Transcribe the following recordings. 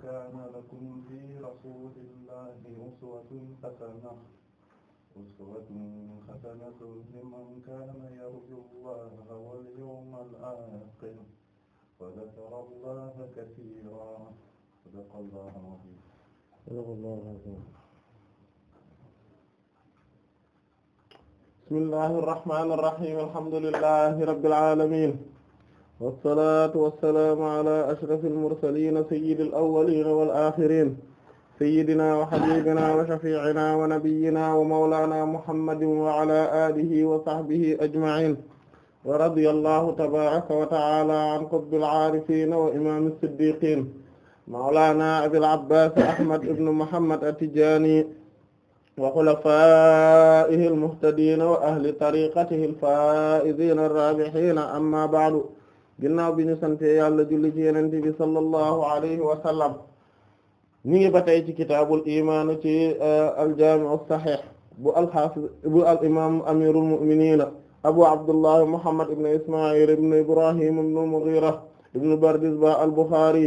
كان لكم في رسول الله أسوة حسنة أسوة حسنة لمن كان يرجو الله واليوم الآخر وذكر الله كثيرا صدق الله العظيم صدق الله العظيم بسم الله الرحمن الرحيم الحمد لله رب العالمين wasalaatu wasalaamu ala ashrafil mursaliina sayyidil awwaliina wal aaxiriina sayyidinaa wa habiibinaa wa shafiicinaa wa nabiyyinaa wa mawlaanaa muhammadin wa ala aalihi wa sahbihi ajmaciin wa radiyallaahu tabaaraka wa ta'aalaa an qutbil caarifiina wa imaami siddiqiin mawlaanaa abil abbaas ahmad ibn muhammad at-tijaani wa xulafaa'ihil muhtadiina wa ahli tariiqatihil faa'iziina ar-raabihiina amma ba'du ginnaaw bi ñu sante yàlla julli ci yenente bi sallallahu alayhi wa sallam ñu ngi ba tey ci kitaabul imaanu ci uh, aljaami'u saxiix bu alxaafiz bu al imam amirul mu'miniina abu abdullah muhammad ibn isma'il ibn ibrahim ibn mughira ibn bardizba al buxaari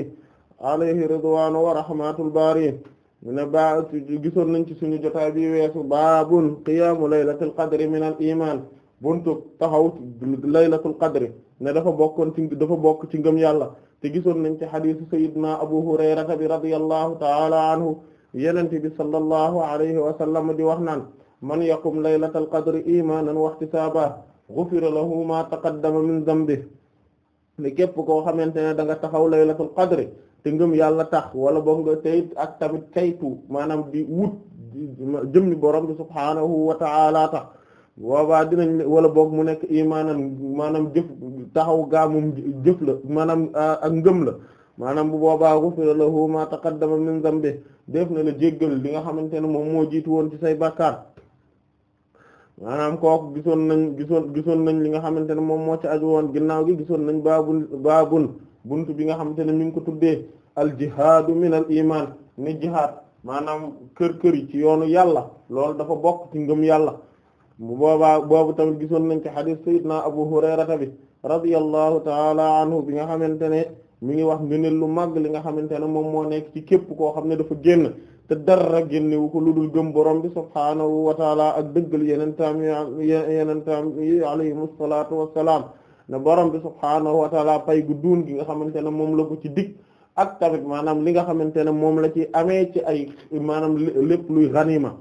alayhi ridwaanu wa rahmatul baari ne ba gisoon nañ ci suñu jotaay bi weesu baabun qiyaamu laylatul qadri min al iman buntu taxaw laylatul qadri ne dafa bokkoon ci dafa bokk ci ngëm yàlla te gisoon nañ ci xadiisu sayidna abu hurayrata bi radiyallahu taala anhu yenente bi sallallahu alayhi wa sallam di wax naan man yaqum laylatal qadri imanan wa ihtisaaba ghufira lahu ma taqaddama min dhanbi ne képp koo xamante ne da nga taxaw laylatul qadri te ngëm yàlla tax wala boog nga tayit ak tamit kaytu maanaam di wut jëmmi borom bi subhaanahu wa taala tax boobaa dinañ wala boog mu nekk imaanan maanaam jëf taxaw gaa moom jëf la maanaam ak ngëm la maanaam bu boobaa ghufira lahu ma taqaddama min zambi def na la jéggal li nga xamante ne moom moo jiitu woon ci say bàkkaar maanaam kooku gisoon nañ gisoon gisoon nañ li nga xamante ne moom moo ci aju woon ginnaaw gi gisoon nañ baabun baabun bunt bi nga xamante ne mi ngi ko tuddee al jihaadu min al iman ne jihaad maanaam kër kër yi ci yoonu yàlla loolu dafa bokk ci ngëm yàlla bu boobaa boobu tamit gisoon nañ ci xadis sayyidina Abu Hurayrata bi radiyallahu taala anhu bi nga xamante ne mi ngi wax ngëneel lu màgg li nga xamante ne moom moo nekk ci képp koo xam ne dafa génn te dara génnewu ko lu dul gëm borom bi subhaanahu wa taala ak dëggal yenentaam yenentaam yi alayhimu salaatu wassalaam ne borom bi subhaanahu wa taala pay gu duun gi nga xamante ne moom la ko ci dig ak tamit maanaam li nga xamante ne moom la ci amee ci ay maanaam lépp luy ganima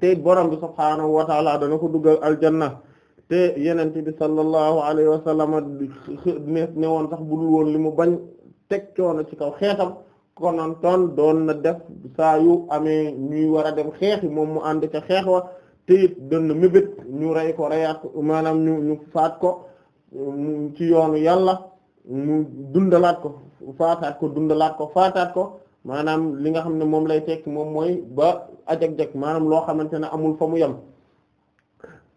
te borom bi subhaanahu wa taala dana ko duggal aljanna te yeneen bi sallallahu alayhi wa sallam ne woon sax budul woon li mu bañ teg coono ci kaw xeetam konoon toon doon na def saa yu amee ñuy war a dem xeexi moom mu ànd ca xeex wa te it doon na mébét ñu rey ko reyaat maanaam ñu ñu faat ko mu ci yoonu yàlla mu dundalaat ko faataat ko dundalaat ko faataat ko maanaam li nga xam ne moom lay tekki moom mooy ba ajag-jag maanaam loo xamante ne amul fa mu yem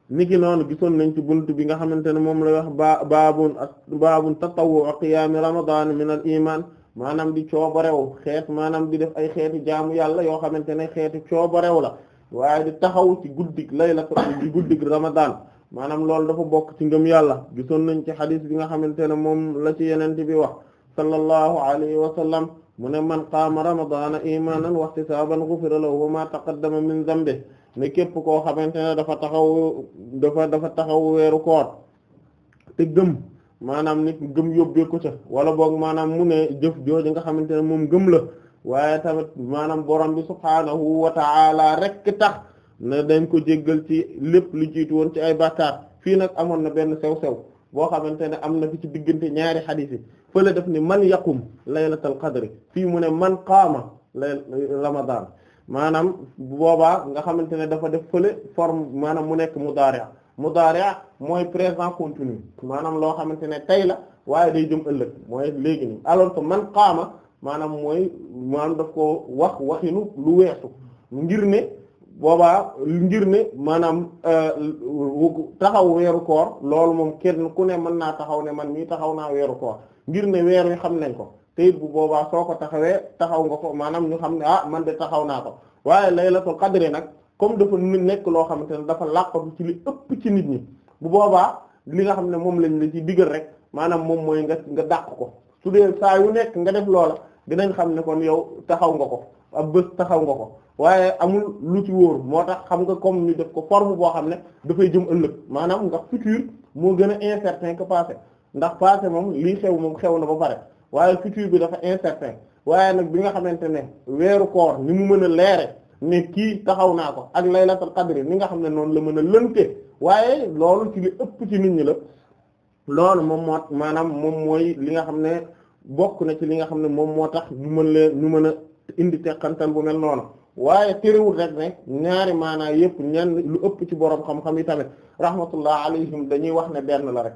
niki noonu gisoon nañ ci bunt bi nga xamante ne moom lay wax ba baabun ak baabun tatawwu qiyaami ramadan min al iman maanaam di coobarew xeet maanaam di def ay xeeti jaamu yàlla yoo xamante ne xeeti coobarew la waaye di taxaw ci guddig laylatu ci guddig ramadan maanaam loolu dafa bokk ci ngëm yàlla gisoon nañ ci xadis bi nga xamante ne moom la ci yenente bi wax sallallahu alayhi wa sallam mu ne man ma qaama ramadaana imanan wahtisaban ghufira lahu ma taqaddama min zambi ne képp koo xamante ne dafa taxaw dafa dafa taxaw weeru koor te gëm maanaam nit gëm yóbbee ko ca wala boog maanaam mu ne jëf jooju nga xamante ne moom gëm la waaye tamit maanaam borom bi subhaanahu wa ta'ala rek tax ne dañ ko jéggal ci lépp lu jiitu woon ci ay bàkkaar fii nag amoon na benn sew-sew boo xamante ne am na fi ci diggante ñaari xadiis yi fële def ni man yaqum laylatul qadri fii mu ne man qaama lay ramadan maanaam boobaa nga xamante ne dafa def fële form maanaam mu nekk mudaari' mudaari' mooy présent continu maanaam loo xamante ne tey la waaye day jëm ëllëg mooy léegi nii alors que man qaama maanaam mooy maanaam daf ko wax waxinu lu weesu ngir ne boobaa ngir ne maanaam euh, taxaw weeru koor loolu moom kenn ku ne mën naa taxaw ne man mii taxaw naa weeru koor ngir ne weer wi xam nañ ko tey bu boobaa soo ko taxawee taxaw nga ko maanaam ñu xam ne ah, man de taxaw naa ko waaye la laylatul qadr nag comme dafa nekk loo xamante ne dafa làqatu ci li ëpp ci nit ñi bu boobaa li nga xam ne moom lañ la ci digal rek maanaam moom mooy nga nga dàq ko su dee saa yu nekk nga def loola dinañ xam ne kon yow taxaw nga ko ab bés taxaw nga ko waaye amul lu ci wóor moo tax xam nga comme ni def ko forme boo xam ne dafay jëm ëllëg maanaam ndax futur moo gën a incertain que passé ndax passé moom lii xew moom xew na ba pare waaye futur bi dafa incertain waaye nag bi nga xamante ne weeru koor ni mu mën a leere ne kii taxaw naa ko ak la laylatul qadr ni nga xam ne noonu la mën a lënte waaye loolu ci li ëpp ci nit ñi la loolu moom moo maanaam moom mooy li nga xam ne bokk na ci li nga xam ne moom moo tax ñu mën leen ñu mën a indi teqantal bu mel noonu waaye terewul rek ne ñaari maanaa yëpp lu ëpp ci borom xam-xam yi tamit rahmatullah alayhim dañuy wax ne benn la rek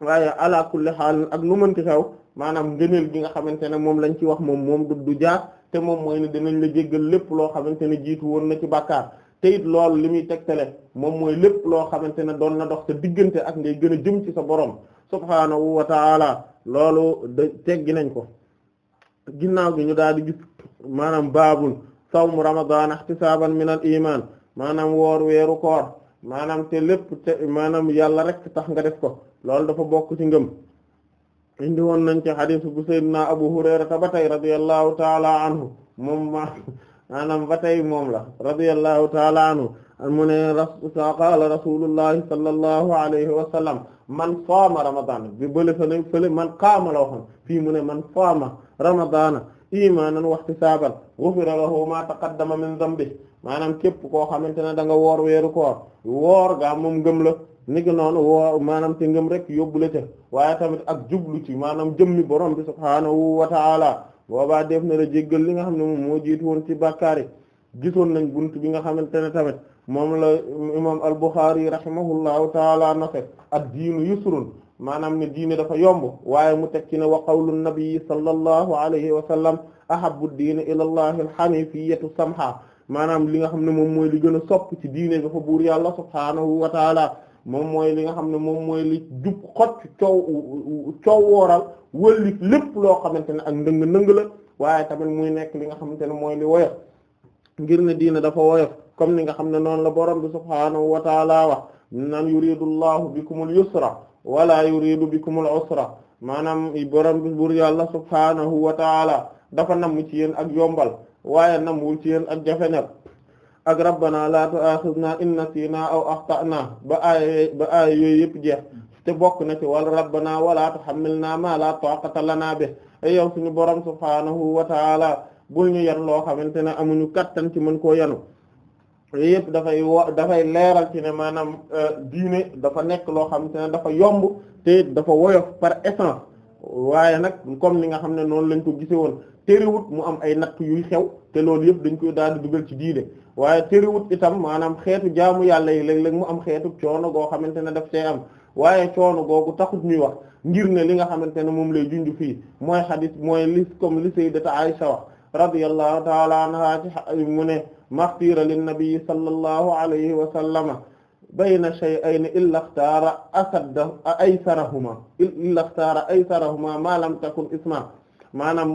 waaye ala kulli haal ak lu mënti xew maanaam ngëneel gi nga xamante ne moom lañ ci wax moom moom du du jaar te moom mooy ne dinañ la jéggal lépp loo xamante ne jiitu woon na ci bàkkaar te it loolu li muy tegtale moom mooy lépp loo xamante ne doon na dox sa diggante ak ngay gën a jëm ci sa borom subhaanahu wa taala loolu da teggi nañ ko maanaam baabul sawm ramadan ihtisaban min al iman maanaam woor weeru koor maanaam te lépp te maanaam yàlla rek tax nga def ko loolu dafa bokk ci ngëm indi woon nañ ci xadiis bu abu hurayrata ba tey radiyallahu taala anhu moom ma maanaam ba tey moom la radiyallahu taala rasulullahi sallallahu alayhi wa man saama ramadana bi bële man qaama la mu ne man saama iimaanan wahtisaaban ghufira lahu ma taqaddama min dhanbihi maanaam képp koo xamante ne da nga woor weeru ko woor gaa moom ngëm la ni noon noonu woor maanaam te ngëm rek yóbbu la ca waaye tamit ak jublu ci maanaam jëmmi borom bi subhaanahu wa ta'ala boobaa def na la jéggal li nga xam ne moom moo jiitu woon ci bàkkaar yi gisoon nañ bunt bi nga xamante ne tamit moom la imam al-Bukhari rahimahullahu ta'ala nafe ak diinu yusrun maanaam ne diine dafa yomb waaye mu teg ci ne wa qawlu nabi sallallahu alayhi wa sallam ahabbu diine ila allahi alhanifiyatu samha maanaam li nga xam ne moom mooy li gën a sopp ci diine fo buur yàlla subhaanahu wa taala moom mooy li nga xam ne moom mooy li jub xot coow coow wooral wëlli lépp loo xamante ne ak ndëng ndëng la waaye tamit muy nekk li nga xamante ne mooy li woyof ngir ne diine dafa woyof comme ni nga xam ne noonu la borom bi subhaanahu wa taala wax naan yuridu llahu bikumul wala yuridu bikumul usra maanaam borom buur yàlla subhaanahu wa taala dafa namm ci yéen ak yombal waaye nammul ci yéen ak jafeñal ak rabbana la tu'akhidna in nasina aw akhta'na ba ba aay yooyu jeex te bokk na ci wala rabbana wala tuhammilna ma la taqata lana bi ay yow suñu borom subhaanahu wa taala bul ñu yan loo xamante ne amuñu kattan ci mën koo yanu yëpp dafay wa dafay leeral ci ne maanaam euh, diine dafa nekk loo xam te ne dafa yomb te dafa woyof par essence waaye nag comme li nga xam ne noonu lañ ko gise woon terewut mu am ay natt yuy xew te loolu yëpp dañ koy daal di dugal ci diine waaye terewut itam maanaam xeetu jaamu yàlla yi léeg-léeg mu am xeetu coono goo xam ne def te am waaye coono googu taxut ñuy wax ngir ne li nga xamante ne moom lay junj fii mooy xadis mooy li comme li Sayyidata de wax radiyallahu ta'ala anha ci mu ne maxfira linnabii sallallahu alayhi wa sallama bayna shay'ayni illa ikhtara asadda aysarahuma illa ikhtara aysarahuma ma lam takun isma maanaam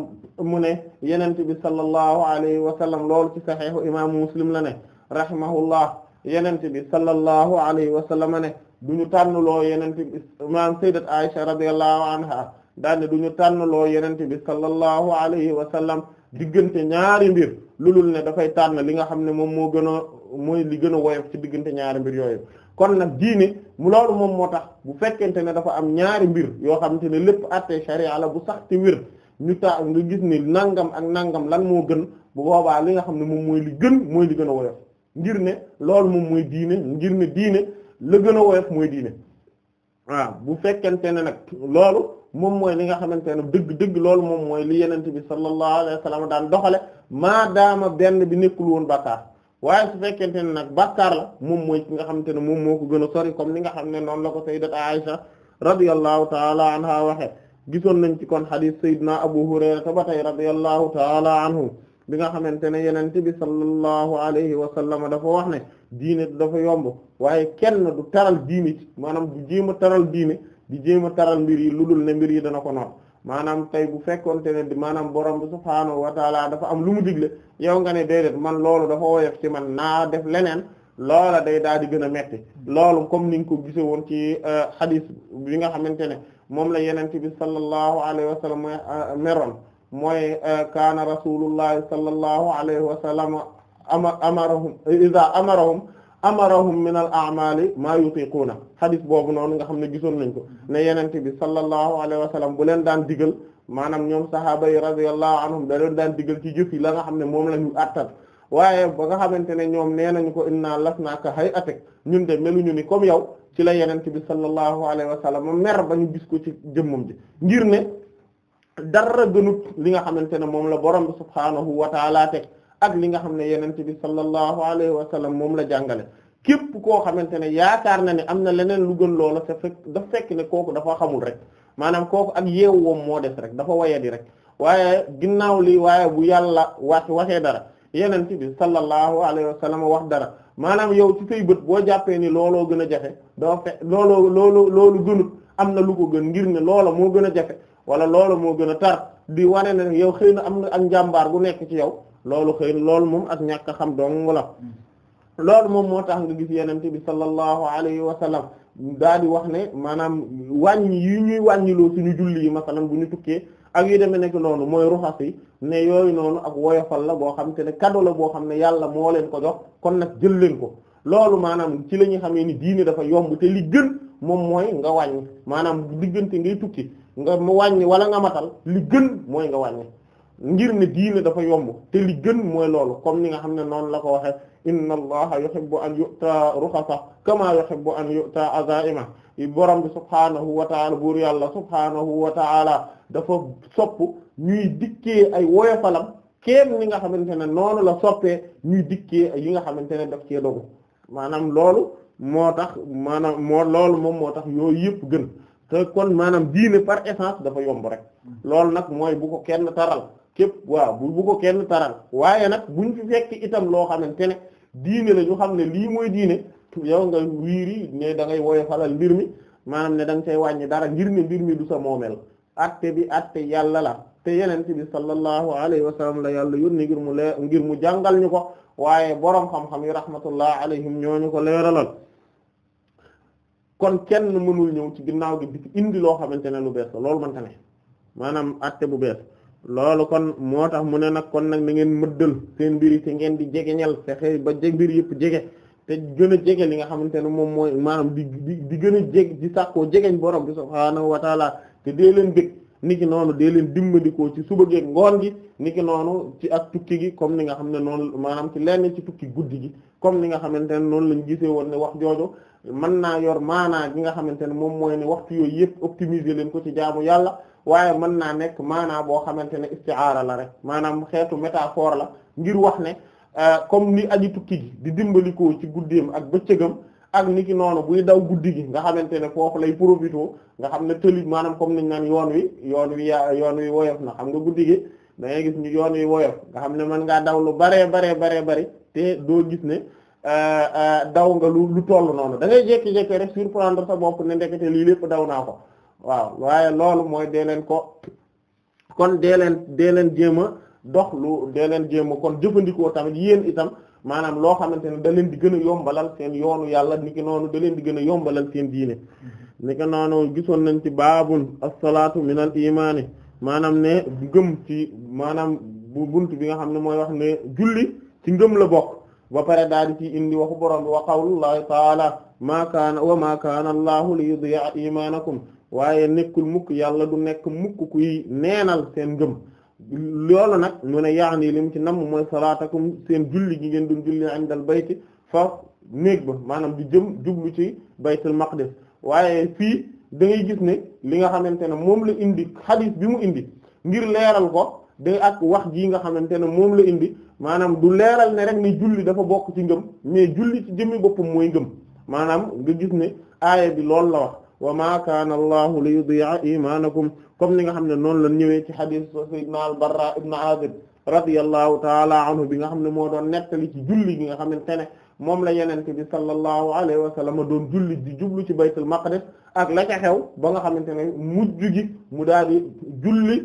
mu ne yenente bi sallallahu alayhi wa sallam loolu ci saxiixu imaamu muslim la ne rahimahullah yenente bi sallallahu alayhi wa sallam ne duñu tànnloo yenente bi maanaam sayyidat Aisha radiyallahu anha daane duñu tànnloo yenente bi sallallahu alayhi wa sallam diggante ñaari mbir lu lul ne dafay tànn li nga xam ne moom moo gën a mooy li gën a woyof ci diggante ñaari mbir yooyu kon nag diine mu loolu moom moo tax bu fekkente ne dafa am ñaari mbir yoo xam te ne lépp àtte sharia la bu sax te wér ñu taa nga gis ni nangam ak nangam lan moo gën bu boobaa li nga xam ne moom mooy li gën mooy li gën a woyof ngir ne loolu moom mooy diine ngir ne diine la gën a woyof mooy diine waaw bu fekkente ne nag loolu moom mooy li nga xamante ne dëgg dëgg loolu moom mooy li yenente bi sallallahu alayhi wa sallam daan doxale maadaama benn bi nekkul woon bàkkaar waaye su fekkente ne nag bàkkaar la moom mooy ki nga xamante ne moom moo ko gën a sori comme li nga xam ne noonu la ko sayyidat Aisha radiyallahu taala anha waxe gisoon nañ ci kon xadis sayyidina Abu Hurayra ba tey radiyallahu taala anhu bi nga xamante ne yenente bi sallallahu alayhi wa sallam dafa wax ne diine dafa yomb waaye kenn du taral diine ci maanaam du jéem a taral diine di jéem a taral mbir yi lu dul ne mbir yi dana ko noot maanaam tey bu fekkonte ne maanaam borom bi subhaanahu wa taala dafa am lu mu digle yow nga ne déedéet man loolu dafa woyof ci man naa def leneen loola day daal di gën a metti loolu comme ni nga ko gise woon ci xadis euh, bi nga xamante ne moom la ti bi sallallahu alayhi wa sallam euh, meroon mooy euh, kaana rasulullahi sallallahu alayhi wa sallam ama amarahum iza amarahum amarahum min al a'mali maa na xadis boobu noonu nga xam ne gisoon nañ ko ne yenente bi sallallahu alayhi wa sallam bu leen daan digal maanaam ñoom sahaaba yi radiyallahu anhum da leen daan digal ci jëf yi la nga xam ne moom la ñu àttal waaye ba nga xamante ne ñoom nee nañ ko inna lasnaaka hay'atak ñun de meluñu ni comme yow ci la yenente bi sallallahu alayhi wa sallam mer ba ñu gis ko ci jëmmam ji ngir ne dara gënut li nga xamante ne moom la borom bi subhaanahu wa ak li nga xam ne yenente bi sallallahu alayhi wa sallam moom la jàngale képp koo xamante ne yaakaar na ne am na leneen lu gën loola sa fekk dafa fekk ne kooku dafa xamul rek maanaam kooku ak yeewu woom moo des rek dafa wayadi rek waaye ginnaaw li waaye bu yàlla wax waxee dara yenente bi sallallahu alayhi wa sallam wax dara maanaam yow ci say bët boo jàppee ni looloo gën a jafe doo fe looloo loolu loolu gënut am na lu ko gën ngir ne loola gën a jafe wala loola moo gën a tar di wane ne yow xëy na am na ak njàmbaar gu nekk ci yow loolu xëy loolu moom ak ñàkk a xam dong la loolu moom moo tax nga gis yenente bi sallallahu alayhi wa sallam daa di wax ne maanaam wàññi yi ñuy wàññiloo suñu julli yi masalan bu ñu tukkee ak yu demee nekk noonu mooy ruxas yi ne yooyu noonu ak woyofal la boo xam te ne cadeau la boo xam ne yàlla moo leen ko jox kon nag jël leen ko loolu maanaam ci la ñuy xamee ni diine dafa yomb te li gën moom mooy nga wàññi maanaam diggante ngay tukki nga mu wàññi wala nga li gën mooy nga wàññi ngir ne diine dafa yomb te li gën mooy loolu comme ni nga xam ne noonu la ko waxee inna allaha yuhibbu an yu'ta rukhasa kama yuhibbu an yu'ta azaima borom bi subhaanahu wa ta'ala buur yàlla subhaanahu wa ta'ala dafa sopp ñuy dikkee ay woyofalam kenn ni nga xamante ne noonu la soppee ñuy dikkee yi nga xamante ne daf cee dogu maanaam loolu moo tax maanaam moo moom moo tax yooyu yëpp gën te kon maanaam diine par essence dafa yomb rek loolu nag mooy bu kenn taral képp waaw bu bu ko kenn taral waaye nag buñ fi fekk itam loo xamante ne diine la xam ne lii mooy diine yow nga wiiri ne da ngay falal mbir mi maanaam ne da nga wàññi dara ngir ne mbir mi du sa moomeel atte bi atte yàlla la te yenente bi sallallahu alayhi wa la yàlla yónni ngir mu ngir mu jàngal ñu ko waaye boroom xam-xam yi rahmatullah alayhim ñooñu ko leeralal kon kenn mënul ñëw ci ginnaaw gi di indi loo xamante ne lu bees la loolu mënta ne maanaam atte bu bees loolu kon moo tax mu ne nag kon nag na ngeen mëddal seen mbir yi te ngeen di jegeñal fexe ba jeg mbir yëpp jege te gën a jege li nga xamante ne moom mooy maanaam di di gën a jeg di sàkkoo jegeñ borom bi subhaanahu wa taala te dee leen bëgg niki noonu dee leen dimbandikoo ci suba geeg ngoon gi niki noonu ci ak tukki gi comme ni nga xam ne noonu maanaam ci lenn ci tukki guddi gi comme ni nga xamante ne noonu lañ gisee woon ne wax joojo mën naa yor maanaa gi nga xamante ne moom mooy ne waxtu yooyu yëpp optimiser leen ko ci jaamu yàlla waaye mën naa nekk maanaam boo xamante ne istiaara la rek maanaam xeetu métaphore la ngir wax ne euh, comme ni aji tukki gi di dimbalikoo ci guddeem ak bëccëgam ak ni ki noonu buy daw guddi gi nga xamante ne foofu lay profité nga xam ne tëli maanaam comme niñ naan yoon wi yoon wi yaa yoon wi na xam nga guddi gi da ngay ñu yoon wi woyof nga xam ne mën ngaa daw lu baree baree bare bari te doo gis ne euh, euh, daw nga lu lu toll noonu da ngay jékki-jékki rek surprendre sa bopp ne ndekete lii lépp daw naa ko waaw waaye loolu mooy deleen ko kon deleen leen dee a dox lu deleen leen jéem a kon jëfandikoo tamit yéen itam maanaam loo xamante ne da leen di gën a yombalal seen yoonu yàlla niki noonu da leen di gën a yombalal seen diine niki noonu gisoon nañ ci baabun as-salaatu minal imaani maanaam ne ngëm ci maanaam bu bunt bi nga xam ne mooy wax ne julli ci ngëm la bokk ba pare daal di ci indi waxu borom bi wa qawlullahi taala maa kaana wa maa kaana allahu li yudi'a imaanakum waaye nekkul mukk yàlla du nekk mukk kuy neenal seen ngëm loolu nag mu ne yaani ci namm mooy salaatakum seen julli gi ngeen doon julli dal bayti fa néeg ba maanaam di jëm jublu ci baytul maqdis waaye fii da gis ne li nga xamante ne moom la indi xadiis bi mu indi ngir leeral ko day wax jii nga xamante ne moom la indi maanaam du leeral ne rek ne julli dafa bokk ci ngëm mais julli ci jëmmi boppam mooy ngëm maanaam nga gis ne aaya bi loolu la wax wa ma kaana allahu li yudi'a imanakum comme ni nga xam ne noonu la ñëwee ci hadith sayyidina al-Barra ibn Azib radiyallahu taala anhu bi nga xam ne moo doon nettali ci julli gi nga xam ne moom la yenente bi sallallahu alayhi wa sallam doon julli di jublu ci baytul maqdis ak la ca xew ba nga xamante ne mujj gi mu daal di julli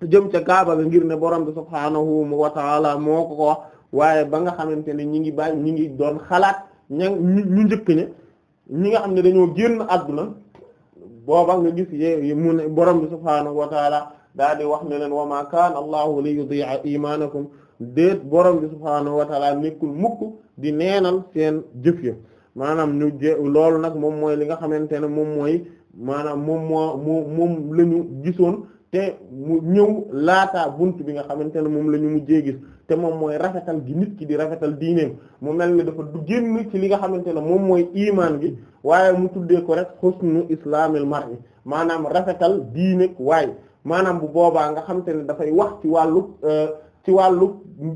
jëm ca kaaba ga ngir ne borom bi subhaanahu wa taala moo ko ko wax waaye ba nga xamante ne ñi ngi bàyyi ñi ngi doon xalaat ña ñu njëkk ña ñi nga xam ne dañoo génn àdduna booba nga gis ye mu ne borom bi subhaanahu wa taala daal di wax ne leen wa ma kaana allahu li yudi'a imanakum déet borom bi subhaanahu wa taala nekkul mukk di neenal seen jëf ya maanaam loolu nag moom mooy li nga xamante ne moom mooy maanaam moom moo moom ñu gisoon te mu ñëw laata bunt bi nga xamante ne moom la ñu mujjee gis te moom mooy rafetal gi nit ki di rafetal diineem mu mel ni dafa du génn ci li nga xamante ne moom mooy imaan gi waaye mu tuddee ko rek xusnu islaamil mar'i maanaam rafetal diineeg waay maanaam bu boobaa nga xamante ne dafay wax ci wàllu euh, ci wàllu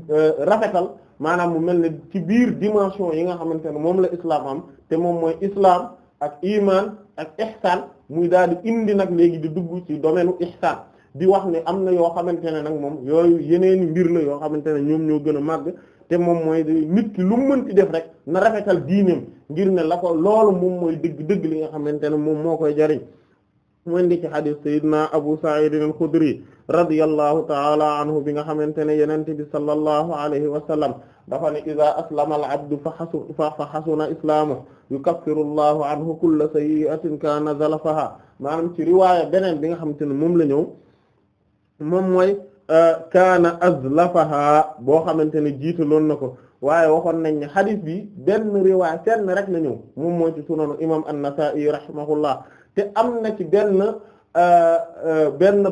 euh, rafetal maanaam mu mel ne ci biir dimension yi nga xamante ne moom la islam am te moom mooy islam ak imaan ak ihsaan muy daal di indi nag léegi di dugg ci domaine u ihsaan di wax ne am na yoo xamante ne nag moom yooyu yeneeni mbir la yoo xamante ne ñoom ñoo gën a màgg te moom mooy nit ki lu mu def rek na rafetal diineem ngir ne la ko loolu moom mooy dëgg dëgg li nga xamante ne moom moo koy jariñ mu indi ci xadis sayidna Abu Sa'id al-Khudri radiyallahu ta'ala anhu bi nga xamante ne yenente bi sallallahu alayhi wa sallam dafa ne iza aslama al abdu fa xasu fa xasuna islaamu yukaffiru allahu anhu kulla sayyi'atin kaana zalafaha maanaam ci riwaaya beneen bi nga xamante ne moom la ñëw moom mooy euh, kaana azlafaha boo xamante ne jiitaloon na ko waaye waxoon nañ ne xadis bi benn riwaaya seen rek na ñëw moom mooy ci sunanu imam an-Nasaa'i rahimahullah te am na ci benn euh, euh, benn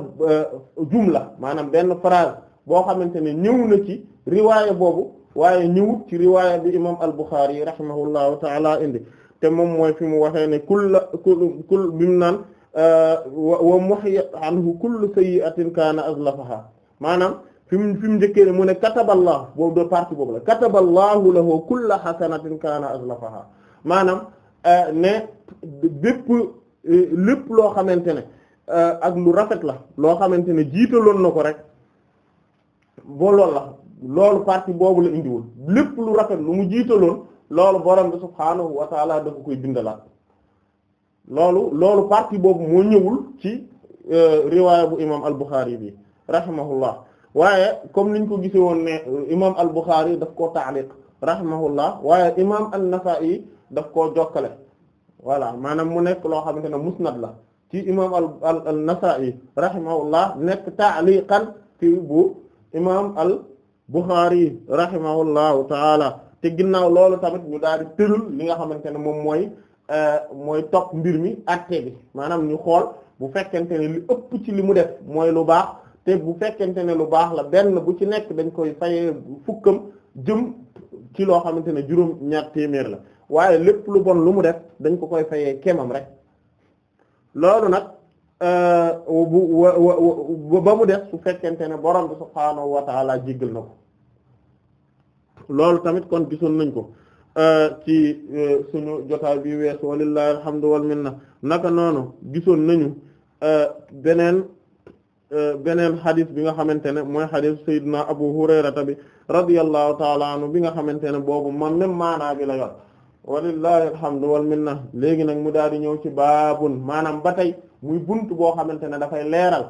jumla maanaam benn phrase boo xamante ne ñëw na ci riwaaya boobu waaye ñëwut ci riwaaya bi imam al-Bukhari rahimahullahu taala indi te moom mooy fi mu waxee ne kulla kul kul bi mu naan euh, wa muhya anhu kullu sayyi'atin kaana azlafaha maanaam fi mu fi mu njëkkee ne mu ne kataballahu boobu de partie boobu la kataballahu lahu kulla hasanatin kaana azlafaha maanaam euh, ne bépp euh, lépp loo xamante ne ak lu rafet la loo xamante ne jiitaloon na ko rek boo lool la loolu partie boobu la indiwul lépp lu rafet lu mu jiita loon loolu borom bi subhaanahu wa taala dafa koy bindalaat loolu loolu partie boobu moo ñëwul ci euh, riwaaya bu imam al-Bukhari bi rahimahullah waaye comme niñ ko gisee woon ne euh, imam al-Bukhari daf koo taaliq rahimahullah waaye imam an-Nasa'i daf koo jokkale voilà maanaam mu nekk loo xamante ne musnad la ci imam al-Nasa'i rahimahullah nekk taaliqan fi bu imam al Bukhari rahimahullahu taala te ginnaaw loolu tamit ñu daal di tëral li nga xamante ne moom mooy euh, mooy topp mbir mi atte bi maanaam ñu xool bu fekkente ne li ëpp ci li mu def mooy lu baax te bu fekkente ne lu baax la benn bu ci nekk dañ koy fayee fukkam jëm ci loo xamante ne juróom ñaar téeméer la waaye lépp lu bon lu mu def dañ ko koy fayee kemam rek loolu nag Euh, bu wa ba mu def su fekkente ne borom bi subhaanahu wa taala jéggal na ko loolu tamit kon gisoon nañ ko euh, ci euh, suñu jotaay bi weesu walillahi alhamdu wal minna naka noonu gisoon nañu beneen beneen xadis bi nga xamante ne mooy xadis sayyidina Abu Hurayrata bi radiyallahu taala anhu bi nga xamante ne boobu man même maanaa bi la yor walillahi alhamdu wal léegi nag mu daal di ñëw ci baabun maanaam ba tey muy bunt boo xamante ne dafay leeral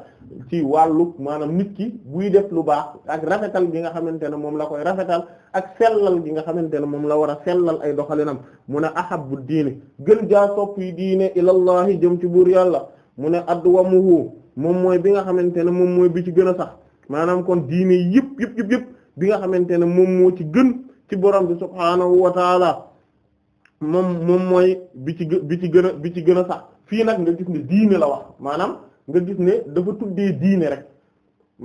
ci wàllu maanaam nit ki buy def lu baax ak rafetal gi nga xamante ne moom la koy rafetal ak sellal gi nga xamante ne moom la war a sellal ay doxalinam mu ne ahabbu diini gën jaa sopp yi diine ilallahi jëm ci buur yàlla mu ne adwamuhu moom mooy bi nga xamante ne moom mooy bi ci gën a sax maanaam kon diini yëpp yëpp yëpp bi nga xamante ne moom moo ci gën ci borom bi subhaanahu wa taala moom moom mooy bi ci bi ci gën bi ci gën a sax fii nag nga gis ne diine la wax maanaam nga gis ne dafa tuddee diine rek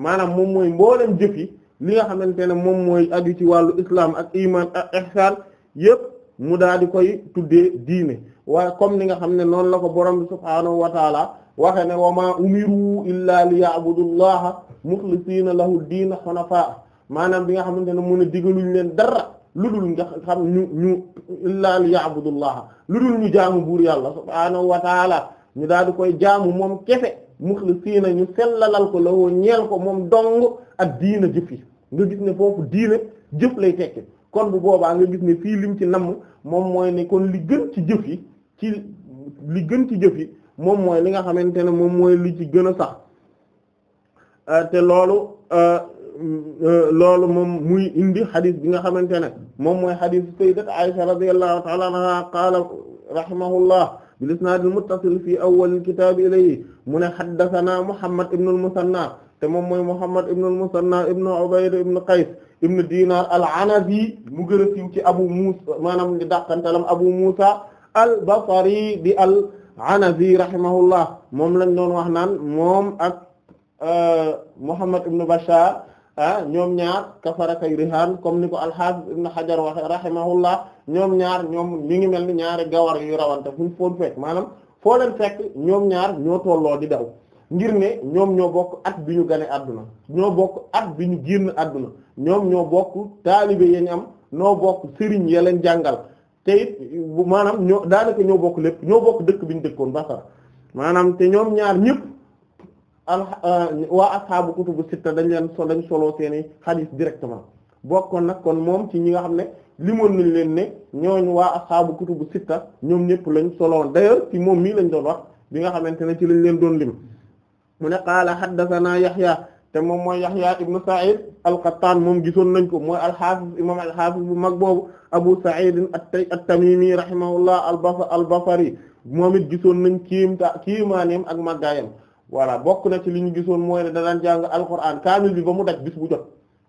maanaam moom mooy mboolem jëf yi li nga xamante ne moom mooy aju ci wàllu islam ak iman ak ihsan yëpp mu daal di koy tuddee diine waaye comme ni nga xam ne noonu la ko borom subhaanahu wa taala waxe ne wa maa umiru illa li ya'budullaha muxlisiina lahu diina xanafaa maanaam bi nga xamante ne mun a digaluñ leen dara lu dul nga xam ñu ñu illaa liya'budullaha lu dul ñu jaamu buur yàlla subhaanahu ñu daal di koy jaamu moom kefe muxlisiina ñu sellalal ko la woo ñeel ko moom dong ak diina jëf yi nga gis ne foofu diina jëf lay tekki kon bu boobaa nga gis ne fii lim ci namm moom mooy ne kon li gën ci jëf yi ci li gën ci jëf yi moom mooy li nga xamante ne moom mooy li ci gën a sax euh, te loolu euh, Mm, euh, loolu moom muy indi xadis bi nga xamante ne moom mooy xadis sayyidat Aisha radiyallahu ta'ala anha qaala rahimahullah bil isnaad al muttasil fi awwal al kitaab ilayhi mu ne haddathana Muhammad ibn al Musanna te moom mooy Muhammad ibn al Musanna ibn Ubayd ibn Qays ibn Dinar al Anazi mu gën a siiw ci Abu Musa maanaam di dàqantalam Abu Musa al Basri di al Anazi rahimahullah moom lañ doon wax naan moom ak euh, Muhammad ibn Bashar ah ñoom ñaar kafara rihaan comme ni ko alxaafis ibn xajar waxe rahimahullah ñoom ñaar ñoom ñu ngi mel ni ñaari gawar yu rawante fu ñu foon fekk maanaam foo leen fekk ñoom ñaar ñoo tolloo di daw ngir ne ñoom ñoo bokk at bi ñu gane àdduna ñoo bokk at bi ñu génn adduna ñoom ñoo bokk taalibe yañ am ñoo bokk sëriñ ya leen jàngal te maanaam ñoo daanaka ñoo bokk lépp ñoo bokk dëkk bi ñu dëkkoon basara maanaam te ñoom ñaar ñëpp al euh, waa ashaabu kutubu sitta dañ leen so dañ solo seeni xadis directement bokkoon nag kon moom ci ñi nga xam ne limoon nañ leen ne ñooñ waa ashaabu kutubu sitta ñoom ñëpp lañ solo d'ailleurs ci moom mii lañ doon wax bi nga xamante ne ci lañ leen doon lim mu ne qaala haddathana Yahya te moom mooy Yahya ibnu Sa'id al-Qattan moom gisoon nañ ko mooy al-Hafiz imam al-Hafiz bu mag boobu Abu Sa'id at-Tamimi rahimahullah al-Basri moom it gisoon nañ kiim kiimaaneem ak màggaayam voilà bokk na ci li ñu gisoon mooy ne da daan jàng alquran kaamil bi ba mu daj bis bu jot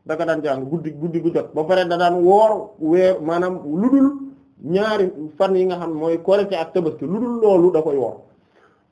danga nga daan jàng guddi guddi gu jot ba pare da daan woor weer maanaam lu dul ñaari fan yi nga xam mooy korite ak tabaski lu dul loolu da koy woor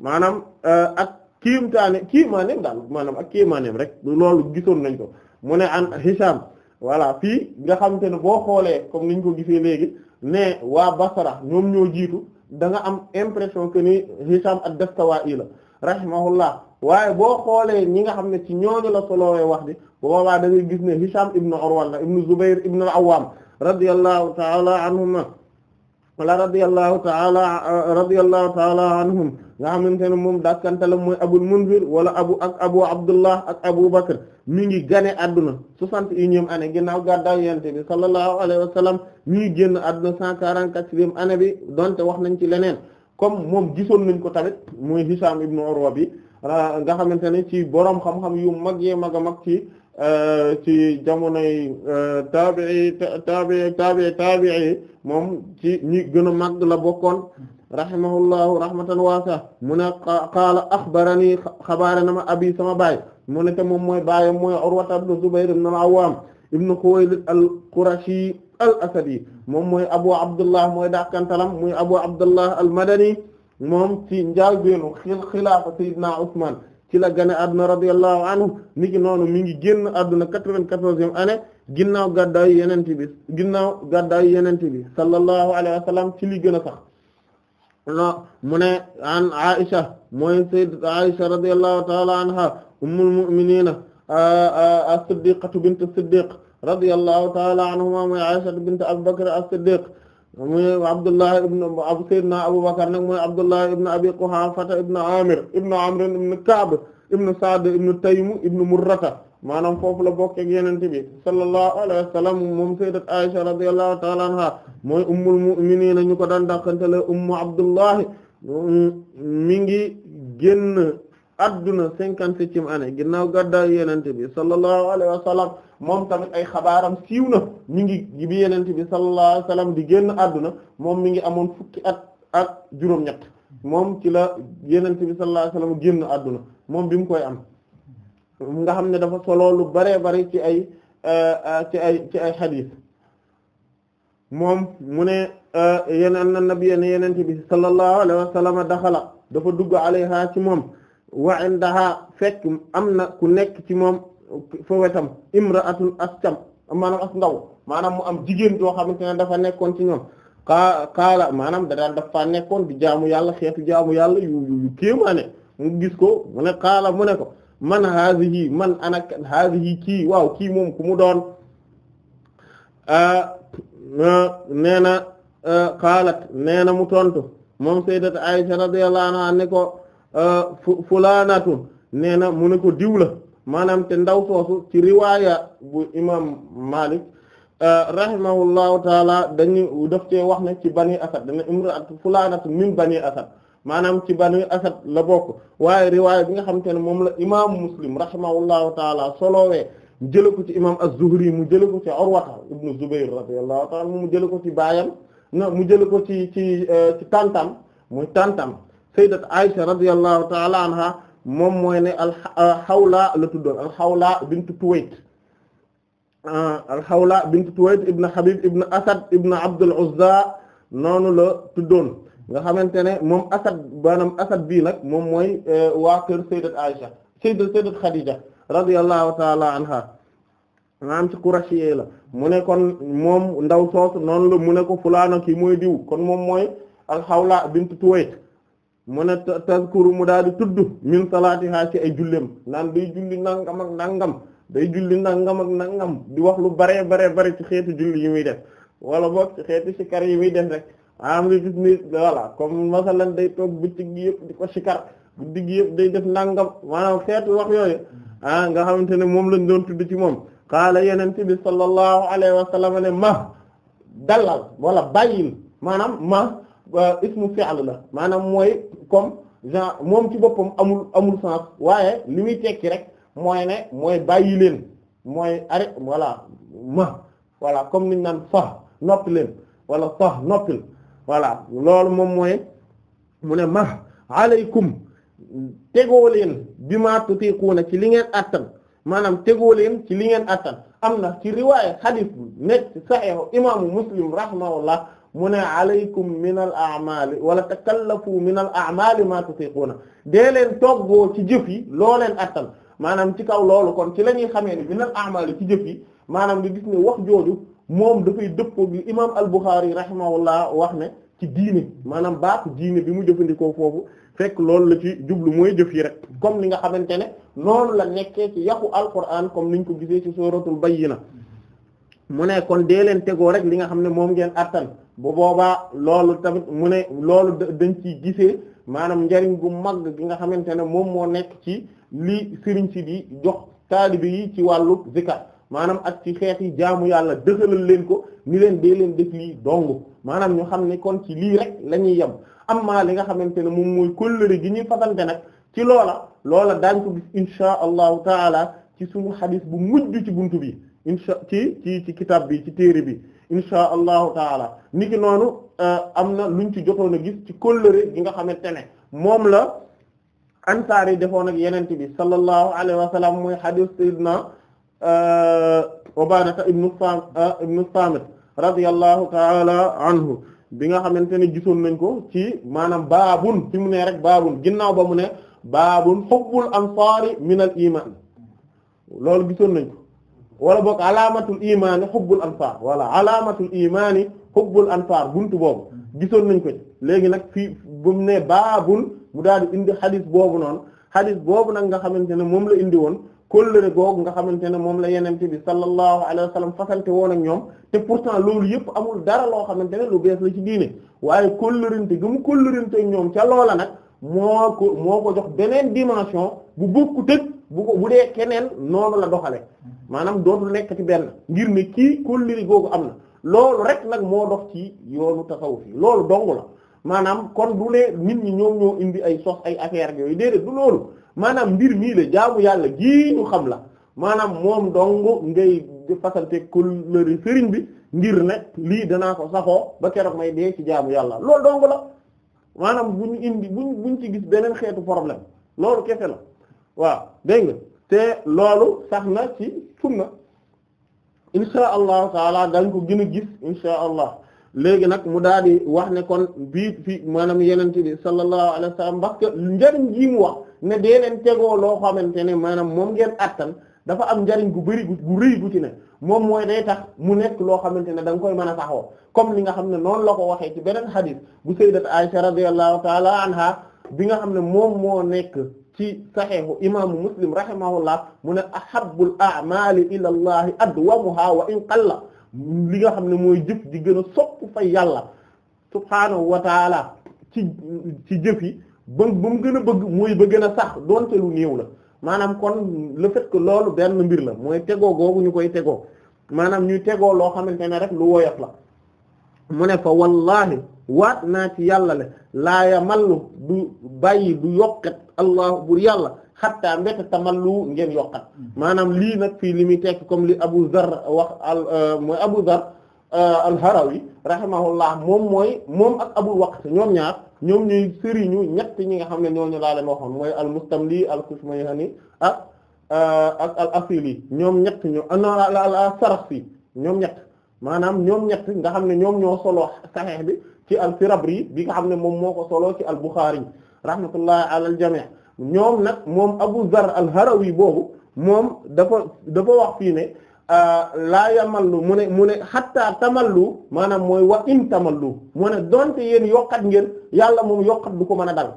maanaam euh, ak kiimtaane kiimaaneem daal maanaam ak kiimaaneem rek loolu gisoon nañ ko mu ne an Hisham voilà fii nga xam te ne boo xoolee comme niñ ko gisee léegi ne waa Basra ñoom ñoo jiitu da nga am impression que ni Hisham ad-Dastawa'i la rahimahullah waaye boo xoolee ñi nga xam ne ci ñooñu la soloowee wax bi boobaa da ngay gis ne Hisham ibnu Urwa la ibnu Zubayr ibnu al-Awwam radiyallahu ta'ala anhuma wala radiyallahu ta'ala radiyallahu ta'ala anhum nga xamante ne moom dakkantala mooy Abul Munzir wala abu ak Abu Abdullah ak Abu Bakr mi ngi gane adduna soixante et unième année ginnaaw gàddaay yonent bi sallallahu alayhi wa sallam mi ngi génn adduna cent quarante-quatrième année bi donte wax nañ ci leneen comme moom gisoon nañ ko tamit muy Hisham ibn Urwa bi ah, nga xamante ne ci borom xam-xam yu mag yee mag a mag ci eh, ci jamonoy eh, tabii tabii tabii tabii moom ci ñi gën a mag la bokkoon rahimahullahu rahmatan waasa mu ne qaala axbarani xabaare na ma abi sama baay mu ne te moom mooy baayam mooy Urwata ibn Zubayr ibn al-Awwam ibn Khuwaylid al-Qurashi al-Asadi moom mooy abu abdullah mooy dàkantalam muy abu abdullah almadani moom ci njaalbeenu xil xilaafa sayyidina usman ci la gane adduna radiyallahu anhu ni ki noonu mi ngi génn adduna quatre-vingt-quatorzième année ginnaaw gàddaayu yenente bi ginnaaw gàddaayu yenente bi sallallahu alayhi wa sallam ci li gën a sax no mu ne an aisha mooy sayyidat aisha radiyallahu ta'ala anha ummul mu'minina as-siddiqatu bint as-siddiq radiyallahu taala anhuma mooy Aisha bint Abi Bakr as-Siddiq mooy Abdullah ibn Abu Sayyidina Abu Bakr nag mooy Abdullah ibn Abi Quhafata ibn Amir ibn Amr ibn Ka'b ibn Sa'd ibn Taym ibn Murrata maanaam foofu la bokk ak Yonent bi sallallahu alayhi wa sallam moom sayyidat Aisha radiyallahu taala anha mooy ummul mu'minin ñu ko daan dàqantele ummu Abdullah mi ngi génn adduna cinquante-septième année ginnaaw gàddaay yenente bi sallallahu alayhi wa sallam moom tamit ay xabaaram siiw na mi ngi bi yenente bi sallallahu alayhi wa di génn adduna moom mi ngi amoon fukki at ak juróom-ñett moom ci la yenente bi alayhi wa sallam génn adduna moom bi mu am nga xam ne dafa solo lu bare bare ci ay euh, ci ay ci ay xadiis moom mu ne euh, yeneen na nabi yenente bi sallallahu alayhi wa dafa dugg alayha ci moom wa indaha fekk am na ku nekk ci moom fa wetam imra'atun ascam maanaam as ndaw maanaam mu am jigéen joo xamante ne dafa nekkoon ci ñoom aa kaala maanaam da daal nekkoon di jaamu yàlla xeetu jaamu yàlla yu yu kéemaane mu gis ko mu ne kaala mu ne ko man haadihi man ana haadihi kii waaw kii moom ku mu doon nee na kaalat nee na mu tontu moom sayyidatu Aisha radiyallahu anha ne ko Euh, fulaanatun nee na mu ne ko diw la maanaam te ndaw soosu ci riwaaya bu imam Malik euh, rahimahullahu taala dañu def cee wax ne ci bani asad dana imraat fulaanatun min bani asad maanam ci bani asad la bokk waaye riwaaya bi nga xamante ne moom la imaamu Muslim rahimahullahu taala solowee mu jële ko ci imam az-Zuhri mu jële ko ci Urwata ibnu Zubayr radiyallahu taala mu jële ko ci baayam na mu jële ko ci ci euh, ci tantam muy tantam sayyidat Aisha radiyallahu ta'ala anha moom mooy ne al uh, Hawla la tuddoon al Hawla bintu Tuwayt uh, al Hawla bintu Tuwayt ibn Asad ibn Abdul Uzza noonu la tuddoon nga xamante ne moom Asad maanaam Asad bii nag moom mooy uh, waa kër sayyidat Aisha sayyidat sayyidat Khadija radiyallahu ta'ala anha maanaam ci Qurashiyya la mu ne kon moom ndaw soosu noonu la mu ko fulaana kii mooy diw kon moom mooy al bintu Tuwayt mu ne tazkuru mu daal di tudd min salaatiha ci ay julleem naan day julli nangam ak nangam day julli nangam ak nangam di wax lu baree baree bare ci xeetu julli yi muy def wala boog ci xeetu sikar yi muy def rek am ah, nga gis ni voilà comme masalan toog bëccëg gi di ko sikar guddi gi yëpp day def nangam maanaam xeetu wax yooyu ah nga xamante ne moom lañ doon tudd ci moom xaala yeneen bi sallallahu alayhi wa ne ma dalal wala bàyyil maanaam ma ismu fi'l la maanaam mooy comme genre moom ci boppam amul amul sens waaye li muy tekki rek mooy ne mooy bàyyi leen mooy arrêt voilà ma voilà comme niñ naan sax noppi leen wala sax noppil voilà loolu moom mooy mu ne ma aleykum tegoo leen bi ma tutiquuna ci li ngeen attan maanaam tegoo leen ci li ngeen attan am na ci riwaaya xadiis bi nekk ci saxiixu imaamu muslim rahimahullah mu ne alaykum min al amali wala takallafu min al amali ma tutiquna dee leen toggoo ci jëf yi loo leen attan maanaam ci kaw loolu kon ci la ñuy xamee ni min al amali ci jëf maanaam di gis ne wax jooju moom dafay dëppoo bi imam al Bukhari rahimahullah wax ne ci diine maanaam baatu diine bi mu jëfandikoo foofu fekk loolu la ci jublu mooy jëf yi rek comme ni nga xamante ne noonu la nekkee ci yaqu alquran comme niñ ko gisee ci suratul bayyina mu ne kon leen tegoo rek li nga xam ne moom ngeen attan bu boobaa loolu tamit mu ne loolu dañ ci gisee maanaam njariñ gu mag gi nga xamante ne moom moo nekk ci lii sëriñ si di jox taalibe yi ci wàllu zikar maanaam ak ci xeeti jaamu yàlla dëxalal leen ko ni leen dee leen def lii dong maanaam ñu xam ne kon ci lii rek la ñuy yem amma li nga xamante ne moom mooy kóllëre gi ñuy fasante nag ci loola loola daañ ko gis insha allahu taala ci suñu xadis bu mujj ci bunt bi insha ci ci ci kitaab bi ci téere bi insha allahu taala niki noonu euh, am na luñ ci jotoon a gis ci kóllëre gi nga xamante ne moom la ansaar yi defoon ak yenente bi sallallahu alayhi wa sallam mooy hadith sayyidina euh, Ubaadata ibnu euh, ibnu Saamit radiyallahu taala anhu bi nga xamante ne gisoon nañ ko ci maanaam baabun fi mu ne rek baabun ginnaaw ba mu ne baabun hubbul ansaari minal iman loolu gisoon nañ ko wala boog alaamatul imaani xubbul anfaar wala alaamatul imaani xubbul anfaar buntu boobu gisoon nañ ko léegi nag fii bu mu ne baabul mu daal di indi xadis boobu noonu xadis boobu nag nga xamante ne moom la indi woon kóllëre googu nga xamante ne moom la yenente bi sallallahu alayhi wa sallam fasante woon ak ñoom te pourtant loolu yëpp amul dara loo xamante ne lu bees la ci diine waaye kóllërante ga mu kóllërante ak ñoom ca loola nag moo ko moo ko jox beneen dimension bu bokkut ak bu bu dee keneen noonu la doxale maanaam dootul nekk ci benn ngir ne kii kóllëre googu am na loolu rek nag moo dox ci yoonu tasawuf fii loolu dong la maanaam kon du nit ñi ñoom indi ay sos ay affaire yooyu déedéet du loolu mbir mii la jaamu yàlla gii ñu xam la maanaam moom dong ngay fasante kóllëre sëriñ bi ngir ne lii danaa ko saxoo ba keroog may dee ci jaamu yàlla loolu dong la maanaam bu ñu indi buñ buñ ci gis beneen xeetu problème loolu kese la waaw dégg nga te loolu sax na ci sunna insha allahu taala dañ ko gën a gis insha allah léegi nag mu daal di wax ne kon bii fii maanaam yenente bi sallallahu alayhi wa sallam parce njariñ gi mu wax ne dee leen tegoo loo xamante ne maanaam moom ngeen attan dafa am njariñ gu bëri gu rëy gu ci ne moom mooy day tax mu nekk loo xamante ne da koy mën a saxoo comme li nga xam ne noonu la ko waxee ci beneen xadiis bu sayyidat Aisha radiyallahu taala anha bi nga xam ne moom moo nekk ci saxiixu imaamu muslim rahimahullah mu ne ahabbul a'maali ilallahi adwamuha wa in qalla li nga xam ne mooy jëf ji gën a sopp fa yàlla subhaanahu wa taala ci ci jëf yi ba ba mu gën a bëgg mooy ba gën a sax donte lu néew la maanaam kon le fait que loolu benn mbir la mooy tegoo googu ñu koy tegoo maanaam ñuy tegoo loo xamante ne rek lu woyof la mu ne fa wallahi waat naa ci yàlla le laa yamallu du bàyyi du yokkat allah bur yàlla xattaa mbéta tamallu ngeen yokkat maanaam lii nag fii li muy tekk comme li Abu Zar wax al euh, mooy Abu Zar euh, al-Harawi rahimahullah moom mooy moom ak Abul Waqt ñoom ñaar ñoom ñuy sëriñu ñett ñi nga xam ne ñooñu laa leen waxoon mooy al-Mustamli al-Kushmayhani ak euh, ak al-Asili ñoom ñett ñu ah, al-Sarfi ñoom ñett maanaam ñoom ñett nga xam ne ñoom ñoo solo Sahih bi ci al-Firabri bi nga xam ne moom moo ko solo ci al-Bukhari rahmatullahi ala al-jami' ñoom nag moom Abu Zar al-Harawi boobu moom dafa dafa wax fii ne euh, laa yamallu mu ne mu ne xatta tamallu maanaam mooy wa in tamallu mu ne donte yéen yokkat ngeen yàlla moom yokkat du ko mën a dal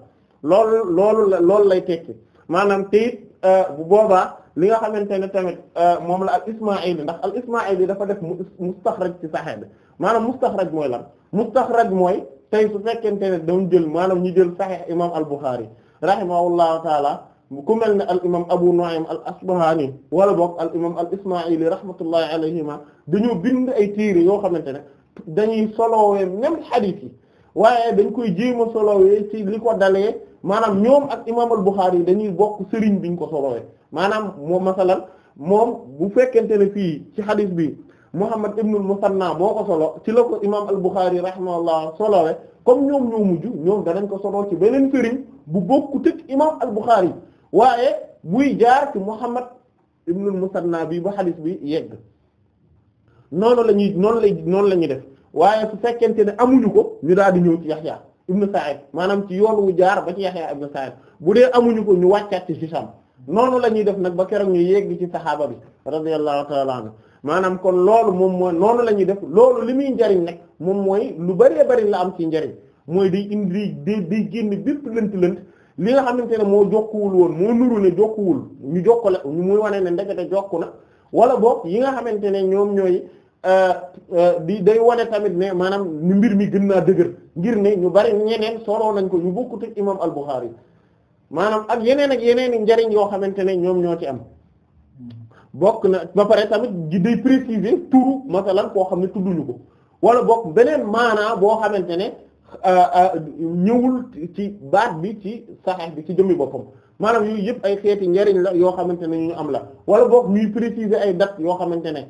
loolu loolu la loolu lay tekki maanaam te it euh, bu boobaa li nga xamante ne tamit euh, moom la al Ismaa'ili ndax al Ismaa'ili dafa def mustaxraj ci Sahih maanaam mustaxraj mooy lan mustaxraj mooy tey su fekkente ne dañ jël maanaam ñu jël saxiix imam al Buxaari rahimahullahu taala ku mel ne al imam Abu Nu'aym al Asbahani wala boog al imam al Ismaa'ili rahmatullahi alayhima dañoo bind ay téere yoo xamante ne dañuy solowee même xadiis yi waaye dañ koy jéem a solowee ci li ko dalee maanaam ñoom ak imam al Buxaari yi dañuy bokk sëriñ biñ ko solowee maanaam moom masalan moom bu fekkente ne fii ci xadiis bi Muhammad ibnul Musanna boo ko solo ci la ko imaam al-Bukhari rahimahullah solowee comme ñoom ñoo mujj ñoom danañ ko solo ci beneen sëriñ bu bokkut ak imaam al-Bukhari waaye buy jaar ci Muhammad ibnul Musanna bi ba xadis bi yegg noonu la ñuy noonu lay noonu la ñuy def waaye su fekkente ne amuñu ko ñu daal di ñëw ci Yaxya ibnu Sa'id maanaam ci yoon wu jaar ba ci Yaxya ibnu Sa'id bu dee amuñu ko ñu wàccaat ci Hisham noonu lañuy ñuy def nag ba keroog ñu yegg ci saxaaba bi maanaam kon loolu moom mooy noonu la ñuy def loolu li muy njariñ nag moom mooy lu bare bari la am ci njariñ mooy day indi day day génn bépp lënt-lënt li nga xamante ne moo jokkuwul woon moo nuru ne jokkuwul ñu jokkale ñu muy wane ne ndekete jokku na wala boog yi nga xamante ne ñoom ñooy euh, euh, di day wane tamit ne maanaam ni mbir mi gën naa dëgër ngir ne ñu bari ñeneen soroo nañ ko ñu bokkut ak imam al yi maanaam ak yeneen ak yeneen i njariñ yoo xamante ne ñoom ñoo ci bokk na ba pare tamit ji day préciser turu masalan koo xam ne tudduñu ko wala bokk beneen maanaa boo xamante ne euh, euh, ñëwul ci baat bi ci saxeex bi ci jëmmi boppam maanaam yooyu yëpp ay xeeti njariñ la yoo xamante ne ñu am la wala bokk ñuy préciser ay dat yoo xamante ne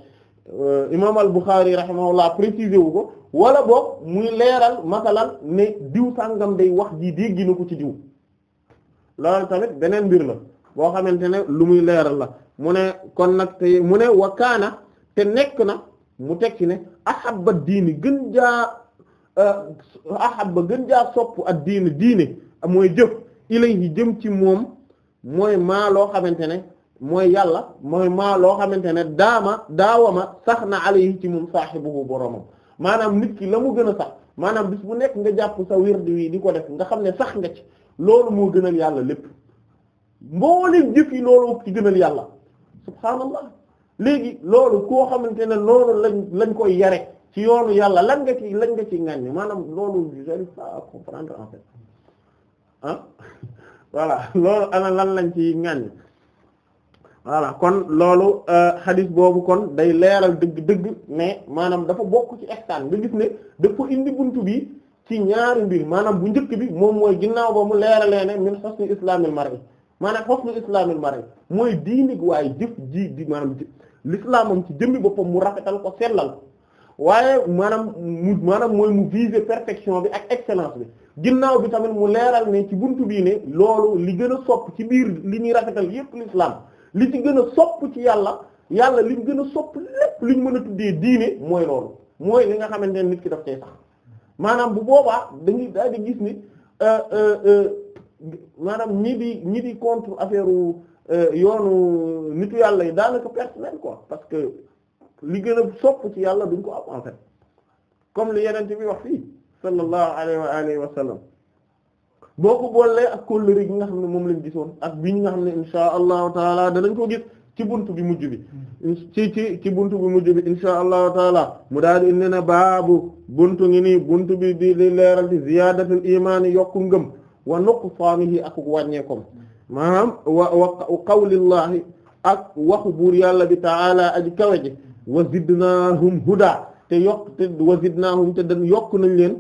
euh, imaam al-Bukhari rahimahullah préciser wu ko wala bokk muy leeral masalan ne diw sàngam day wax ji dégg na ko ci diw loolu tamit beneen mbir la boo xamante ne lu muy leeral la mu ne kon nag te mu ne wa kaana te nekk na mu tekki ci ne ahabba diini gën jaa euh, ahabba gën jaa sopp ak diini diine mooy jëf ilayhi jëm ci moom mooy maa loo xamante ne mooy yàlla mooy maa loo xamante ne daama daawama sax na alayhi ci moom saaxibuhu boromam maanaam nit ki la mu gën a sax maanaam bis bu nekk nga jàpp sa wird wii di ko def nga xam ne sax nga ci loolu moo gënal yàlla lépp mbooleem jëf yi loolu ci gënal yàlla subhaanallah léegi loolu koo xamante ne loolu lañ lañ koy yare ci yoonu yàlla lan nga ci lañ nga ci ngàññ maanaam loolu j'arrive pas à comprendre en fait ah voilà loolu ana lan lañ ci ngàññ voilà kon loolu xadis euh, boobu kon day leeral dëgg-dëgg ne maanaam dafa bokk ci ihsaan nga gis ne dafa indi bunt bi ci ñaari mbir maanaam bu njëkk bi moom mooy ginnaaw ba mu leeralee ne min husni islamil mar'i maanaam husnul islamil mar'i mooy diinig waaye jëf ji di maanaam l'islamam ci jëmmi boppam mu rafetal ko sellal ko waaye maanaam mu maanaam mooy mu viser perfection bi ak excellence bi ginnaaw bi tamit mu leeral ne ci bunt bii ne loolu li gën a sopp ci biir li ñuy rafetal yépp l'islam li ci gën a sopp ci yàlla yàlla li ñu gën a sopp lépp li ñu mën a tuddee diine mooy loolu mooy li nga xamante ne nit ki daf cay sax maanaam bu boobaa dañuy daal di gis ni euh, euh, euh, maanaam ñi di ñi di contre affaire euh, yoonu nitu yàlla yi daanaka perte nañ ko parce que li gën a sopp ci yàlla duñ ko am en comme li yeneen bi wax fii sallallahu alayhi wa alihi wa sallam boo ko boolee ak kóllëre gi nga xam ne moom lañ gisoon ak bi nga xam ne insha allahu taala danañ ko gis ci bunt bi mujj bi hmm. ci ci ci bunt bi mujj bi insha allahu taala mu daal di indi na baabu bunt ngi nii bunt bi di leeral ci ziyaadatul imaan yokku ngëm wa nuqsaanihi ak wàññeekom maanaam wa wa qawlillaahi ak waxu buur yàlla bi ta'ala aji kawe ji wa zidnaahum huda te yokk te yokk nañ leen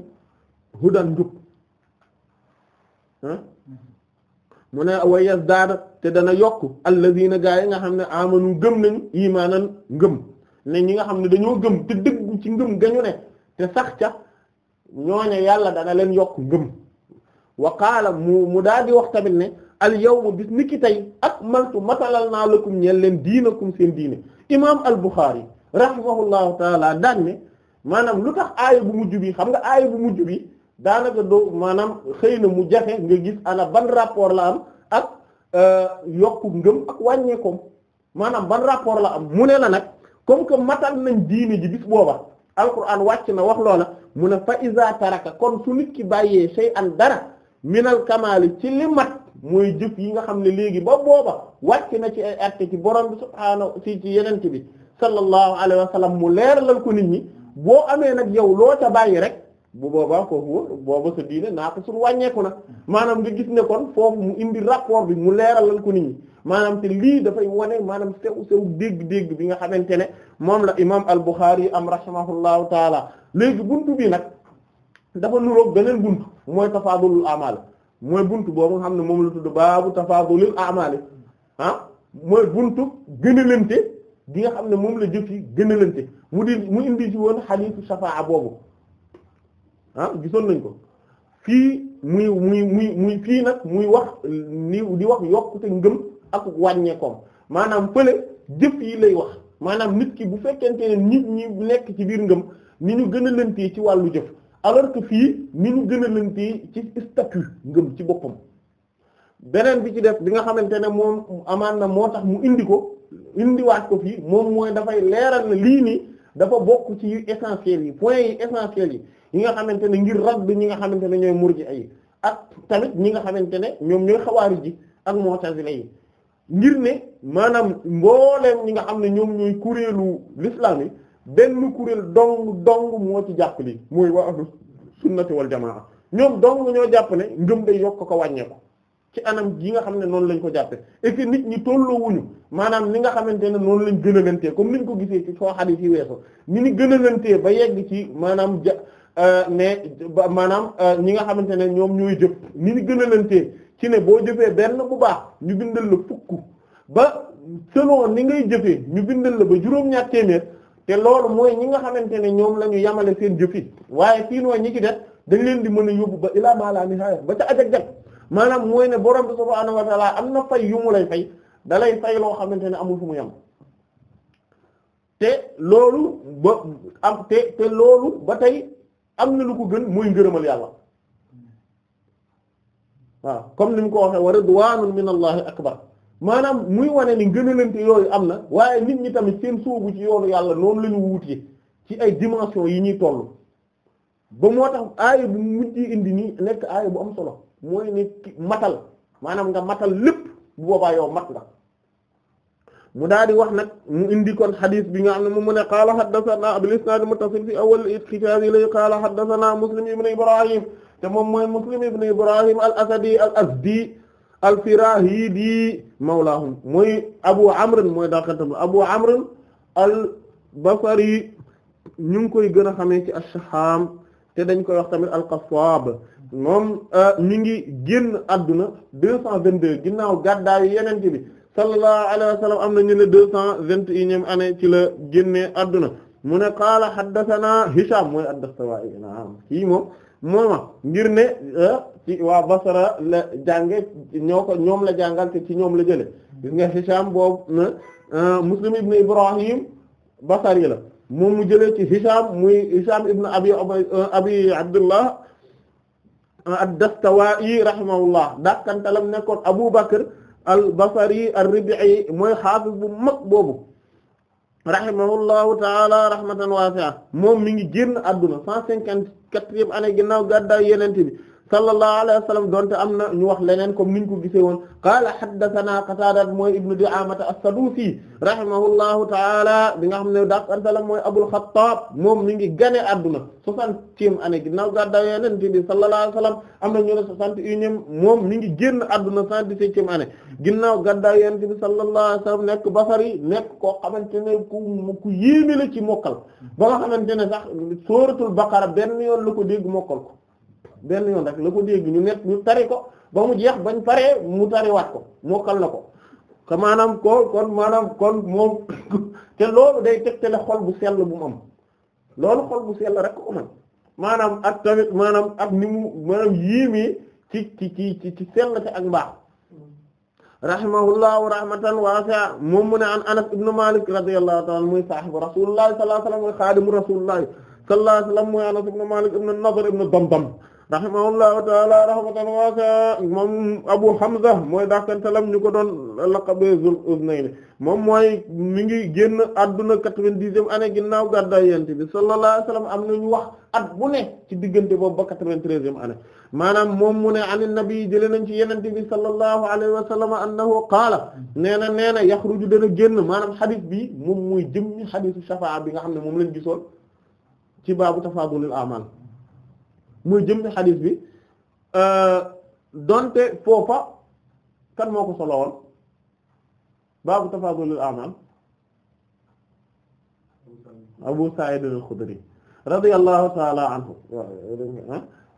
hudan njub ah mu ne wa yazdaad te dana yokk allaziina gaa yi nga xam ne amanu gëm nañ imaanan ngëm ne ñi nga xam ne dañoo gëm te dëgg ci ngëm gañu ne te sax ca ñooñe yàlla dana leen yokk ngëm wa kaala mu mu daal di wax tamit ne al yawma bis ni ki tey akmaltu matalal naa lakum ñeel leen diina diinakum seen diine imaam al Bukhari rahimahullahu taala daan ne maanaam lu tax aaya bu mujj bi xam nga aaya bu mujj bi daanaka doo maanaam xëy na mu jaxe nga gis ana ban rapport la am ak euh, yokku ngëm ak wàññeekoom maanaam ban rapport la am mu ne la nag comme que matal nañ diine ji bis booba alquran wàcc na wax loola mu ne taraka kon su nit ki bàyyee shay an dara minal kamaali ci li moy mooy yi nga xam ne léegi ba booba wàcc na ci ay atte ci borom bi subhaanahu ci ci yenente bi sallallahu alayhi wa sallam mu leeralal ko nit ñi boo amee nag yow loo ca bàyyi rek bu boobaa foofu booba sa diine naaqisul wàññeeku na maanaam nga gis ne kon foofu mu indi rapport bi mu leeralal ko nit ñi maanaam te lii dafay wane maanaam sew sew dégg-dégg bi nga xamante ne moom la imam al Bukhari am rahimahullahu taala léegi buntu bi nag dafa nuroog beneen bunt mooy tafaadulul amaal mooy bunt boobu nga xam ne moom la tudd baabu tafaadulil amaal ah mooy buntu gënalante gi nga xam ne moom la jëf yi gënalante mu di mu indi ci woon xadiisu safaa boobu ah gisoon nañ ko fii muy muy muy muy fii nag muy wax ni di wax yokkute ngëm ak wàññeekoom maanaam fële jëf yi lay wax maanaam nit ki bu fekkente ne nit ñi nekk ci biir ngëm ni ñu gën a lëntee ci wàllu jëf alors que fii ni ñu gën a lëntee ci statut ngëm ci boppam beneen bi ci def bi nga xamante ne moom amaan na moo tax mu indi ko indiwaat ko fii moom mooy dafay leeral na lii nii dafa bokk ci yu yi points yi essentiels yi yi nga xamante ne ngir rad ñi nga xamante ne ñooy murji ay ak tamit ñi nga xamante ne ñoom ñooy xawaari ji ak mu'tazila yi ngir ne maanaam mbooleem ñi nga xam ne ñoom ñooy kuréelu l'islam yi benn kuréel dong dong moo ci jàpp li mooy waa ahlu sunnati wal jamaa ñoom dong ñoo jàpp ne ngëm day yokk ko wàññeeku ci anam gi nga xam ne noonu lañ ko jàppe et nit ñi tolloowuñu maanaam ni nga xamante ne noonu lañ gën a lantee comme niñ ko gisee ci soo xadis yi weesu ni ni gën a lantee ba yegg ci maanaam ja euh, ne maanaam euh, ñi nga xamante ne ñoom ñooy jëf ni ni gën a lantee ci ne boo jëfee benn bu baax ñu bindal la fukk ba selon ni ngay jëfee ñu bindal la ba juróom-ñaar téeméer te loolu mooy ñi nga xamante ne ñoom la ñu yamale seen jëf yi waaye siinoo ñi ci def dañ leen di mën a yóbbu ba ilaa maa laa nihaaya ba ca ajak-jak maanaam mooy ne borom bi subhaanahu wa am na fay yu mu lay fay da lay fay loo xamante ne amul fu mu yem te loolu ba am te te loolu ba tey am na lu ko gën muy ngërëmal yàlla waaw comme ni mu ko waxee wa ridwaanun min allahi akbar maanaam muy wane ni gënalante yooyu am na waaye nit ñi tamit seen sóobu ci yoonu yàlla noonu lañu ñu wuute ci ay dimension yi ñuy toll ba moo tax aaya bu mujj indi nii nekk aaya bu am solo mooy ne matal maanaam nga matal lépp bu boobaa yow mat nga mu daal di wax nag mu indi kon xadis bi nga xam ne moom mu ne qaala haddathana bil isnaad muttasil fi awwal kitaabi lay qaala haddathana muslim ibn ibrahim te moom mooy muslim ibn ibrahim al asadi al al-Firahidi mawlaahum mooy Abu Amr mooy daqatam Abu Amr al-Basri ñu ngi koy gën a xamee ci ash-Shaham te dañ koy wax tamit al-Qassab moom euh, mi ngi génn adduna deux cent vingt-deux ginnaaw gàddaayu Yonent bi sallallahu alayhi wa sallam am na ñu ne deux vingt et ci la génnee adduna mu ne qaala haddathana Hisham mooy ad-Dastuwaa'i naam kii moom mooma ngir euh, ci waa Basra la jànge ñoom la jàngal ci ñoom la jële gis nga Hisham boobu euh, Muslim ibn Ibrahim Basri la moom mu jëlee ci Hisham muy Hisham ibn abi euh, abi Abdullah euh, ad-Dastawaa'i rahimahullah dàkkantalam nekkoon Abu Bakr al-Basri ar-Rib'i mooy xaafis bu mag boobu rahimahullahu taala rahmatan waasi'a moom mi ngi génn adduna cent cinquante-quatrième année ginnaaw gàddaay Yonent bi sallallahu alayhi wa sallam donte am na ñu wax leneen comme niñ ko gisee woon qaala haddathana Qataada mooy ibnu Di'aamata as-Saduusi rahimahullahu taala bi nga xam ne dak anta la mooy Abul Xattaab moom mi ngi gane adduna soixantième année ginnaaw gàddaay Yonent bi sallallahu alayhi wa sallam am na ñu ne soixante-unième moom mi ngi génn adduna cent dix-septième année ginnaaw gàddaay Yonent bi sallallahu alayhi wa sallam nekk Basri nekk koo xamante ne ku ku yéeme la ci mokkal ba nga xamante ne sax sóoratul Baqara benn yoon la ko dégg mokkal ko benn yoon rek la ko dégg ñu nekk ñu tari ko ba mu jeex bañ paree mu tariwaat ko mokkal na ko maanaam ko kon maanaam kon moom ten loolu day tegtale xol bu sell bu mu am loolu xol bu sell rek ko maanaam ak tamit maanaam ak ni mu maanaam yéemee ci ci ci ci sell te ak mbaax rahimahullahu rahmatan a moom mu ne an Anas ibn Malik radiyallahu ta'ala muy sahibu Rasulullah sallallahu alayhi wasallam muy xaadimu Rasulullah sallallahu alayhi wasallam muy Anas ibn Malik ibn Nadr ibn Damdam rahimahullahu taala rahmatan waasa moom Abu Hamza mooy dakantalam ñu ko doon laqabe Zul Uznayni moom mooy mi ngi génn adduna quatre-vingt-dixième année ginnaaw gàddaay yonent bi sallallahu alayhi wa sallam am nañu wax at bu ne ci diggante boobu ba quatre-vingt-treizième année maanaam moom mu ne an nabi jëlee nañ ci yonent bi sallallahu alayhi wa sallam annahu qaala nee na nee na yaxruju dana génn maanaam xadis bi moom muy jëmmi xadisu shafaa bi nga xam ne moom lañ gisoon ci baabu tafaadulil amal muy jëm ci bi euh, donte foofa kan moo ko solo woon baabu tafaadulil amal Abu Sa'id al-Khudri radiyallahu ta'ala anhu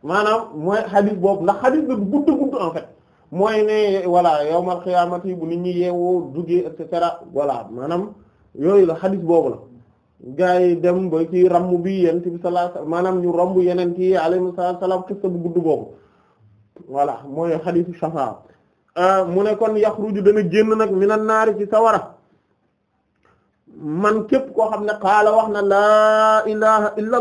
maanaam mooy xadis boobu ndax xadis bi gudd gudd en fait mooy ne voilà yawmal qiyaamati bu nit ñi yeewoo duggee et cetera maanaam yooyu la xadis boobu la gaa dem ba ci ramb bi yent bi sallallahu alayhi wasallam maanaam ñu romb yeneen yi alayhi salaam xissa bu gudd boobu voilà mooy xadiisu shafa euh, mu ne kon yaxruju dana génn nag minan naari ci sawara man képp koo xam ne xaala wax na laa ilaha illa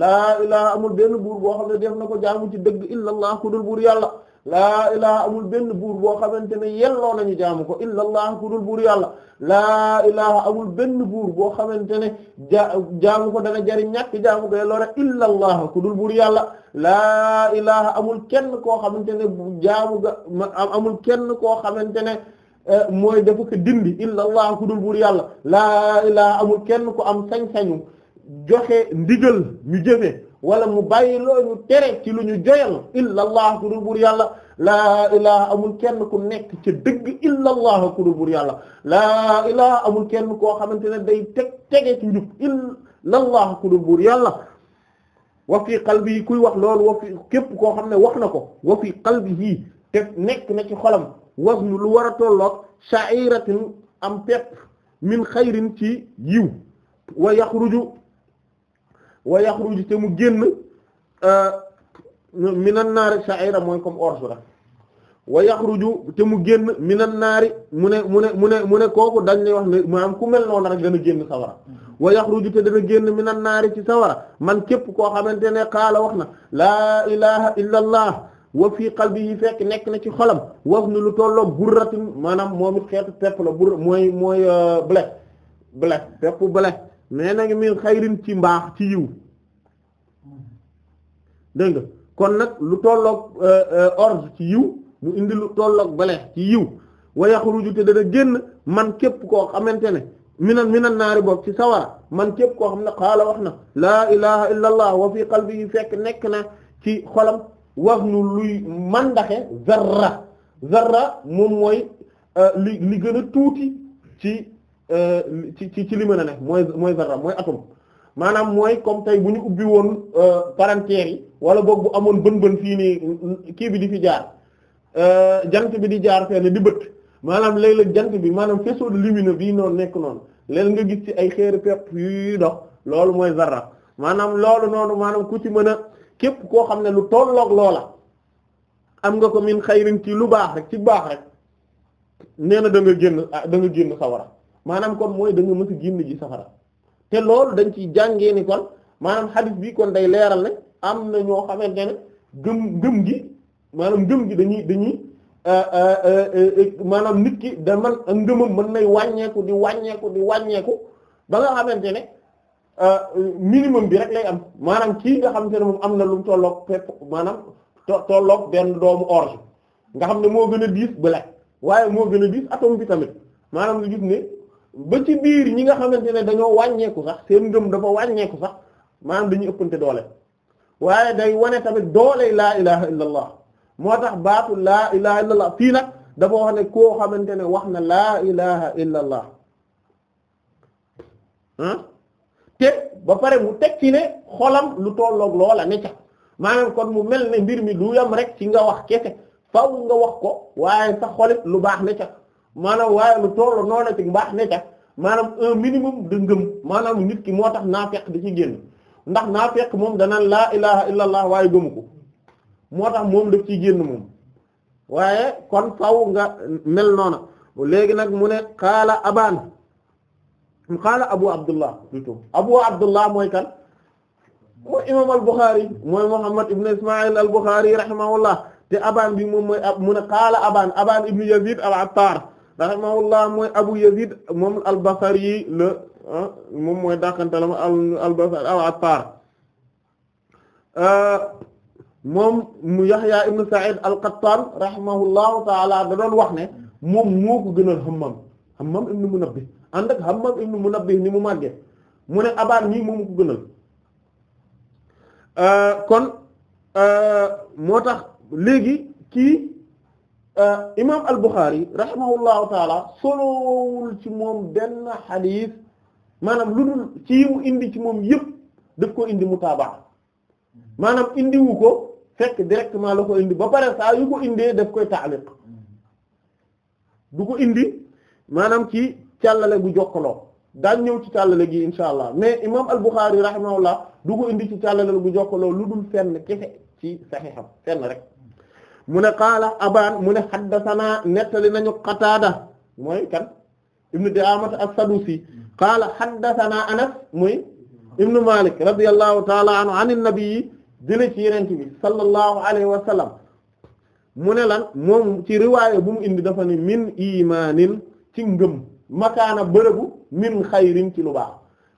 laa ilaha amul benn buur boo xam ne def na ko jaamu ci dëgg illa ku dul buur yàlla laa ilaha amul benn buur boo xamante ne yelloo nañu jaamu ko illa allah ku dul buur yàlla laa ilaha amul benn buur boo xamante ne ja jaamu ko dana jariñ ñàkk jaamu ko yelloo rek illa allah buur yàlla laa ilaha amul kenn koo xamante ne jaamu ga amul kenn koo xamante eh, mooy dafa ko dindi dul buur yàlla laa ilaha amul kenn ko am sañ-sañu joxe ndigal ñu jëfee wala mu bàyyi loo ñu tere ci lu ñu joyal illallah ku dul buur yàlla laa ilaha amul kenn ku nekk ci dëgg illallah ku dul buur yàlla laa ilaha amul kenn koo xamante ne day teg tege ci njub illallah ku dul buur yàlla wa fii qalbihi kuy wax lool wa fi képp koo xam ne wax na ko wa fii qalbihi te nekk na ci xolam waznu lu war a tolloog sha'iratin am pepp min xayrin ci yiw wa yaxruju wa yaxruju te mu génn euh, minan naari sha'ira mooy comme orge la wa yaxruju te mu génn minan naari mu ne mu ne mu ne mu ne kooku dañ lay wax ne maam ku mel noonu rek dana génn sawara wa yaxruju te dana génn minan naari ci sawara man képp koo xamante ne qaala wax na laa ilaha illa allah wa fii qalbihi fekk nekk na ci xolam wax ni lu tolloog burratin maanaam moom it xeetu pepp la bur mooy mooy euh, blé blé pepp blé mais nag min xayrin ci mbaax ci yiw dégg nga kon nag lu tollook euh, euh, orge ci yiw mu indi lu tollook bale ci yiw wa yaxruju te dana génn man képp koo xamante ne minan na naari boobu ci sawara man képp koo xam ne xaala wax na laa ilaha illa allah wa fi fekk nekk na ci xolam wax nu luy mandaxe zarra zarra moom mooy euh, li li gën a tuuti ci Euh, ci ci ci li mën a ne mooy mooy zarra mooy atome maanaam mooy comme tey bu ñu ubbi woon euh, palanteer yi wala boog bu amoon bën-bën fii nii kii bi di fi jaar euh, jant bi di jaar fenn di bët maanaam léeg-léeg jant bi maanaam faisceau lumineux bii noonu nekk noonu léeg nga gis ci ay xeeri pepp yuy dox loolu mooy zarra maanaam loolu noonu maanaam ku ci mën a képp koo xam ne lu tolloog loola am nga ko min xayrin ci lu baax rek ci baax rek nee na da nga génn ah, da nga génn sawara maanaam kon mooy danga nga mës a génn ji safara te loolu dañ ciy jàngee ni kon maanaam xadis bii kon day leeral ne am na ñoo xamante ne gëm gëm gi maanaam gëm gi dañuy dañuy euh, euh, euh, maanaam nit ki da man mën nay wàññeeku di wàññeeku di wàññeeku ba nga xamante ne minimum bi rek lay am maanaam kii nga xamante ne moom am na lu mu tolloog pepp maanaam tolloog benn doomu orge nga xam ne moo gën a diis bële waaye moo gën a diis atome bi tamit maanaam nga gis ne ba ci biir ñi nga xamante ne dañoo wàññeeku sax seen ngëm dafa wàññeeku sax maanaam dañuy ëppante doole waaye day wane tamit doole laa ilaha illa allah moo tax baatu laa ilaha illa allah fii nag dafa wax ne koo xamante ne wax na laa ilaha illa te ba pare mu teg ci ne xolam lu tollook loola ne ca maanaam kon mu mel ne mbir mi du yam rek ci nga wax kese faw nga wax ko waaye sax xolit lu baax ne ca maanaam waaye lu tollu noonu ci mbaax ne ca maanaam un nit ki moo tax naafeq di ci génn ndax naafeq moom da laa ilaha illa allah waaye gëmu ko moo tax moom daf ciy génn moom waaye kon faw nga mel noona léegi nag mu ne xaala abaana xaala abu abdullah plutôt abu abdullah mooy kan mooy imam al Bukhari mooy muhammad ibn ismail al Bukhari rahimahullah te abaan bi moom mooy mu ne xaala abaan abaan ibn yazid al attar rahimahullah mooy Abu Yazid moom al-Basri yi la moom mooy dàqantalam al-Basri aw Attar euh, moom mu Yahya ibn Sa'id al-Qattan rahimahullahu ta'ala da doon wax ne moom moo ko gënal Hammam Hammam ibn Munabbih ànd ak Hammam ibn Munabbih ni mu màggee mu ne abaar ñii moomu ko gënal euh, kon euh, moo tax léegi kii Euh, imaam al-Bukhari rahimahullahu taala solowul ci moom benn xadiis maanaam lu dul ci mu indi ci moom yëpp daf ko indi mutaabaa maanaam indiwu ko fekk directement la ko indi ba pare saa yu ko indee daf koy taaliq du ko indi maanaam ci càllale bu jokkaloo daañ ñëw ci càllale gi insha allah mais imaam al-Bukhari rahimahullah du ko indi ci càllale bu jokkaloo lu dul fenn kese ci saxiixam fenn rek mu ne qaala abaan mu ne xaddasanaa nettali nañu qataada mooy kan ibnu di'aamat as-sadusi qaala xaddasanaa anas muy ibnu malik radiyallahu taala anhu an nabii jële ci yenente bi sallallahu alayhi wa sallam mu ne lan moom ci riwaaya bu mu indi dafa ne min imaanin ci ngëm makaana bërëbu min xayrin ci lu baax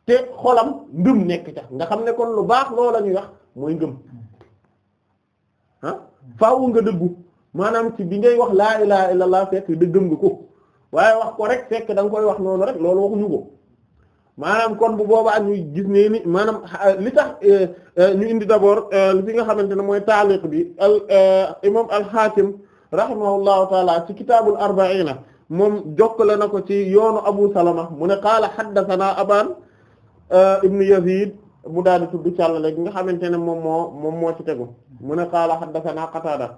te xolam ngëm nekk ca nga xam ne kon lu baax loo la ñuy wax mooy ngëm faaw nga dëggu maanaam ci bi ngay wax laa ilaha illallah fekk dëggam nga ko waaye wax ko rek fekk da nga koy wax noonu rek loolu waxuñu ko maanaam kon bu boobaa ñuy gis niini maanaam ah, li tax eh, eh, ñu indi d'abord eh, li nga xamante ne mooy taaliq bi al imam al-Hakim rahimahullahu taala ci kitaabul arba'ina moom jokkale na ko ci yoonu Abu Salama mu ne qaala haddathana Aban ibnu Yazid mu daal di tudd càllale gi nga xamante ne moom moo moom moo ci tegu mu ne qaala haddathana Qataada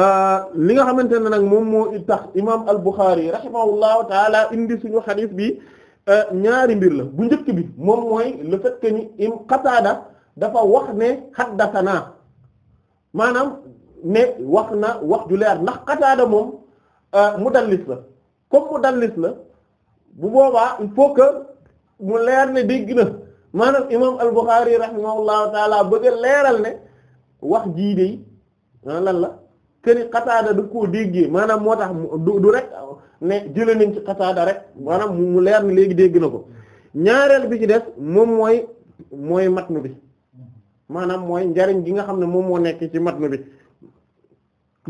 euh, li nga xamante ne nag moom moo tax imaam al-Bukhari rahimahullahu taala indi suñu xadiis bi euh, ñaari mbir la bu njëkk bi moom mooy la fait ni im Qataada dafa wax ne haddathana maanaam ne wax na wax ju leer ndax Qataada moom euh, mudallis la comme mudallis la bu boobaa il faut que mu leer ne dégg maanaam imam al-Bukhari rahimahullahu taala bëgg leeral ne wax jii de maanaam ah lan la këri Qataada du koo déggee maanaam moo tax du du rek ne jëlee nañ ci Qataada rek maanaam mu leer ni léegi dégg na ko ñaareel bi ci def moom mooy mooy matnu bi maanaam mooy njariñ gi nga xam ne moom moo nekk ci mat matnu bi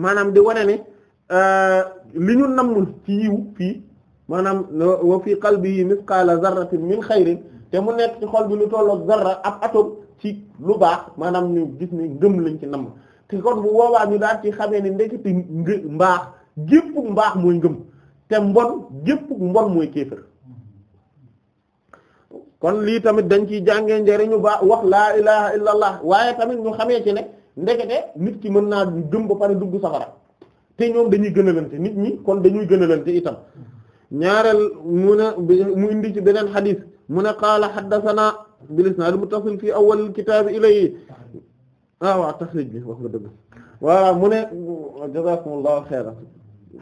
maanaam di wane ne euh, li ñu nammul ci yiw fii maanaam wa fii qalbihi misqaala zarratin min xayrin te mu nekk ci xol bi lu tollook zarra ab atom ci lu baax maanaam ñu gis ni ngëm lañ ci nam te kon bu boobaa ñu daal ci xamee ni ndekete ngë mbaax gépp mbaax mooy ngëm te mbon gépp mbon mooy kéefër kon lii tamit dañ ciy jàngee njëriñu ba wax laa ilaha illa waaye tamit ñu xamee ci ne ndekete nit ki mën naa gëm ba pare dugg safara te ñoom dañuy gënalante nit ñi kon dañuy gënalante itam ñaareel mu ne mu indi ci beneen xadiis mu ne qaala haddasanaa bil isnaad muttasil fii awwalil kitaab ilayhi ah waaw taxrij bi wax nga dëgg voilà mu ne jazaakumullahu xayran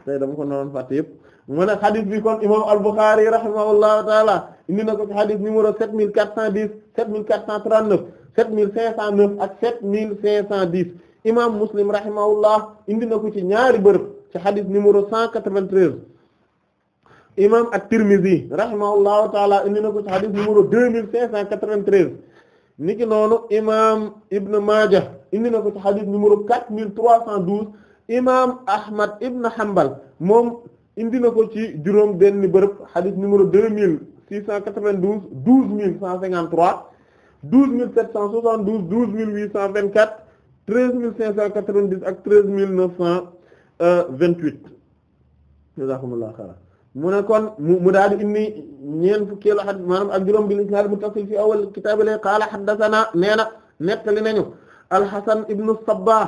tey dama ko noonu fàtte yëpp mu ne xadis bi kon imam al-Bukhari rahimahullahu taala indi na ko ci xadis numéro 7410 7439 7509 ak 7510 imam Muslim rahimahullah indi na ko ci ñaari bërëb ci xadis numéro 193 imam at-Tirmidhi rahimahullahu taala indi na ko ci hadith numéro deux mille cinq cent quatre-vingt-treize niki noonu imam Ibn Maaja indi na ko ci hadith numéro quatre mille trois cent douze imam Ahmad Ibn Hanbal moom indi na ko ci juróom benn bërëb hadith numéro deux mille six cent quatre-vingt-douze douze mille cent cinquante-trois douze mille sept cent soixante-douze douze mille huit cent vingt-quatre treize mille cinq cent quatre-vingt-dix ak treize mille neuf cent vingt-huit jazakumullahu khairan mu ne kon mu daal di indi ñeent fukkeelu xad maanaam ak juróom bi isnaad muttasil fi awal kitaab li qaala haddathana nee na nettali nañu alxasan ibnu sabbah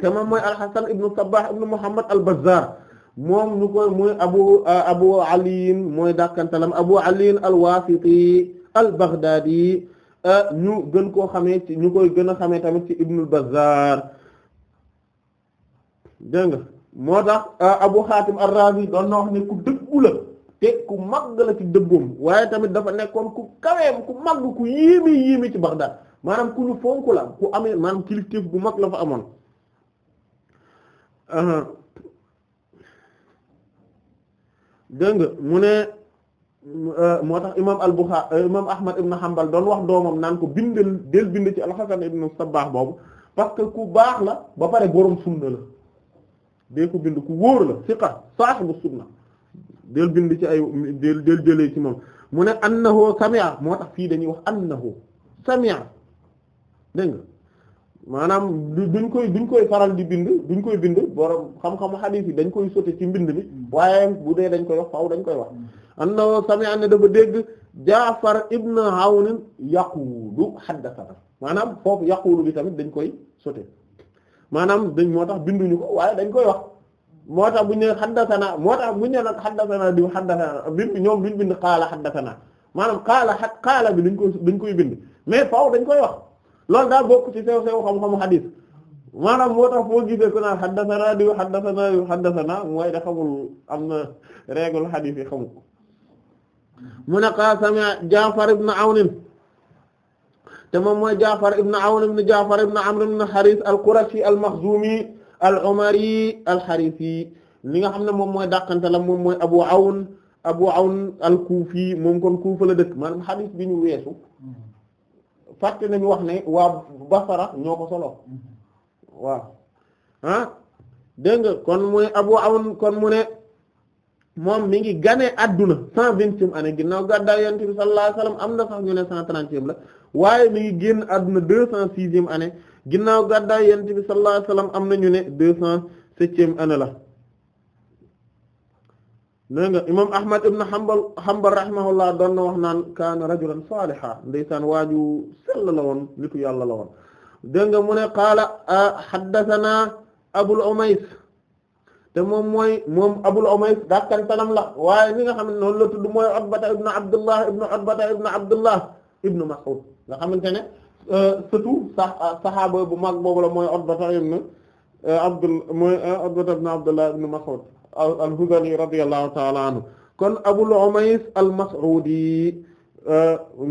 te moom mooy alxasan ibnu sabbah ibnu muhammad al bazzar moom ñu koy mooy abu abu ali mooy dàkkantalam abu ali al wasiti al baghdadi ñu gën koo xamee ñu koy gën a xamee tamit ci ibnu al moo tax euh, Abu Xaatim ar doon na wax ne ku dëggu la te ku màgg la ci dëggoom waaye tamit dafa nekkoon ku kaweem ku màgg ku yéeme yéeme ci Bagdad maanaam ku ñu fonk la ku amee maanaam kilifteef bu mag la fa amoon dégg nga mu ne euh, moo tax imaam al-Bukhari euh, imaam Ahmad ibn Hanbal doon wax doomam naan ko bindal del bind ci al-Hasan ibn Sabbah boobu parce que ku baax la ba pare borom sunna la. dee ko bind ku wóor la siqa saahibu sunna del bind ci ay del del jëlee ci moom mu ne annahu sami'a moo tax fii dañuy wax annahu sami'a dégg nga maanaam duñ koy duñ koy faral di bind duñ koy bind borom xam-xamu xadiis yi dañ koy sote ci mbind mi waaye bu dee dañ koy wax faaw dañ koy wax annahu sami'a ne dafa dégg Jaafar ibn Awn yaquulu haddathana maanaam foofu yaquulu bi tamit dañ koy sote maanaam dañ moo tax binduñu ko waaye dañ koy wax moo tax bu ñu nee xaddasana moo tax bu ñu nee nag xaddasana diw xaddasana bind ñoom duñ bind xaala xaddasana maanaam xaala xa xaala bi dañ koy dañ koy bind mais faaw dañ koy wax loolu daa bokk ci sew sew xam-xamu xadiis maanaam moo tax boo gisee ko naan xaddasana diw xaddasana diw xaddasana mooy da xamul am na règle xadiis yi xamu ko mu ne qaasama Jaafar ibn Awnin te moom mooy Jaafar ibn Awn ibn Jaafar ibn Amr ibn Haris al-Qurashi al-Makhzumi al-Umari al-Harisi li nga xam ne moom mooy dàqante moom mooy Abu Awn Abu Awn al-Kufi moom kon Kufa la dëkk maanaam hadith bi ñu weesu fàtte nañu wax ne waa Basra ñoo ko solo waaw ah dégg nga kon mooy Abu Awn kon mu ne. moom mi ngi ganee adduna cent vingtième année ginnaaw gàddaay yonent bi sallallahu alayhi wasallam am na sax ñu ne cent trentième la waaye mi ngi génn adduna deux cent sixième année ginnaaw gàddaay yonent bi sallallahu alayhi wasallam am na ñu ne deux cent septième année la dégg nga imam ahmad ibn hanbal hanbal rahimahullah doon na wax naan kaana rajulan saliha ndeysaan waaju sell la woon nitu yàlla la woon dégg nga mu ne qaala haddathana abul umays te moom mooy moom Abul Umays dàkkantanam la waaye li nga xam ne noonu la tudd mooy Utbata ibn Abdullah ibn Utbata ibn Abdullah ibn Mas'ud nga xamante ne euh, surtout sa euh, saxaaba bu mag boobu la mooy Utbata ibn euh, Abdul mooy Utbata ibn Abdullah ibn Mas'ud al-Hudhali radiyallahu ta'ala anhu kon Abul Umays al-Mas'udi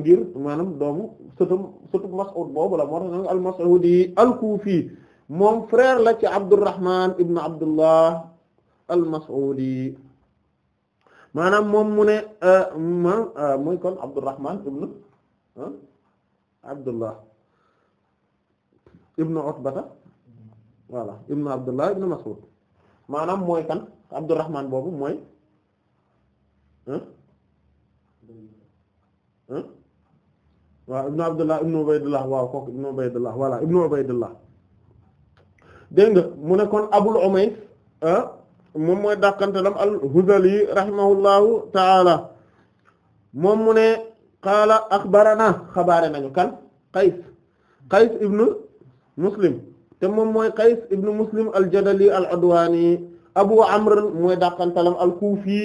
ngir maanaam doomu surtout surtout Mas'ud boobu la moo tax nag al-Mas'udi al-Kufi moom frère la ci Abdurrahman ibn Abdullah al maanaam moom mu ne euh, muy euh, kon Abdurrahman ibnu Abdullah ibnu Utbata maanaam mooy kan Abdurrahman boobu mooy waaw ibnu Abdullah ibnu Ubaydullah waaw kooku ibnu Ubaydullah voilà ibnu Ubaydullah dégg mu ne kon Abul Umays moom mooy dàqantalam al-Huzali rahimahullahu taala moom mune ne qaala axbarana xabaare nañu kan Qays Qays ibn Muslim te moom mooy Qays ibn Muslim al-Jadali al-Adwani Abu Amr mooy dàqantalam al-Kufi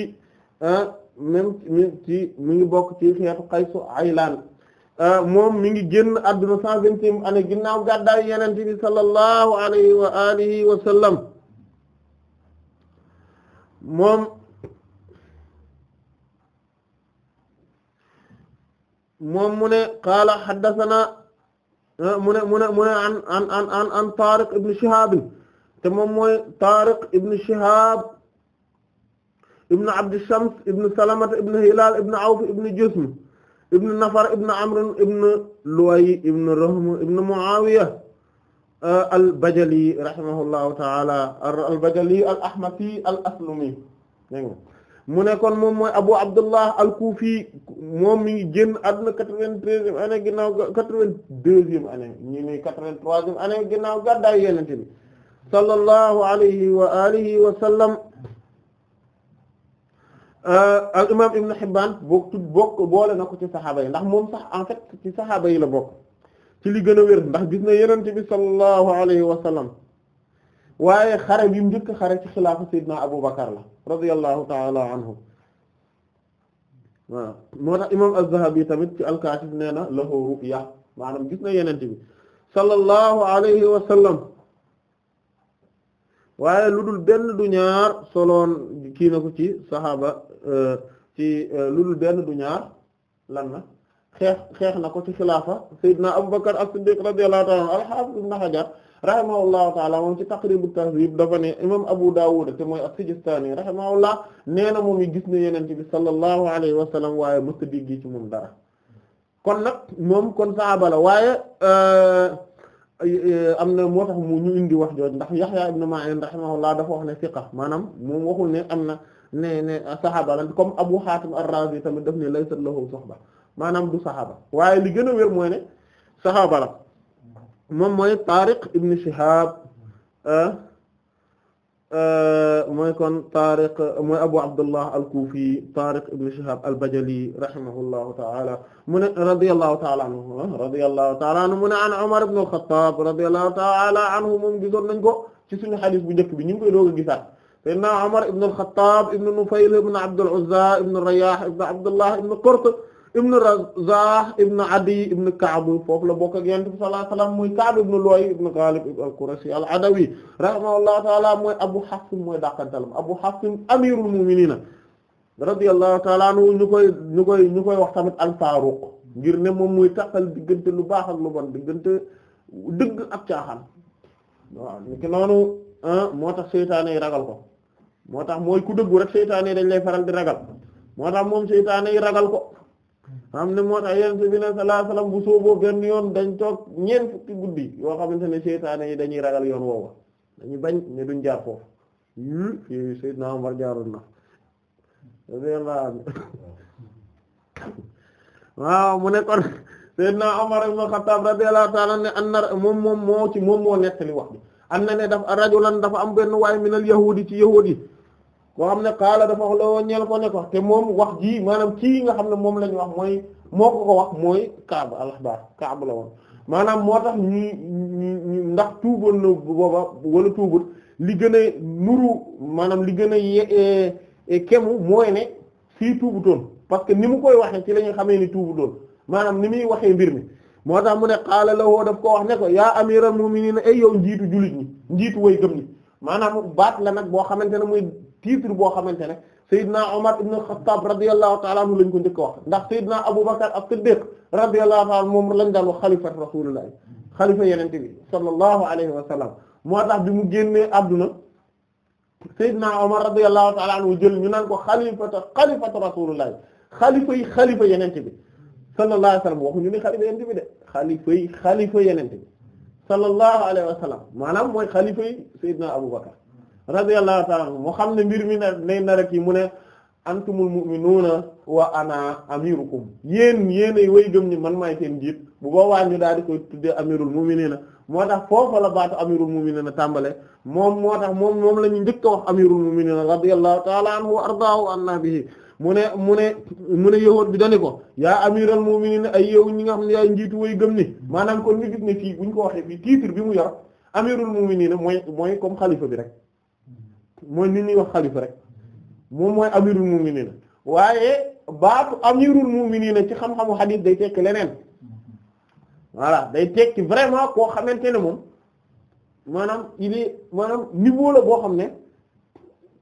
ah, même ci mi bokk ci xeetu Qaysu Aylaan ah, moom mi ngi génn àdduna cent vingtième année ginnaaw gàddaay Yonent bi sallallahu alayhi wa alihi wa sallam moom moom mu ne qaala haddathana ah, mu ne mu ne mu ne an an an an an Tariq ibn Shihab te moom mooy Tariq ibn Shihab ibn Abd Shams ibn Salamata ibn Hilal ibn Awf ibn Jusm ibn Nafar ibn Amr ibn Luway ibn Rahm ibn Muawiya Euh, al-Bajali rahimahullahu ta'ala al-Bajali al-Ahmasi mu ne kon moom mooy Abu Abdullah al-Kufi moom mi ngi génn àdduna quatre-vingt-treizième année ginnaaw quatre-vingt-deuxième année ñu ne quatre-vingt-troisième année ginnaaw gàddaay Yonent bi sallallahu alayhi wa alihi wa euh, Ibn Hibbaan bokk boole na ko ci saxaaba yi ndax moom sax en fait ci saxaaba yi la bokk. ci li gën a wér ndax gis na yenente bi sallallahu alayhi wa sallam waaye xare bi njëkk xare ci xilaafa sayyidina Abu Bakar la radiyallahu ta'ala anhu moo tax imam az-Zahabi tamit ci al nee na lahu ru'ya maanaam gis na yenente bi sallallahu alayhi wa waaye lu dul benn du ñaar soloon kii na ko ci saxaaba euh, ci euh, lu dul benn du ñaar lan na xeex xeex na ko ci xilaafa Seydina Abubakar as-Siddiq radiyallahu ta'ala anhu al-Hafiz ibn Hajar rahimahullahu ta'ala moom ci Taqrib at-Tahdhib dafa ne imam Abu Dawud te mooy as-Sijistani rahimahullah nee na moom gis na Yonent bi sallallahu alayhi wa sallam waaye mësta dégg ci moom dara kon nag moom kon saaba waaye euh, am na moo tax mu ñu indi wax jooju ndax Yahya ibn Ma'in rahimahullah dafa wax ne fiqa maanaam moom waxul ne am na ne ne saaba la comme Abu Hatim ar-Razi tamit daf ne laysa lahu suhba maanaam du saxaaba waaye li gën a wér mooy ne saxaaba la moom mooy Tariq ibn Shihab ah, ah, mooy kon Tariq mooy Abu Abdullah al-Kufi Tariq ibn Shihab al-Bajali rahimahullahu ta'ala mu ne radiyallahu ta'ala anhu ah, radiyallahu ta'ala anhu mu ne an Umar ibn al-Khattab radiyallahu ta'ala anhu moom gisoon nañ ko ci suñu xadiis bu njëkk bi ñu ngi koy doog a gisaat sayyidina Umar ibn al-Khattab ibn Nufayl ibn Abd al-Uzza ibn Riyah ibn Abdullah ibn Qurt ibnu Razzah ibnu Adi ibnu Ka'b foofu la bokk ak Yonent bi sallallahu alayhi wasallam mooy Ka'b ibnu Lu'ay ibnu Ghalib al-Qurashi al-Adawi Abu Hafs mooy dàqantalam Abu Hafs amirul mu'minin radiyallahu ta'ala anhu ñu koy ñu koy ñu koy wax tamit al-Faruq ngir ne moom muy taqal diggante lu baax ak lu bon diggante dëgg ak caaxaan waaw niki noonu ah, moo tax seytaane yi ragal ko moo tax mooy ku dëggu rek seytaane yi dañ lay faral di ragal moo tax moom seytaane yi ko xam ne moo tax yenente bi sallallahu alayhi wasallam bu sooboo benn yoon dañ toog ñeent fukki guddi yoo xamante ne seytaane yi dañuy ragal yoon woowa dañuy bañ ne duñ jaar foofu yu fi Seydina waaw mu ne kon Seydina Umar ibn Khattab radiyallahu ta'ala ne an na moom moom moo ci moom moo nettali wax bi am na ne dafa rajulan dafa am benn waay minal yahudi ci yahudi koo xam ne xaala dafa wax la ñeel ko ne ko te moom wax ji maanaam kii nga xam ne moom la ñu wax mooy moo ko ko wax mooy Kaab al-Ahbar Kaab la woon maanaam moo tax ñu ñu ndax tuubal na booba wala tuubal li gën a nuru maanaam li gën a e, e, kemu mooy ne fii tuubutoon parce que ni mu koy waxee ci la ñu xamee ni tuubutoon maanaam ni muy waxee mbir mi moo tax mu ne xaala la woo daf ko wax ne ko yaa amiral mu'minin ay yow njiitu jullit ñi njiitu way gëm ñi maanaam baat la nag boo xamante ne muy titre boo xamante ne Seydina Omar ibn Khattab radiyallahu ta'ala anhu lañ ko njëkk wax ndax Seydina Aboubacar as-Siddiq radiyallahu ta'ala moom lañ daan wax xalifatu rasulullah xalifa yenente bi sallallahu alayhi wa sallam mu génnee ta'ala anhu jël ñu naan ko xalifatu xalifatu rasulullah xalifa yi xalifa yenente bi sallallahu alayhi wa sallam waxu ñu ni xalifa yenente bi de xalifa yi xalifa yenente bi sallallahu alayhi wa radiyallahu ta'ala anhu mu xam ne mbir mi na nay nar yi mu ne antumul mu'minuuna wa ana amirukum yéen yéenay way gëm ñi man maay seen njiit bu boobaa ñu daal di koy tuddee amirul mu'miniina moo tax foofa la baatu amirul mu'miniina tàmbale moom moo tax moom moom la ñu njëkk a wax amirul mu'miniina radiyallahu ta'ala anhu wa ardaahu anna bihi mu ne mu ne mu ne yowóot bi dani ko yaa amiral mu'miniina ay yow nga xam ne yaay njiitu way gëm ni maanaam ko ñu gis ne fii buñ ko waxee fii bi mu yor amirul mu'miniina mooy mooy comme xalifa bi rek mooy nit ñuy wax xalifa rek moom mooy amirul mu'minin waaye baatu amirul mu'minin ci xam-xamu xadiis day tekki leneen voilà day tekki vraiment koo xamante ne moom maanaam il est maanaam niveau la boo xam ne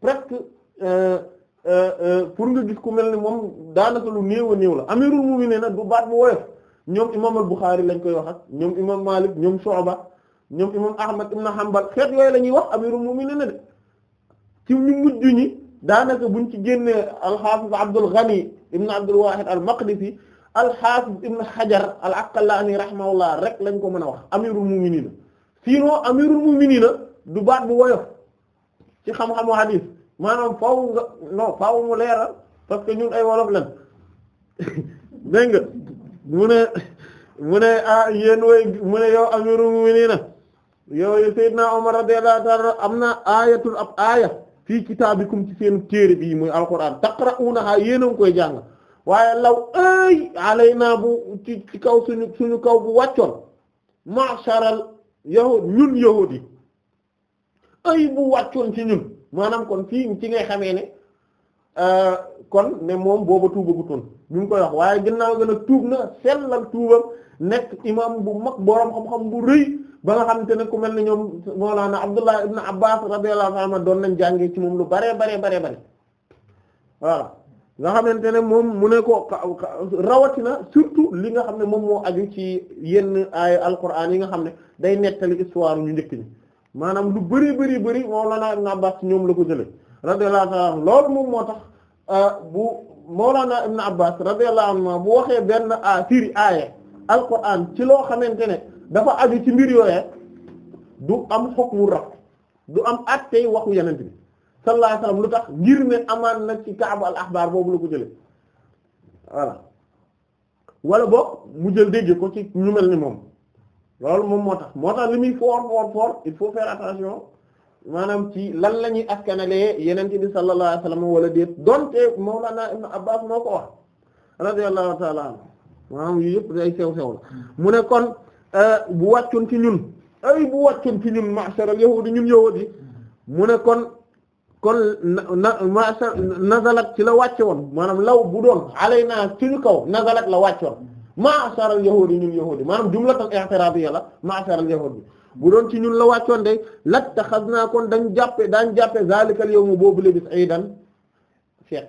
presque euh, euh, euh, pour nga gis ku mel ni moom daanaka lu néew a néew la amirul mu'minin na du baat bu woyof ñoom imam al-Bukhari lañ koy wax ak ñoom imam Malik ñoom Shu'ba ñoom imam Ahmad ibn Hanbal xeet yooyu la ñuy wax amirul na de ci ñu mujj daanaka buñ ci génnee alxaafiz Abdul Ghani ibn Abdul Wahid alxaafiz ibn Hajar al-Asqalani rahimahullah rek lañ ko mën a wax amirul mu'minin sinon amirul mu'minin du baat bu woyof ci xam-xamu hadith maanaam faaw nga non faaw mu parce que ñun ay wolof lañ dégg nga mu ne ah, way mu yow amirul mu'minin yow Seydina Omar radiyallahu ta'ala am na ayatul ab aya fii kitaabikum ci seen téere bii muy alquran taqra'unaha yéen a ngi koy jàng waaye law ay alaynaa bu ci ci kaw sunu kaw bu wàccoon ma'sharal yahud ñun yahudi ay bu wàccoon ci ñun maanaam kon fii ci ngay xamee ne Euh, kon ne moom booba tuubagutoon ñu ngi koy wax waaye ginnaaw gën a tuub na sellal tuubam nekk imam bu mag boroom xam-xam bu rëy ba nga xamante ne ku mel ne ñoom Mawlana Abdullah ibn Abbas radiyallahu anhu doon nañ jàngee ci moom lu bare bare bare bare voilà nga ne moom mu ne ko rawatina surtout li nga xam ne moom moo aju ci yenn ay alquran yi nga xam ne day nettali histoire ñu njëkk ñi maanaam lu bëri bëri bëri Mawlana ibn Abbas ñoom la ko jëlee. radiyallahu ta'ala anhu loolu moom moo tax euh, bu Mawlana Ibn Abbas radiyallahu anhu bu waxee benn a firi aaye ci loo xamante ne dafa aju ci mbir yooyee du am xukmu raf am attey waxu bi sallallahu lu tax ngir amaan na ci kaabu al boobu la ko jële voilà wala mu jël dégg ko ci ñu ni moom loolu moom moo tax moo tax li muy fort fort fort il faut faire attention maanaam ci lan la ñuy askanalee yenente bi sallallahu alayhi wasallam wala déet donte Mawlana Ibn Abbas moo ko wax radiyallahu ta'ala anhu maanaam yu yëpp ay sew-sew la mu ne kon euh, bu wàccoon ci ñun ay bu wàccoon ci ñun ma'sharal yahudi ñun yahudi mu ne kon kon na ma'shar nazalat ci la wàcce woon maanaam law bu doon alayna ci ñu kaw nazalat la wàcce woon ma'sharal yahudi ñun yahudi maanaam jumlatul i'tirabiyya la ma'sharal yahudi bu doon ci ñun la wàccoon de naa kon dañ jàppe daañ jàppe zaalikal yawmu boobu le bis iidan feet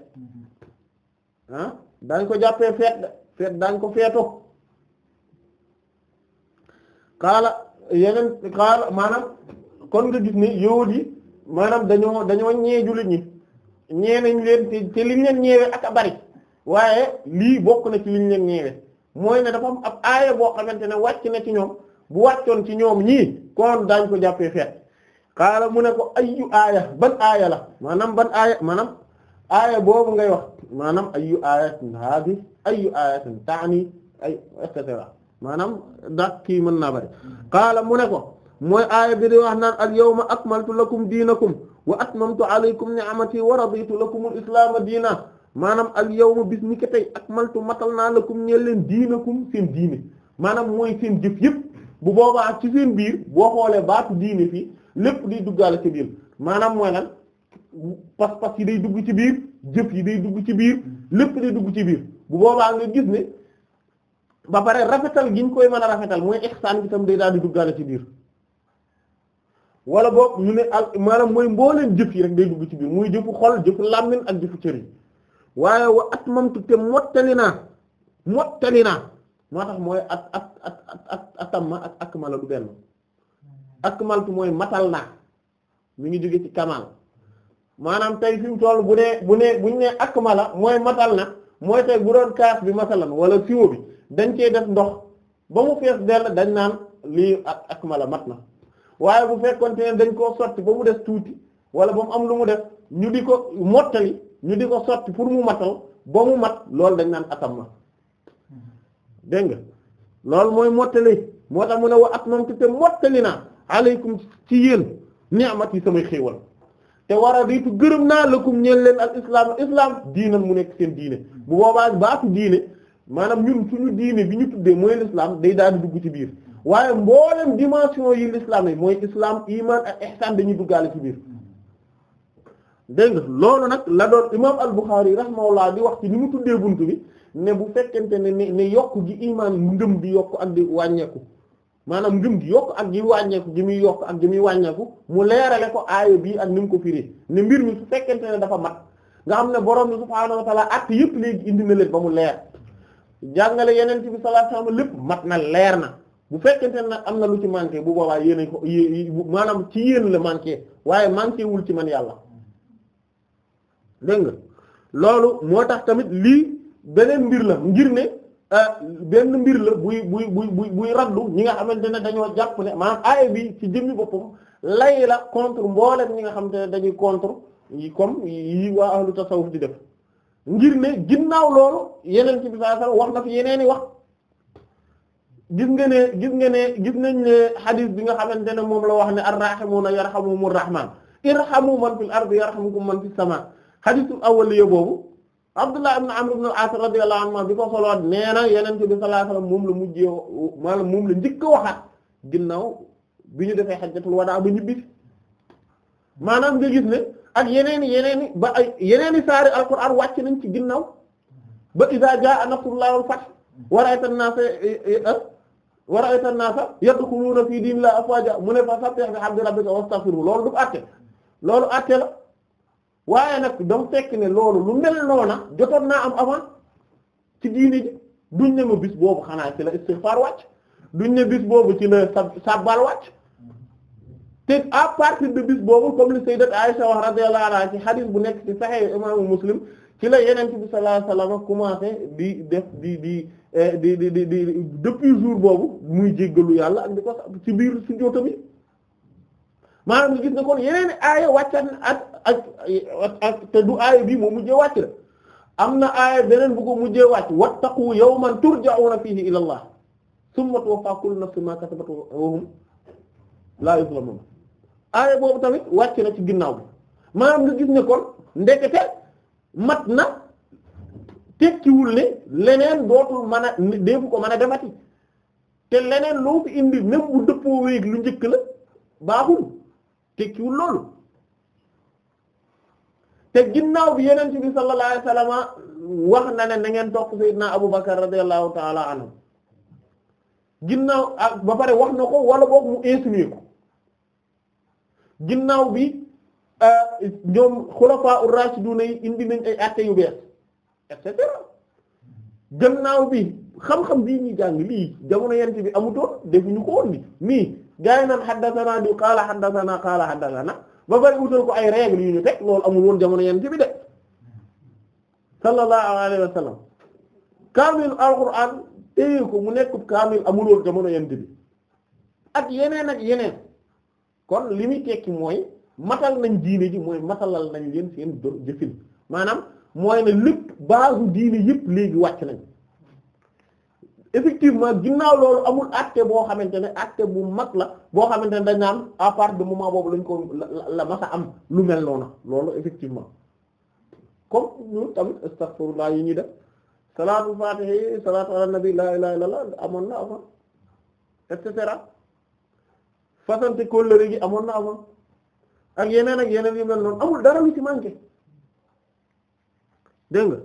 ah, dañ ko jàppee feet de daañ ko feeto xaala yeneen xaala maanaam kon nga gis ni yóot yi maanaam dañoo dañoo ñee jullit ñi ñee nañ leen te leen ñeewe ak a bari waaye lii bokk na ci liñ leen ñeewe mooy ne dafa am ab aaya boo xamante ne wàcc na ci ñoom bu wàccoon ci ñoom ñi kon daañ ko jàppee feet xaala mu ne ko ayyu aaya ban aaya la maanaam ban aaya maanaam aaya boobu ngay wax maanaam ayyu ayatin haadi ayyu ayatin taani ay et cetera maanaam ndax kii mën naa bari xaala mu ne ko mooy aaya bi di wax naan al yawma akmaltu lakum diinakum wa atmamtu alaykum ni'amati wa raditu lakum al islaama diina maanaam al yawma bis ni ko tey akmaltu matal naa lakum ñeel leen diinakum seen diine maanaam mooy seen jëf yëpp bu boobaa ci seen biir boo xoolee baatu diine fii lépp day duggaale ci biir maanaam mooy nag pas-pas yi day dugg ci biir jëf yi day dugg ci biir lépp day dugg ci biir bu boobaa nga gis ne ba pare rafetal gi koy mën a rafetal mooy ihsaan bi tam day daal di duggaale ci biir wala boog ñu ak maanaam mooy mbooleen jëf yi rek day dugg ci biir muy jëfu xol jëfu làmmiñ ak jëfu cër yi waaye wa atmamtu te mottali naa mottali naa moo tax mooy ak ak ak ak atamma ak akmala du benn mm-hmm. akmaltu mooy matal naa mi ngi jóge maanaam tey fi mu toll bu nee bu nee buñ nee akmala mooy matal na mooy tey bu doon kaas bi masalan wala siwo bi dañ cee def ndox ba mu fees dell dañ naan lii ak akmala mat na waaye bu fekkoonte ne dañ koo sotti ba mu des tuuti wala ba mu am lu mu def ñu di ko mottali ñu di ko sotti pour mu matal ba mu mat loolu dañ naan atamma dégg nga loolu mooy mottali moo tax mu ne wa atmamtu te mottali naa aleykum ci yéen ni'mat yi samay xéewal te war a diitu gërëm naa la lakum ñeen leen al islam islam diinal mu nekk seen diine bu boobaa baatu diine maanaam ñun suñu diine bi ñu tuddee mooy l'islam day daal di dugg ci biir waaye mboolem dimension yi l'islam yi mooy islam iman ak ihsan dañuy duggaale ci biir dégg nga loolu nag la doon imam al Bukhari rahimahullah di wax ci ni mu tuddee buntu bi ne bu fekkente ne ne yokk gi imaan ngëm bi yokk ak di wàññeeku maanaam ngëm gi yokk ak gi wàññeeku gi muy yokk ak gi wàññeeku mu leerale ko aaya bii ak ni mu ko firee ne mbir mi su fekkente ne dafa mat nga xam ne borom bi subhaanahu wa ta'ala at yëpp léegi indi leen ba mu leer jàngale yeneen ci bi sallallahu lépp mat na leer na bu fekkente ne am na lu ci manqué bu boobaa yéen ko maanaam ci yéen la manqué waaye manqué wul ci man yàlla dégg nga loolu moo tax tamit lii beneen mbir la ngir ne euh, benn mbir la buy buy buy buy raddu ñi nga xamante ne dañoo jàpp ne maanaam aaya bi ci jëmmi boppam lay la contre mboolem ñi nga xamante ne dañuy contre yi comme yi waa ahlu tasawuf di def ngir ne ginnaaw loolu yeneen ci bi saa sala wax na fi yeneen i wax gis nga ne gis nga ne gis nañ ne xadis bi nga xamante ne moom la wax ne arrahimuuna yarhamuhumur rahman irhamu man fil ardi yarhamukum man fis sama xadisul awwal boobu Abdullah ibn Amr ibn al-As radiyallahu anhu bi ko soloon nee na Yonent bi sallallahu alayhi moom la mujjee maanaam moom la njëkk a waxaat ginnaaw bi ñu defee hajjatul wadaa ba ñibbisi maanaam nga gis ne ak yeneen i yeneen ba ay yeneen i saari alquran wàcc nañ ci ginnaaw ba iza jaa nasrullahi wal fath wa ra'ayta an-naasa eh, eh, eh, wa ra'ayta an-naasa la fii diinillahi afwaaja mu ne fa sabbih bihamdi rabbika wastaghfirhu loolu du àtte loolu ate la. waaye nag dama fekk ne loolu lu mel noona jotoon naa am avant ci diini ji duñ ne ma bis boobu xanaa ci la istighfar wàcc duñ ne bis boobu ci la sa sabbal wàcc te à partir de bis boobu comme li sayyidat Aisha wax radiyallahu anha ci hadith bu nekk ci Sahih imaamu Muslim ci la yeneen bi sallallahu alayhi wasallam commencé di def di di eh, di di di di depuis jour boobu muy jéggalu yàlla ak di ko ci biir sujjóotam yi maanaam gis na kon yeneen aaya wàccan at ak ak te du aaya bii moo mujjee wàcc la am na aaya beneen bu ko mujjee wàcc wattaqu yawman turja'una fihi ila allah summa tuwaffa kullu nafsin ma kasabat wa hum la yuzlamun aaya boobu tamit wàcc na ci ginnaaw bi maanaam nga gis ne kon ndekete mat na tekkiwul ne leneen dootul mën a déefu ko mën a demati te leneen loo fi indi même bu dëppoo wéeg lu njëkk la baaxul tekkiwul loolu te ginnaaw bi yeneen bi sallallahu wax na ne na ngeen topp sayyidina Abu Bakar radiyallahu ta'ala anhu ginnaaw ah, ba pare wax na ko walla boog mu insinué ginnaaw bi ah, ñoom xulafaa ur-rashidun yi indi nañ ay actes yu bees et cetera bi xam-xam bii ñuy jàng lii jamono yent bi amutoon defuñu ko woon ni nii gaa yi naan haddathana di qaala haddathana qaala ba bari utal ko ay règles yu ñu teg loolu amul woon jamono yonent bi de sallallahu alayhi wa sallam kaamil alquran téye ko mu nekk kaamil amul jamono yonent bi ak yeneen ak yeneen kon li muy tekki mooy matal nañ diine ji mooy matalal nañ leen seen jëfin maanaam mooy ne lépp baasu diine yëpp léegi wàcc nañ effectivement ginnaaw loolu amul acte boo xamante ne acte bu mag la boo xamante ne dañ naan à partir de moment boobu lañ ko la masa am lu mel noonu loolu effectivement comme ñun tamit astaghfirullah yi ñuy def salaatu fatihi salaatu ala nabi la la amoon na avant et cetera façante kóllëre gi amoon na amoon ak yeneen ak yeneen yu mel noonu amul dara lu ci manqué dégg nga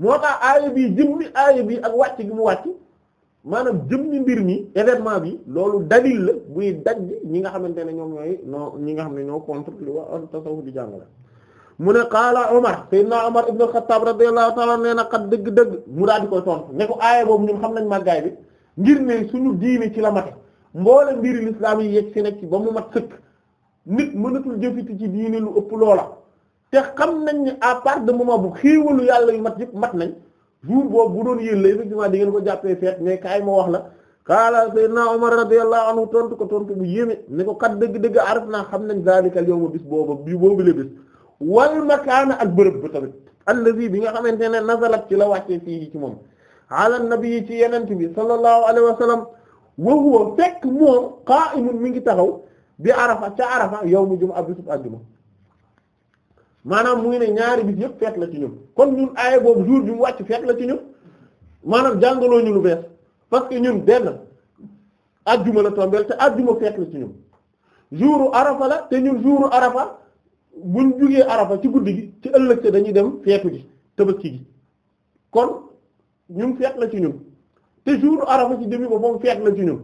moo tax aaya bii jëm bi aaya bii ak wàcc gi mu wàcc maanaam jëmmi mbir mi événement bi loolu dalil la buy dajj ñi nga xamante ne ñoom ñooy non ñi nga xam ne ñoo contre li wa tasawuf di jàngale mu ne qaala Omar sayyidna Omar ibn al-Khattab radiyallahu ta'ala nee na xat dëgg-dëgg mu daal di koy tontu ne ko aaya boobu ñun xam nañ màggaay bi ngir ne suñu diine ci la mate mboole mbiri lislaam yi yegg si nekk ci ba mu mat sëkk nit mënatul jëfiti ci diine lu ëpp loola te xam nañ ne à part de moment bu xéewalu yàlla yu mat yëpp mat nañ jour boobu bu doon yéen la effectivement di ngeen ko jàppee feet mais kaay ma wax la qaala sayyidina Umar radiyallahu anhu tontu ko tontu bu yéeme ne ko kat dëgg-dëgg araf naa xam nañ zaalikal yawma bis booba bi boobu la bis wal makaana ak bërëb ba tamit allazi bi nga xamante ne nazalat ci la wàccee fii ci moom ala nabi ci yenent bi sallallahu alayhi wa sallam wa huwa fekk moom qaa'imun mi ngi taxaw bi arafa ca arafa yawmu jumu'a bisub àjjuma maanaam muy ne ñaari bis yëpp feet la ci ñun kon ñun aaya boobu jour bi mu wàcc feet la ci ñun maanaam jàngaloo ñu lu bees parce que ñun benn ajjuma la tombeel te ajjuma feet la ci ñun jouru arafa la te ñun jouru arafa buñ jugee arafa ci guddi gi ci ëllëg te dañuy dem feetu ji tabaski gi kon ñun feet la ci ñun te jouru arafa ci début ba moom feet la ci ñun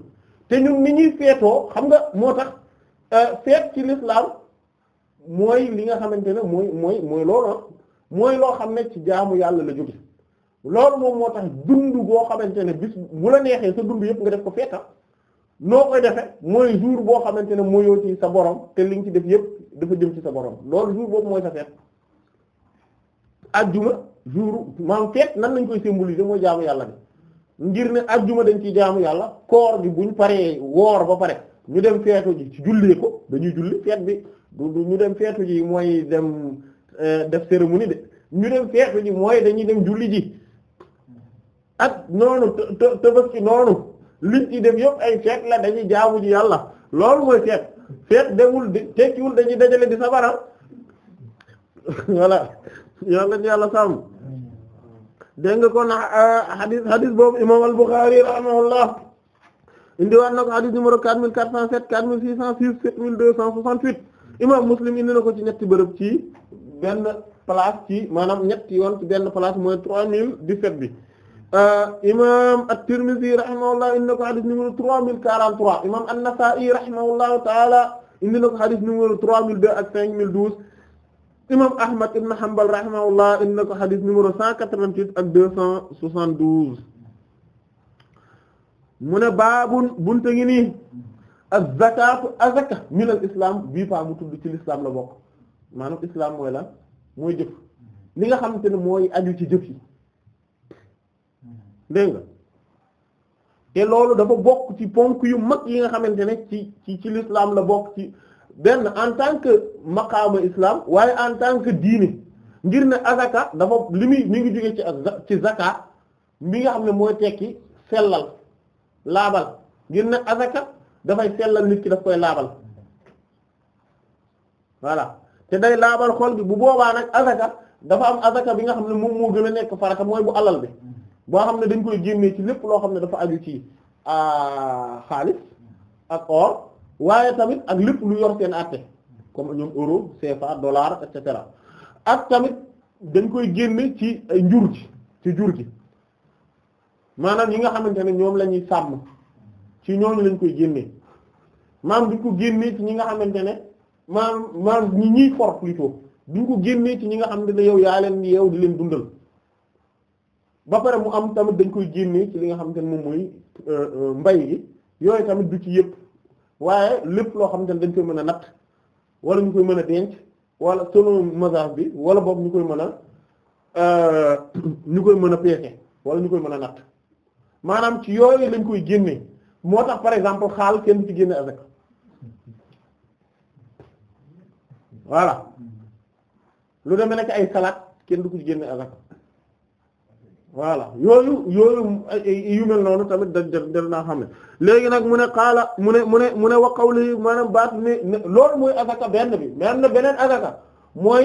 te ñun ni ñuy feetoo xam nga moo tax euh, feet ci l'islam mooy li nga xamante ne mooy mooy mooy loolu ah. mooy loo xam ne ci jaamu yàlla la jóge loolu moom moo tax dund boo xamante ne bis bu la neexee sa dund yëpp nga def ko feeta noo koy defe mooy jour boo xamante ne mooyoo ci sa borom te li nga ci def yëpp dafa jëm ci sa borom loolu boobu mooy sa feet ajjuma jour maam feet nan lañ koy symboliser mooy jaamu yàlla bi ngir ne ajjuma dañ ciy jaamu yàlla koor bi ñu paree woor ba pare ñu dem feetu ji ci jullee ko dañuy julli feet bi du du ñu dem feetu ji mooy dem euh, def cérémonie de ñu dem feetu ji mooy dañuy dem julli ji ak noonu të tabaski noonu liñ ci def yëpp ay feet la dañuy jaamu ji yàlla loolu mooy feet feet demul tekkiwul dañuy dajale di sabara voilà yàlla ñu yàlla sàmm dégg nga kon hadith ah, hadith boobu imam al-Bukhari rahimahullah indiwaat na ko hadith numéro 4407 4606 7268 imam muslim indi na ko ci ñetti bërëb ci benn place ci maanaam ñetti yoon ci benn place mooy trois mille dix-sept bi euh, imam at-Tirmidhi rahimahullah indi na ko xadis numéro trois mille quarante-trois imam an-Nasa'i rahimahullahu taala indi na ko xadis numéro trois mille deux ak cinq mille douze imam Ahmad ibn Hanbal rahimahullah indi na ko xadis numéro cent quatre-vingt-huit ak deux cent soixante-douze mu ne baabun bunte ngi nii az-zakaatu azaka min al bii faa mu tudd ci l'islam la bokk maanaam islam mooy lan mooy jëf li nga xamante ne mooy aju ci jëf yi dégg nga te loolu dafa bokk ci ponk yu mag yi nga xamante ne ci ci ci l'islam la bokk ci benn en tant que maqaama islaam waaye en tant que diine ngir ne azaka dafa li muy mi ngi jógee ci ci zaka mi nga xam ne mooy tekki sellal laabal ngir ne azaka dafay sellal nit ki daf koy laabal voilà te day laabal xol bi bu boobaa nag azaka dafa am azaka bi nga xam ne moom moo gën a nekk farata mooy bu alal bi boo xam ne dañ koy génne ci lépp loo xam ne dafa aju ci ah, xaalis ak or waaye tamit ak lépp lu yor seen àtte comme ñoom euro CFA dollar et cetera ak tamit dañ koy génne ci njur ji ci jur gi maanaam yi nga xamante ne ñoom lañuy sàmm ci ñooñu lañ koy génne maam duñ ko génnee ci ñi nga xamante ne maam maam ñi ñuy for plutôt duñ ko génnee ci ñi nga xam ne yow yaa leen yow di leen dundal ba pare mu am tamit dañ koy génnee ci li nga xamante ne moom mooy euh, euh, mbay gi yooyu tamit du ci yëpp waaye lépp loo xamante ne dañ koy mën a natt wala ñu koy mën a denc wala selon mazhab bi wala boog ñu koy mën a euh, ñu koy mën a peese wala ñu koy mën a natt maanaam ci yooyu lañ koy génnee moo tax par exemple xaal kenn ci génne azaka voilà lu demee nekk ay salaat kenn du ko ci génne azaka voilà yooyu yooyu yu mel noonu tamit da da naa xam ne léegi nag mu ne xaala mu ne mu ne mu ne wa man maanaam baat ne loolu mooy azaka benn bi mais na beneen azaka mooy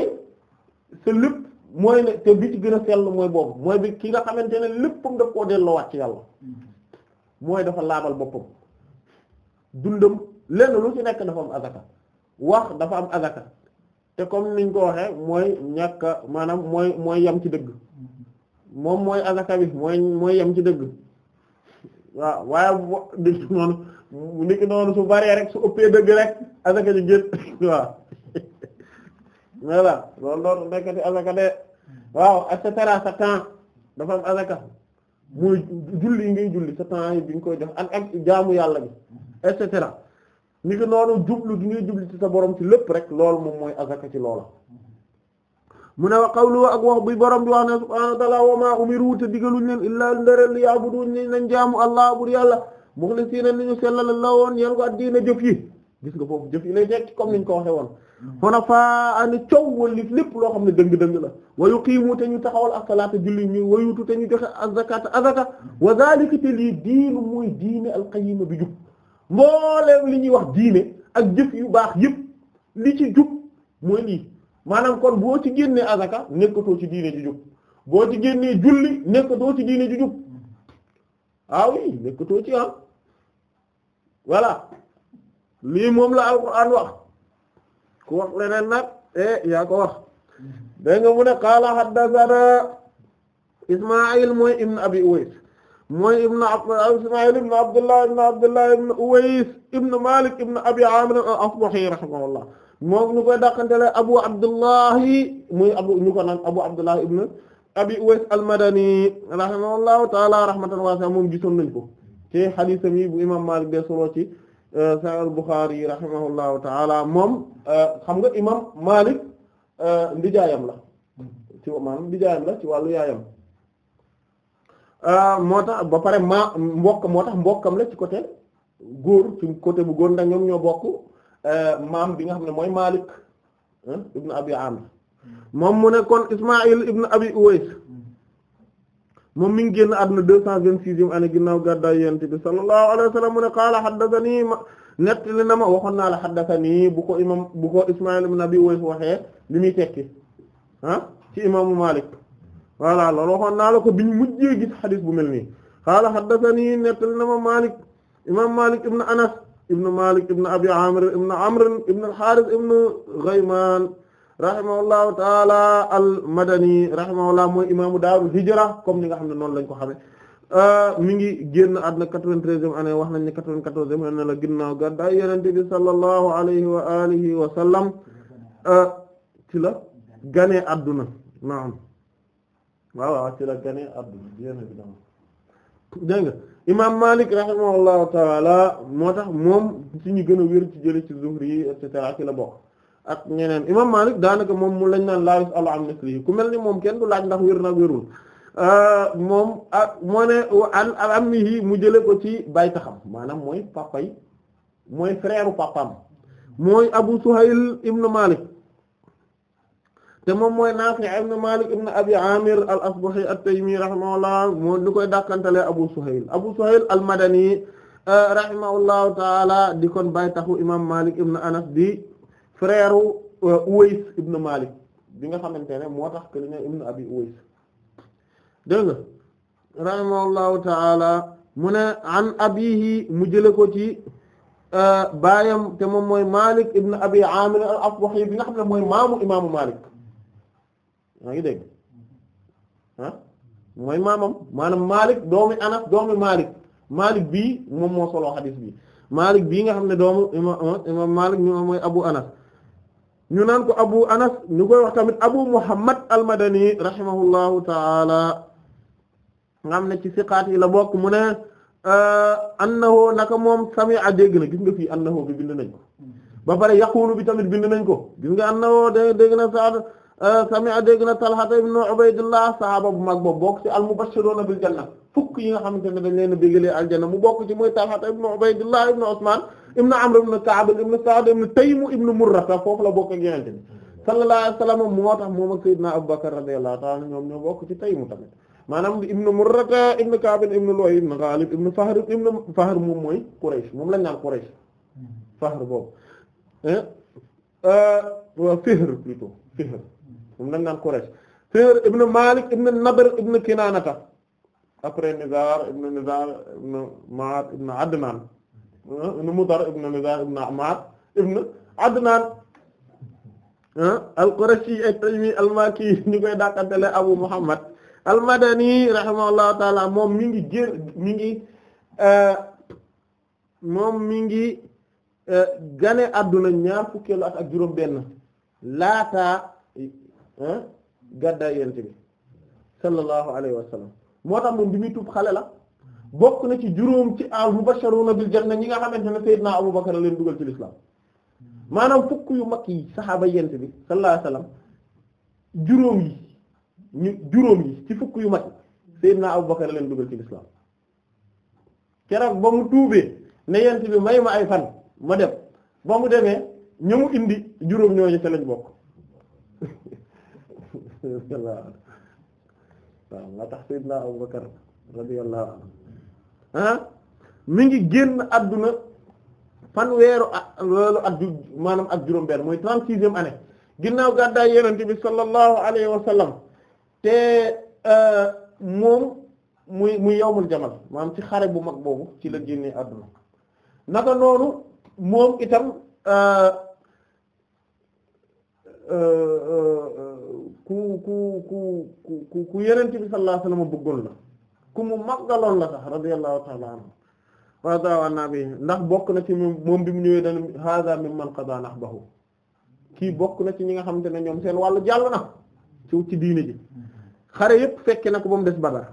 sa lépp mooy ne te bi ci gën a sell mooy boobu mooy bi ki nga xamante ne léppam daf koo delloowaat ci yàlla mooy dafa laabal boppam dundam lenn lu ci nekk dafa am azaka wax dafa am azaka te comme niñ ko waxee mooy ñàkk maanaam mooy mooy yam ci dëgg moom mooy azaka bi mooy yam ci dëgg waaw waaye dëgg noonu ndiki noonu su baree rek su ëppee dëgg rek azaka ji gën waaw voilà loolu loolu nekkati azaka de waaw et sa temps dafa am azaka mooy julli yi ngay julli sa temps yi bi nga koy jox ak ak jaamu yàlla bi et cetera ni ko noonu jublu di ngay jublu ci sa borom ci lépp rek loolu moom mooy azaka ci loola mu ne wa qawlu ak wax bi borom bi wax ne subhaanahu wa ta'aala wa maa umiru te digaluñ leen illaa ndëral li ya'buduun ni nañ jaamu allah bur yàlla muxlisiina ni ñu sellal la woon yeen ko ad diina jëf yi gis nga foofu jëf yi lay tekki comme niñ ko waxe woon xunafaa ani coow wallif lépp loo xam ne dëng-dëng la wa yuqiimu te ñu taxawal as-salaata julli ñu wayutu te ñu joxe az-zakaata azaka wa zaalika te lii diinu muy diine al bi jub mbooleem li ñuy wax diine ak jëf yu baax yëpp li ci jub mooy lii maanaam kon boo ci génnee azaka nekkatoo ci diine ju jub boo ci génnee julli nekkatoo ci diine ju jub ah oui nekkatoo ci ah voilà lii moom la Alxuraan wax ku wax leneen nag eh, yaa ko wax dégg mu ne qaala haddathana Ismaa'il mooy ibn Abi Uways mooy ibn Ismaa'il ibn Abdullah ibn Abdullah ibn Uways ibn Malik ibn Abi Aamir al-Asbahi rahimahullah moom ñu koy dàqantele Abu Abdullahi muy abu ñu ko naan Abu Abdullahi ibn Abi Uways al-Madani rahimahullahu ta'ala rahmatan waasi'a moom gisoon nañ ko ci hadiisam yi bu imaam Maalik de solo Euh, sa al-Bukhari rahimahullahu taala moom euh, xam nga imam Malik euh, ndijaayam la ci maanaam ndijaayam la ci wàllu yaayam moo tax ba pare ma mbokk moo tax mbokkam la ci côté góor ci côté bu góor ndax ñoom ñoo bokk maam bi nga xam ne mooy Malik ibn Abi Amr hmm. moom mu ne kon Ismaïl ibn Abi Uways moom mi ngi génn àdduna deux cent vingt-sixième année ginnaaw gàddaay yonent bi sallallahu alayhi wa sallam mu ne qaala haddathanii ma nettali na ma waxoon naa la haddathanii bu ko imam bu ko Ismaïl ibn Abi Uways waxee li muy tekki ah ci imaamu Malik voilà loolu waxoon naa la ko biñ mujjee gis xadis bu mel nii qaala haddathanii nettali na ma Malik imam Malik ibn Anas ibn Malik ibn Abi Amr ibn Amr ibn al-Harith ibn Ghayman rahimahullahu taala al-madani rahimahullah mooy imaamu daaru hijra comme ni nga xam ne noonu lañ ko xamee euh, mi ngi génn àdduna quatre-vingt-treizième année wax nañ ne quatre-vingt-quatorzième année la ginnaaw na Yonent bi sallallahu alayhi wa alihi wa sallam euh, ci la ganee àdduna naam waaw waaw ci la ganee àdduna bien évidemment dégg nga imaam Maalik rahimahullahu taala moo tax moom ci ñu gën a wér ci jële ci Zuhri yi et cetera ci ak ñeneen imam Malik daanaka moom mu lañ naan laa yus'alu an mislihi ku mel ni moom kenn du laaj ndax wér na wérul euh, moom ah moo ne an ammihi mu jële ko ci bay taxam maanaam mooy papa mooy frère papam mooy Abu Suhayl ibn Malik te moom mooy Nafi' ibn Malik ibn Abi Amir al-Asbahi at-Taymi rahimahullah moo ñu koy dàkkantale Abu Suhayl Abu Suhayl al-Madani euh, rahimahullahu ta'ala di kon taxu imam Malik ibn Anas di frère euh, Uways ibn Malik bi nga xamante ne moo tax que li ne ibn Abi Uways dégg nga taala mu ne abihi mu jële ko ci euh, baayam te moom mooy Malik ibn Abi Amir al-Asbahi bi nga xam ne mooy maamu imaamu Malik ngi dégg ah mooy maamam maanaam Malik doomi Anas doomi Malik Malik bii moom moo soloo xadiis bi Malik bii nga xam ne doomu imaam Malik mooy Abu Anas ñu naan ko abu anas ñu koy wax tamit abu muhammad almadani rahimahullahu taala nga xam ne ci siqaat yi la bokk mu ne uh, annahu naka moom sami'a dégg na gis nga fii annahu bi bind nañ ko ba pare yaqulu bi tamit bind nañ ko gis nga annahu da dégg na a uh, sami'a dégg na talhata ibn ubaydillah sahaaba bu mag boo bokk ci al mubashiruna bil janna fukk yi nga xamante ne dañ leen bégalee aljanna mu bokk ci mooy talhata ibn ubaydillah ibn usman ibnu Amr ibnu Ka'b ibnu Sa'd ibnu Taym ibnu Murra foofu la bokk ak Yonent bi sallallahu alayhi wasallam moo tax moom ak Seydina Abu Bakr radiyallahu ta'ala ñoom ñoo bokk ci Taym tamit maanaam ibnu Murra ibnu Ka'b ibnu Lu'ay ibnu Ghalib ibnu Fahr ibnu Fahr moom mooy Quraysh moom lañ naan Quraysh Fahr boobu eh? Eh, Fihr plutôt Fihr moom lañ naan Quraysh Fihr ibnu Malik ibnu Nadr ibnu Kinanata après Nizar ibnu Nizar ibnu Ma'ad ibnu Adnan nu Mudar ibn Nizar ibn Ammar ibn Adnan ah, al-Qurashi at-Taymi al-Makki ñu koy dàqantele Abu Muhammad al-Madani rahimahullahu taala moom mi ngi jër ngi eh, moom mi ngi eh, gane adduna ñaar fukkeelu at ak juróom benn laataa ah, gaddaay yent bi sallallahu alayhi wa moo tax moom bi muy xale la bokk na ci juróom ci al mubasharuna bil janna ñi nga xamante ne sayyidna Abu Bakar leen dugal ci lislaam maanaam fukk yu mag yi saxaaba yent bi sallallahu alayhi wasallam juróom yi ñu juróom yi ci fukk yu mag yi sayyidna Abu Bakar leen dugal ci lislaam keroog ba mu tuubee ne yent bi may ma ay fan ma dem ba mu demee ñu mu indi juróom ñooñu ca lañ bokk waaw nga tax sayyidna Abu Bakar radiyallahu anhu ah mi ngi génn adduna fan weeru loolu at ju maanaam ak juróom-benn mooy trente-sixième année ginnaaw gàddaay yonent bi sallallahu alayhi wa sallam te euh, moom muy muy yawmul jamal maam ci xare bu mag boobu ci la génnee adduna naka noonu moom itam euh, euh, ku ku ku ku ku yonent bi sallallahu alayhi wa sallam bëggoon la. ku mu màggaloon la sax radiyallahu ta'ala ndax bokk na ci moom bi mu ñëwee dañ hada min man qada nahbahu kii bokk na ci ñi nga xamante ne ñoom seen wàllu jàll na ci ci diine ji xare yépp fekke na ko ba mu des Badar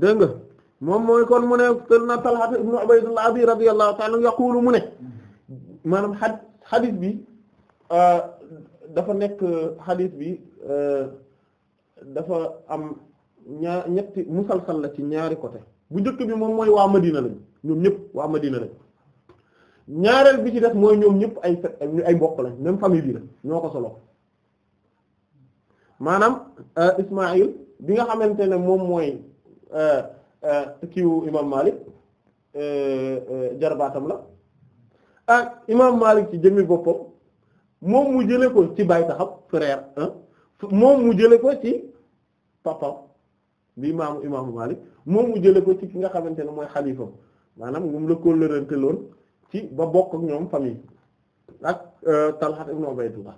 dégg nga moom mooy kon mu ne sëlna Talha ibn Ubaydullah bi radiyallahu ta'ala yaqulu mu ne maanaam xad xadis bi euh, dafa nekk xadis bi euh, dafa am ñaar ñetti musalsal la ci ñaari côté bu njëkk bi moom mooy waa Madina lañ ñoom ñëpp waa Madina lañ ñaareel bi ci def mooy ñoom ñëpp ay ay bokk lañ même famille bi ñoo ko solo maanaam euh, Ismaïl bi nga xamante ne moom mooy euh, euh, kiiwu imam Malik jarbaatam la ak imam Malik ci jëmmi boppam moom mu jële ko ci baay taxam frère moom mu jële ko ci papa bi maamu imaamu Maalik moom mu jëlee ko ci ki nga xamante ne mooy xalifam maanaam moom la kóllërante loon ci ba bokk ak ñoom famille ak euh, Talha ibn Ubaydullah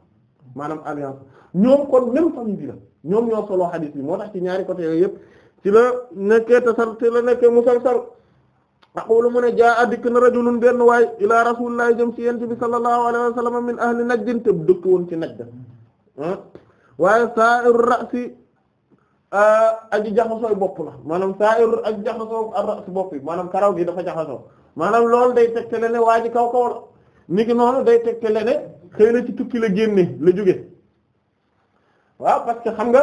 maanaam alliance ñoom kon même famille bi ñoom ñoo solo xadiis bi moo tax ci ñaari côté yooyu yëpp ci la nekkee tasal ci la nekkee musalsal aqulu mu ne jaa a dikk na rajulun benn waay ilaa rasulillahi jëm ci yent bi sallallahu alayhi wa sallam min ahli najdin te dëkk woon ci Najd waaye saa ru ra'si Ah, aji jaxasooy bopp la maanaam saa yor aji jaxasoo ak bopp yi maanaam karaw gi dafa jaxasoo maanaam loolu day tegtale ne waa ji kaw kaw la niki day tegtale ne xëy na ci tukki génne la jóge waaw parce que xam nga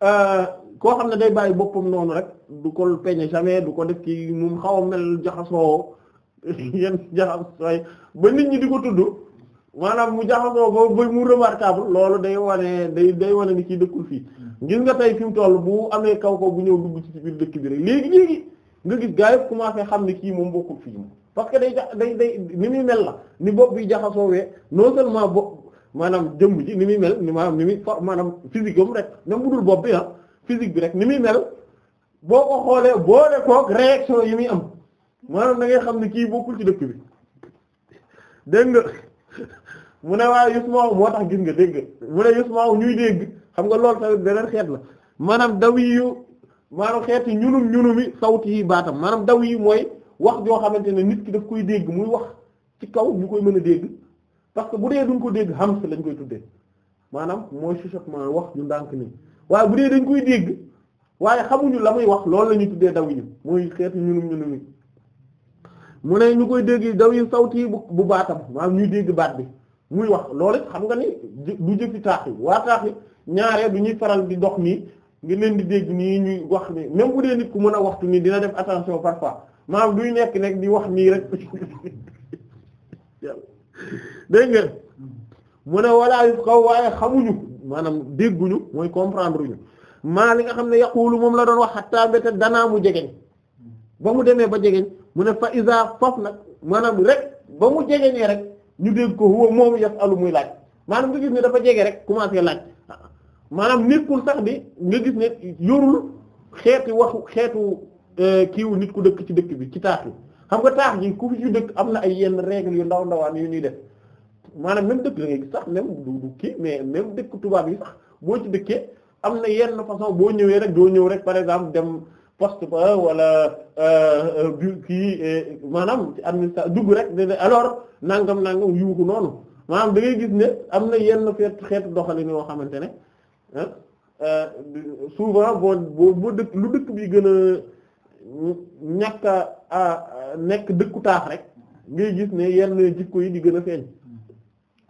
ah, koo xam ne day bàyyi boppam noonu rek du ko peñe jamais du ko def ki moom xaw a mel jaxasoo yenn jaxasooy ba nit ñi di ko tudd. maanaam mu jaxasoo ba ba mu remarquable loolu day wane day day wane ni kii dëkkul fii hmm. gis nga tey fi mu toll bu amee kaw kaw bu ñëw dugg ci biir dëkk bi rek léegi léegi nga gis gaa yëpp commencé xam ne kii moom bokkul fii moom parce que day jax day day ni muy mel la ni bopp bi jaxasoo wee non seulement bopp maanaam jëmm ji ni muy mel ni maanaam ni muy maanaam physique rek même bu dul bopp bi ah physique bi rek ni muy mel boo ko xoolee boole de koog yi muy am maanaam da ngay xam ne kii bokkul ci dëkk bi dégg mu ne waaye yusmaaw moo tax gis nga dégg mu ne yusmaaw ñuy dégg xam nga loolu tamit beneen xeet la maanaam daw yu maanaam xeeti ñunum ñunumi sawti yi baatam maanaam daw yi mooy wax joo xamante ne nit ki daf koy dégg muy wax ci kaw ñu koy mën a dégg parce que bu dee duñ ko dégg xam lañ koy tuddee maanaam mooy chuchotement wax ñu ndànk nii waaye bu dee dañ koy dégg waaye xamuñu la muy wax loolu lañuy tuddee daw yi mooy xeeti ñunum ñunumi mu ne ñu koy dégg daw yi sawti yi bu baatam maanaam ñuy dégg baat bi muy wax loolu xam nga ni du jëfi taax yi waa taax yi ñaaree du ñuy faral di dox nii nga leen di dégg nii ñuy wax ni même bu dee ku mën a waxtu nii dina def attention parfois maanaam duy nekk nekk di wax nii rek dégg nga mu ne walaa yu waaye xamuñu maanaam dégguñu mooy comprendre ñu maa li nga xam ne yaqulu moom la doon wax xattaa mbéta danaa mu jegeñ ba mu demee ba jegeñ mu ne fa isa foofu nag maanaam rek ba mu jegeñee rek ñu dégg ko huwa moom yas alu muy laaj maanaam nga gis ne dafa jege rek commencé laaj maanaam nekkul sax bi nga gis ne yorul xeeti waxu xeetu euh, kiiw nit ku dëkk ci dëkk bi ci taax yi xam nga taax yi ku yu dëkk am na ay yenn règles yu ndaw ndawaan yu ñuy def maanaam même dëkk la ngay gis sax même du du kii mais même dëkk tubaab yi sax boo ci dëkkee am na yenn façon boo ñëwee rek doo ñëw rek par exemple dem poste ba wala euh, kii maanaam ci administration dugg rek ne nangam nangam yuuxu noonu maanaam da ngay gis ne am na yenn xeetu xeetu doxalin yoo xamante ne euh, souvent boo boo dëkk lu dëkk bi gën a ñàkk nekk dëkku taax rek ngay gis ne yenn jikko yi di gën a feeñ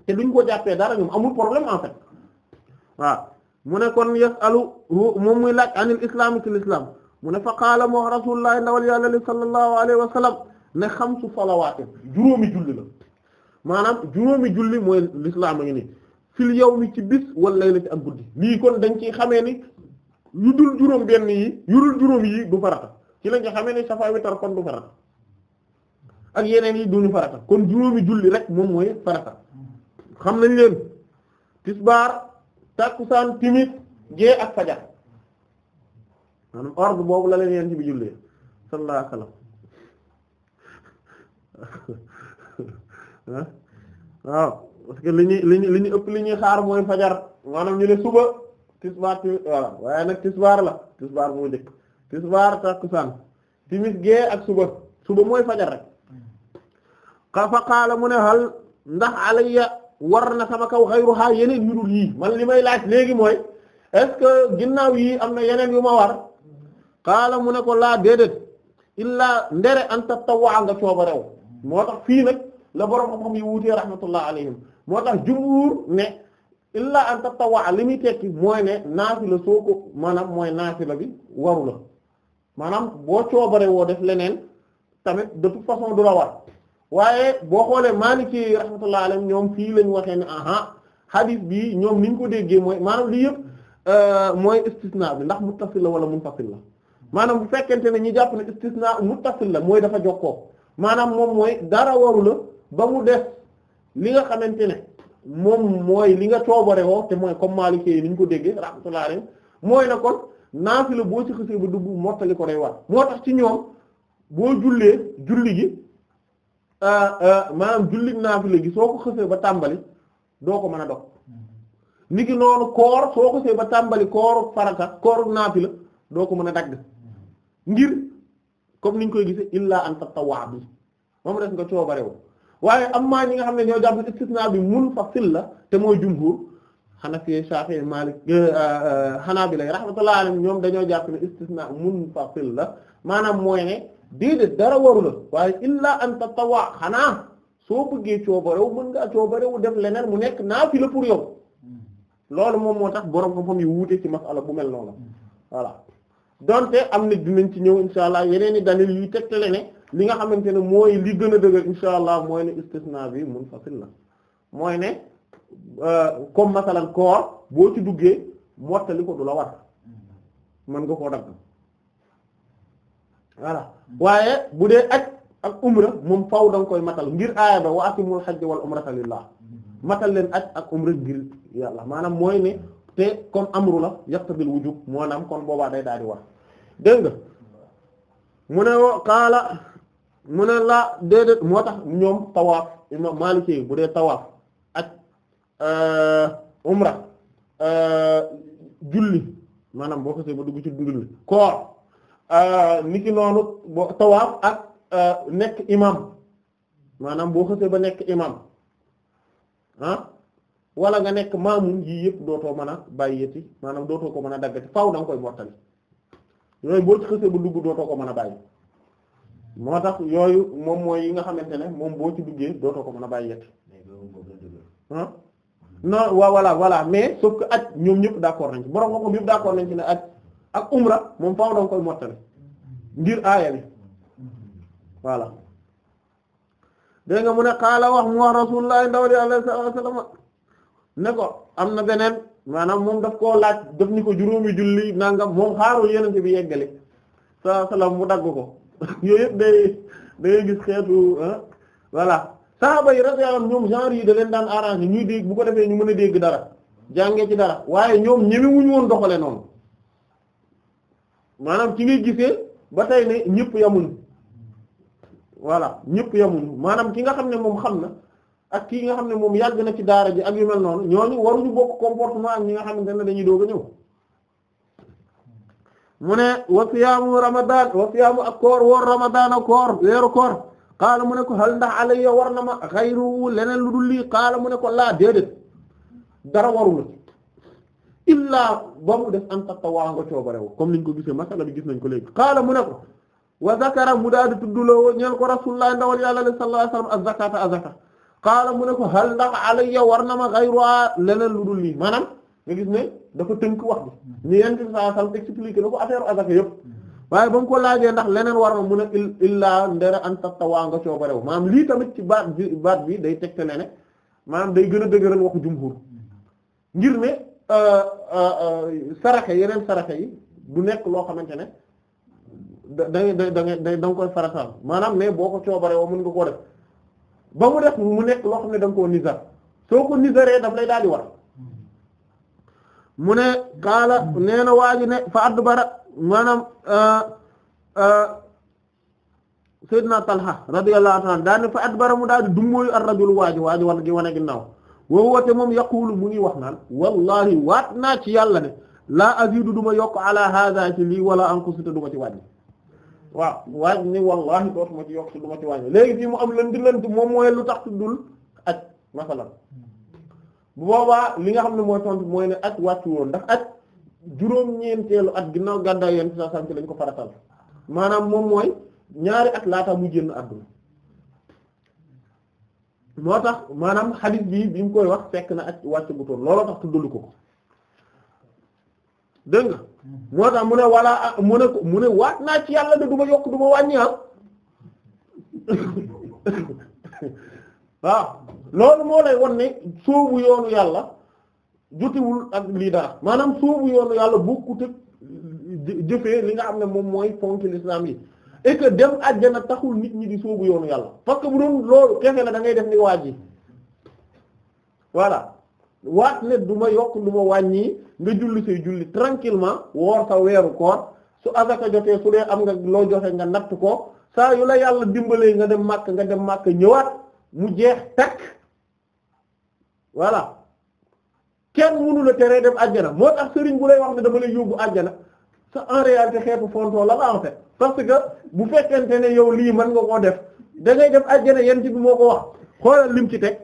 te duñ ko jàppee dara ñoom amul problème en fait waaw mu ne kon yasalu moom muy laaj anil islam mu ne fa qaala moo rasulullah ndawal yàlla li sallallahu alayhi wa sallam xam xamsu salawaatin juróomi julli la maanaam juróomi julli mooy lislaam a ngi nii fil yawmi ci bis wal laylati ak guddi lii kon dañ ciy xamee ni yu dul juróom benn yi yu dul juróom yi du farata ci lañ ci xamee ni safa witar kon du farata ak yeneen yi duñu farata kon juróomi julli rek moom mooy farata xam nañ leen tisbaar takkusaan timis gée ak fajar maanaam ordre boobu la leen yeen ci bi jullee sallallahu alayhi wasallam waaw parce que li ñuy li ñuy xaar mooy fajar maanaam ñu ne suba tisbaar ti voilà waaye nag tisbaar la tisbaar moo njëkk tisbaar takkusaan gee ak suba suba mooy fajar rek fa qaala mu ne hal ndax alayya war na sama kaw xayruha yeneen yu dul yii man li may laaj léegi mooy est que ginnaaw yii am na yeneen yu ma war xaala mu ne ko laa déedéet illaa ndere an tatawwa nga cooba rew moo tax fii nag la borom xam-xam yi wuutee rahmatullah alayhim moo tax jumhur ne illaa an tatawwa li muy tekki mooy ne naafila soo ko maanaam mooy naafila bi waru la maanaam boo coobare woo def leneen tamit de toute façon du la war waaye boo xoolee Maliki rahmatullah alayhim ñoom fii lañ waxee ne aha hadith bi ñoom niñ ko déggee mooy maanaam lii yëpp euh, mooy istisna bi ndax muttasil la wala munfasil maanaam bu fekkente ne ñu jàpp ne istisna muttasil la mooy dafa jokkoo maanaam moom mooy dara waru la ba mu def li nga xamante ne moom mooy li nga coobare woo te mooy comme Maliki yi ni ñu ko déggee rahmatullahi alayhi mooy na kon la boo ci xasee ba dugg mottali ko day war moo tax ci ñoom boo jullee julli gi euh, euh, maanaam julli naafila gi soo ko xasee ba tàmbali doo ko mën a dog mm-hmm. niki noonu koor soo xasee ba tàmbali kooru farata kooru naafila doo ko mën a dagg ngir comme niñ koy gisee illaa an tatawwa moom def nga coobarewu waaye am amma ñi nga xam ne ñoo jàpp istisna bi munfasil la te mooy jumhur xanaa bi Malik euh, euh, Hanabila rahmatullahi alayhim ñoom dañoo jàpp ne istisna munfasil la maanaam mooy ne déedéet dara waru la waaye illaa an tatawwa xanaa soo bëggee coobarewu mën ngaa coobarewu def leneen mu nekk la pour yow hmm. loolu moom moo tax borom xam-xam yu wuute ci masala bu mel noonu voilà donte am na dinañ ci ñëw insha allah yeneen i dalil yuy tegtale ne li nga xamante ne mooy li gën a dëgër insha allah mooy ne istisna bi munfasil la mooy ne euh, comme masalan koor boo duggee mottali ko du la war mën nga koo dagg voilà waaye bu dee aj ak umra moom faw da nga koy matal ngir aaya ba wa atimul hajj wal umrata lillah matal leen aj ak umra ngir yàlla maanaam mooy ne te comme amru la yaqtabil wujub moo naam kon boobaa day daal di war dégg nga mu ne woo kaala mu ne la déedéet moo tax ñoom tawaaf imam Maliki bu dee tawaaf ak euh, umra euh, julli maanaam boo xasee ba dugg ci dundul koor euh, niki noonu boo tawaaf ak nekk imam maanaam boo xasee ba nekk imam ah nga nekk maamum yii yëpp dootoo mën a bàyyeti maanaam dootoo ko mën a daggati faaw da koy mottali yooyu boo ci xësee ba dugg dootoo ko mën a bàyyi moo tax yooyu moom mooy yi nga xamante ne moom boo ci duggee dootoo ko mën a bàyyi yett ah non waaw voilà mais sauf que aj ñoom ñëpp d'accord nañ ci borom ne aj ak umra moom faaw danga koy mottale ngir aaya bi voilà dégg nga mu ne xaala wax mu wax rasulullah sallallahu alayhi wasallam ne ko am na beneen maanaam moom daf ko laaj daf ni ko juróomi julli nangam moom xaarul yenente bi yeggale sa salaam mu dagg ko yooyu yëpp day day gis xeetu ah, voilà saaba yi radiyallahu ñoom genre yi da leen daan arrangé ñuy dégg bu ko defee ñu mën a dégg dara jàngee ci dara waaye ñoom ñeme woon doxale noonu maanaam ci ngay gisee ba tey ne ñëpp yamuñu voilà ñëpp yamuñu maanaam ki nga xam ne moom xam na ak kii nga xam ne moom yàgg na ci daara ji ak yu mel noonu ñooñu waruñu bokk comportement ak ñi nga xamante ne dañuy doog a ñëw mu ne wa siyaamu ramadan wa siyaamu ak koor woor ramadaan koor weeru koor xaala mu ne ko hal ndax alayya war na ma xayru leneen lu dul lii xaala mu ne ko laa déedéet dara warul illaa ba mu def an tattawaa nga coobarewu comme niñ ko gise masala bi gis nañ ko léegi xaala mu ne ko wa zakara mu daal di tuddloo ñeel ko rasulullah ndawal yàlla sallallahu alayhi xaala mu ne ko hal ndax alayya war na ma xayruha leneen lu dul lii maanaam nga gis ne dafa tënk wax bi ñu yent bi saa sallam expliqué na ko affaire azaka yëpp waaye ba mu ko laajee ndax leneen war na mu ne illaa ndera an tattawaa nga coobarew maanaam lii tamit ci baat bi baat bi day tegte ne maanaam day gën a dëgëral waxu jumhur ngir ne euh, euh, yeneen saraxe yi du nekk loo xamante ne da da da da nga koy maanaam mais boo ko coobaree woo nga koo def ba mu def mu nekk loo xam ne da nga koo nizar soo ko nizaree daf lay daal di war mu ne kaala nee na waa ji ne fa addu bara maanaam euh, euh, Seydina Talha radiyallahu ta'ala daa ne fa adbara mu daal di dummóoyu ar rajul waaji waaji wan gi wan a ginnaaw woowote moom yaqulu mu ngi wax naan wallahi waat naa ci yàlla ne laa azidu du ma yokk ala hadha ci lii wala anqusu te du ma ci wàññi waaw waaye ni wallahi dootuma ci yokk du ma ci wàññi léegi fii mu am lënt lënt moom mooy lu tax tuddul aj masalan bu boobaa li nga xam ne mooy ton mooy ne aj wàccu woon ndax aj juróom-ñeenteelu at ginnaaw gàddaay yonent sallallahu alayhi wasallam ci lañ ko faratal maanaam moom mooy ñaari at laata mu génn àdduna moo tax maanaam hadith bi bi mu koy wax fekk na aj wàcc gutoon looloo tax tuddalu ko ko dégg nga moo tax mu ne walla mu ne mu ne waat naa ci yàlla de du ma yokk du ma wàññi ah waaw loolu moo lay won ne sóobu yoonu yàlla jotewul ak lii dara maanaam sóobu yoonu yàlla bokkut ak jëfee li nga xam ne moom mooy fonk l'islam yi et dem dem àjjana taxul nit ñi di sóobu yoonu yàlla parce que bu doon loolu kefe la da ngay def ni waaj yi voilà waat ne du ma yokk du ma wàññi nga julli say julli tranquillement woor sa weeru koor su azaka jotee su dee am nga loo joxe nga natt ko saa yu la yàlla dimbalee nga dem màkk nga dem màkk ñëwaat mu jeex takk voilà kenn mënu la teree dem àjjana moo tax sëriñ bu lay wax ne dama lay yóbbu àjjana sa en réalité xeetu fonto la la en fait parce que bu fekkente ne yow lii mën nga koo def dangay ngay def àjjana yent bi ko wax xoolal lim ci teg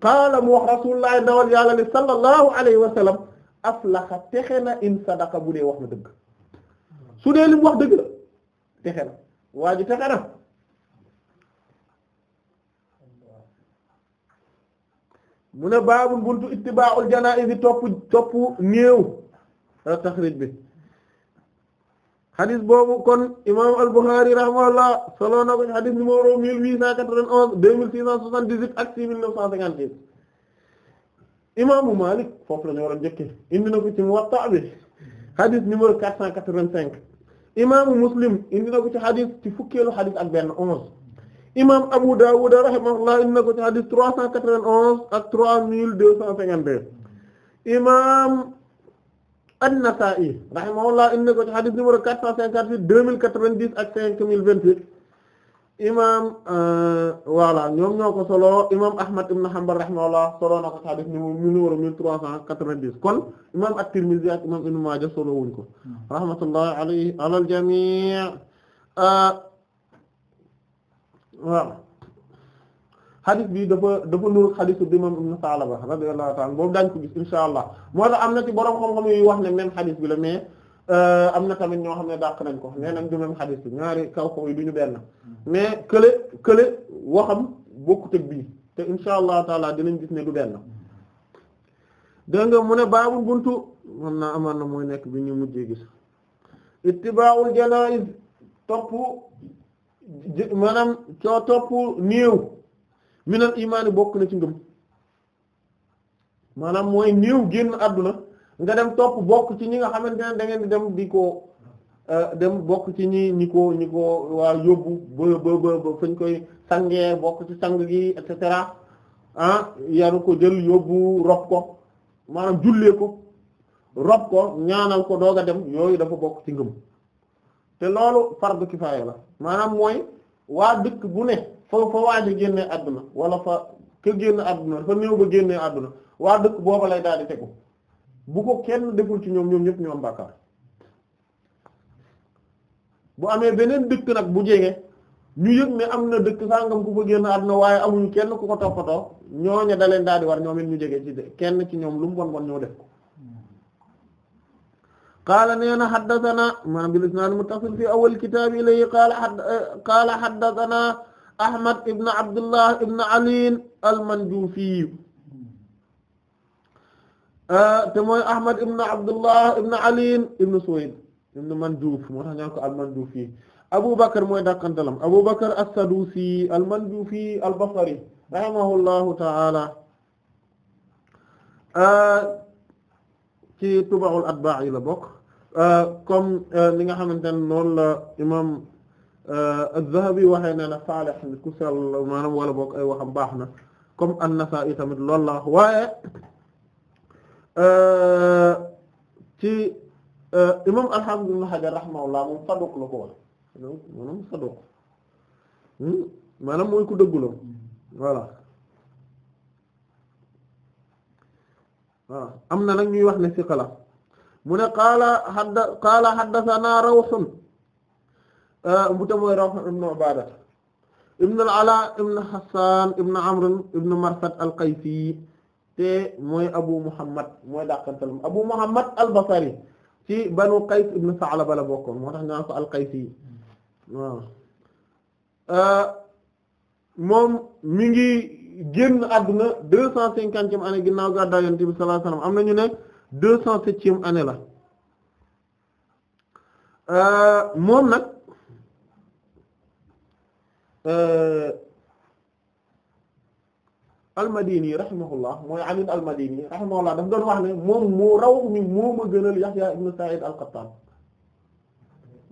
qaala mu wax rasulullah dawal yàlla ne sallallahu alayhi wa sallam aflaxa texe na in sadaka bu dee wax na dëgg su dee li mu wax dëgg la texe na waa ji texe na mu ne baabul buntu ittibaa'ul janaa'iz topp topp néew taxrij bi xadis boobu kon imam al-Bukhari rahimahullah solo na ko xadis numéro 1891 2678 ak 6956 imaamu Malik la ñu war indi na ko ci Muwatta bi xadis numéro 485 imaamu Muslim indi na ko ci xadis ci fukkeelu xadis ak benn 11 imam Abu Dawud rahimahullah indi na ko ci xadis an-Nasa'i rahimahullah indi ko ci xadis numéro 458 2090 ak 5028 imam euh, voilà ñoom ñoo ko solo imam Ahmad ibn Hanbal rahimahullah solo na ko ci xadis numéro 1390 kon imam at-Tirmidhi ak imam Ibn Majah solo wuñ ko hmm. rahmatullahi alayhi ala al-jami' waaw euh, xadis bii dafa dafa nuru xadisu bi imam ibn Salaba radiyallahu ta'ala boobu daañu ko gis insha allah moo tax am na ci borom xam-xam yu wax ne même xadis bi la mais euh, am na tamit ñoo xam ne dàq nañ ko nee nañ bi ñaari kaw kaw yi ñu benn mais kële kële waxam bokkut ak te insha allah dinañ gis ne du benn dégg nga mu ne baabul buntu man naa amaan na mooy nekk bi ñu mujjee gis ittibaa'ul janaa'iz topp maanaam coo topp néew minal imaani bokk na ci ngëm maanaam mooy néew génn àdduna nga dem topp bokk ci ñi nga xamante ne da ngeen di dem di ko euh, dem bokk ci ñi ñi ko ñi ko waa yóbbu ba ba ba fañ koy sangee bokk ci sang gi et cetera ah yaru ko jël yóbbu rob ko maanaam jullee ko rob ko ñaanal ko doog a dem yooyu dafa bokk ci ngëm te loolu fardu kifaaya la maanaam mooy waa dëkk bu ne. fa fa waaj a àdduna wala fa ka génn àdduna fa néew ba génnee àdduna waa dëkk booba lay daal di tegu bu ko kenn deful ci ñoom ñoom ñëpp ñu am bu amee beneen dëkk nag bu jege ñu yëg ne am na dëkk sàngam ku fa génn àdduna waaye amuñu kenn ku ko toppatoo ñooña da leen daal di war ñoom ñu jege ci kenn ci ñoom lu mu bon bon ñoo def ko qaala neena haddathana naa bil isnaad muttasil fi awwal kitaab ilayhi qaala qaala haddathana Ahmad ibn Abdullah ibn Ali al-Manjufi ah, te mooy Ahmad ibn Abdullah ibn Ali ibn Suwayd ibn Manjuf moo tax ñaan ko al-Manjufi Abu Bakr mooy dàqantalam Abu Bakr as-Sadusi al-Manjufi al-Basri rahimahullahu ta'ala ah, ci Tubaa'ul Atbaa'i la bokk ah, comme ni nga xamante ne noonu la imam Euh, az-Zahabi waxee ne na saalih nit wala boog baax na comme an-Nasa'i tamit loolu euh, euh, la waaye ci imam al ko wax maanaam hmm? am na nag ñuy wax ne siqa la mu ne qaala xadda qaala xaddathana Rawhun Euh, bu te mooy Rawh ibn Ubaada ibn alaa ibn Hassaan ibn Amr ibn Marsad al-Qaysi te mooy Abu Muhammad mooy dàqantalam Abu Muhammad al-Basri ci Banu Qays ibn Sa'laba la bokkoon moo tax ñu naan al-Qaysi euh, moom mi ngi génn àdduna deux cent cinquantième année ginnaaw gàddaay Yonent bi sallallahu alayhi wasallam am na ñu ne deux cent septième année la euh, moom nag Euh, almadini rahimahullah mooy Ali almadini rahimahullah daf doon wax ne moom moo raw mi moo ma gënal Yahya ibn Sa'id al-Qattan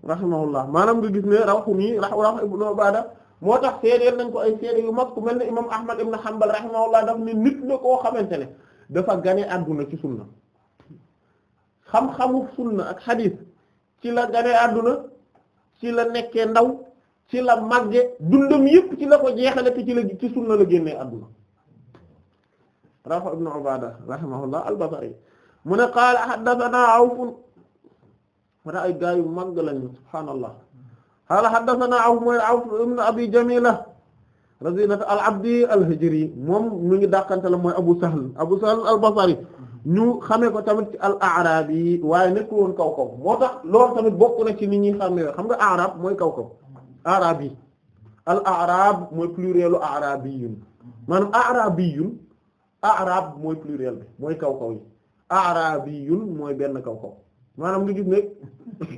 rahimahullah maanaam nga gis ne raw mi rax rax ibn Ubaada moo tax seedeel nañ ko ay seede yu mag ku mel ne imaam Ahmad ibn Hanbal rahimahullah daf ne nit la koo xamante ne dafa gane àdduna ci sunna xam-xamu sunna ak xadiis ci la gane àdduna ci la nekkee ndaw ci la màgge dundam yëpp ci la ko jeexale te ci la ci sunna la génne adduna Rafa ibn Ubaada rahimahullah al mu ne qaala haddathana Awf mu ne ay gaa yu màgg lañu subhaanallah qaala haddathana Awf mooy Awf ibn Abi Jamila razinat al-Abdi al-Hijri moom mu ngi dàqante la mooy Abu Sahl Abu Sahl al-Basri ñu xamee ko tamit ci al araab yi waaye nekkul woon kaw kaw moo tax loolu tamit bokk na ci ni ñi xamee xam nga araab mooy kaw kaw arab yi al arab mooy plurielu arabiyun maanaam arabiyun arab mooy pluriel bi mooy kaw kaw yi arabiyun mooy benn kaw kaw maanaam nga gis ne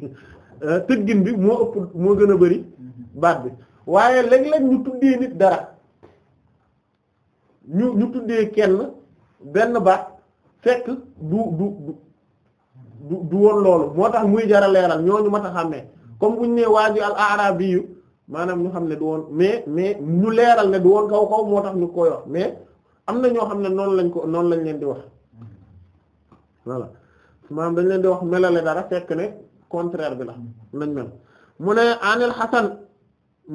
tëggin bi moo ëpp moo gën a bari baat bi waaye léeg-léeg ñu tuddee nit dara ñu ñu tuddee kenn benn baat fekk du du du du woon loolu moo tax muy jara leeral ñooñu mat a xàmmee comme bu ñu nee waa ji bi arabi yu maanaam ñu xam ne du woon mais mais ñu leeral ne du woon kaw kaw moo tax ñu koy wax mais am na ñoo xam ne noonu lañ ko noonu lañ leen di wax voilà maanaam dañ leen di wax melale dara fekk ne contraire bi la nañ mel mu ne anil Hasan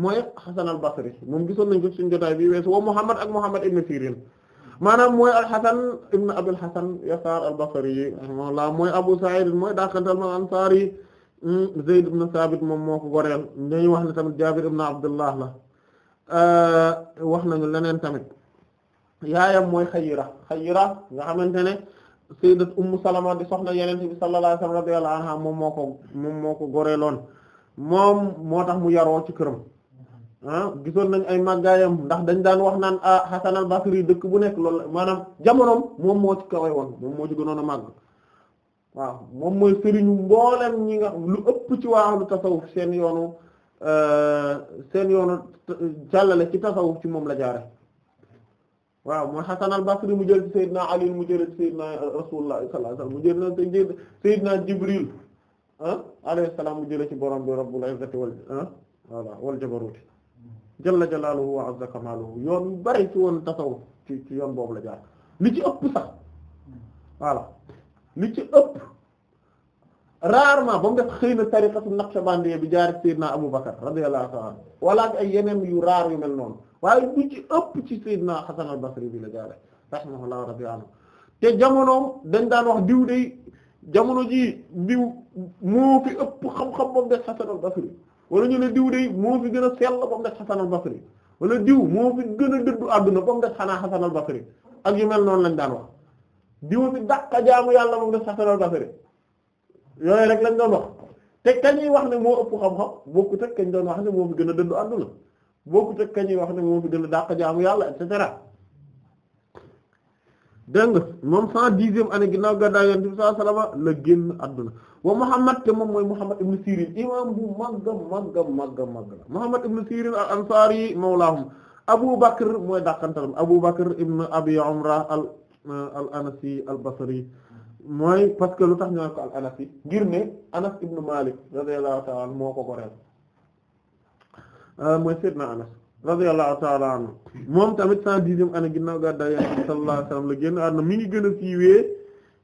mooy Hasan al Basri moom gisoon nañ ko suñu jotaay bi weesu wa Muhammad ak Muhammad ibn Sirin maanaam mooy al Hasan ibn Abul Hasan Yasar al Basri mooy Abu Sa'id mooy daakantal ma Ansari Hmm, Zayd ibn moom moo ko goreel dañuy wax ne tamit Jaabir ibn Abdullah la euh, wax nañu leneen tamit yaayam mooy Xayira Xayira nga xamante ne sayyidat Ummu Salama di soxna Yonent bi sallallahu alayhi wa sallam radiyallahu anha moom moo ko moom moo ko goreeloon moom moo tax mu yaroo ci këram ah gisoon nañ ay màggaayam ndax dañ daan wax naan ah Hasan dëkk bu nekk loolu maanaam jamonoom moom moo ci kawe woon moom moo ci gënoon a màgg waaw moom mooy sëriñu mboolem ñi nga lu ëpp ci waaxlu tasawuf seen yoonu euh, seen yoonu jàllale ci tasawuf ci moom la jaare waaw mooy Hasan al mu jël ci Seydina Ali mu jël ci Rasulullah sallallahu mu jël ci Seydina Jibril ah alayhi salaam mu jël ci borom bi rabbul izzati wal ah voilà wal jabaruti jalla jalaaluhu wa azza kamaaluhu yoon bari ci woon tasawuf ci yoon boobu la jaar li ci ëpp sax voilà li ci ëpp rarement ba mu def xëy na tariqatu naqshbandiyya bi jaar Seydina Abu Bakar radiyallahu ta'ala anhu wala ak ay yeneen yu raar yu mel noonu waaye li ci ëpp ci Seydina Hasan al-Basri bi la jaare rahimahullahu rabbi anhu te jamonoom dañ daan wax diw day jamono ji diw moo ëpp xam-xam ba mu def Hasan wala ñu ne diw day moo fi gën a sell ba mu def Hasan al wala diw moo fi gën a dëddu àdduna ba mu def xanaa Hasan al-Basri ak yu mel noonu lañ daan wax diw ci dàqa jaamu yàlla moom def Hasanul Basri yooyu rek lañ doon wax te kañuy wax ne moo ëpp xam-xam bokkut te kañ doon wax ne moo fi gën a dëddu àdduna bokkut ak kañuy wax ne moo fi gën a dàqa jaamu yàlla et cetera. dégg nga moom cent dixième année ginnaaw gàddaay Yonent bi sallallahu alayhi la génn àdduna wa Muhammad te moom mooy Muhammad ibn Sirin imam bu màgga màgga màgga màgg ibn Sirin al-Ansari mawlahum Abu Bakr mooy dàqantalam Abu Bakr ibn Abi Umra Euh, al anasi al basri mooy parce lu tax ñu naan ko al anasi ngir ne anas ibnu malik radiyallahu ta'ala anhu moo ko goreel euh, mooy seydina anas radiyallahu ta'ala anhu moom tamit cent dixième année ginnaaw gàddaay yonent bi sallallahu alayhi wasallam la génn àdduna gën a siiwee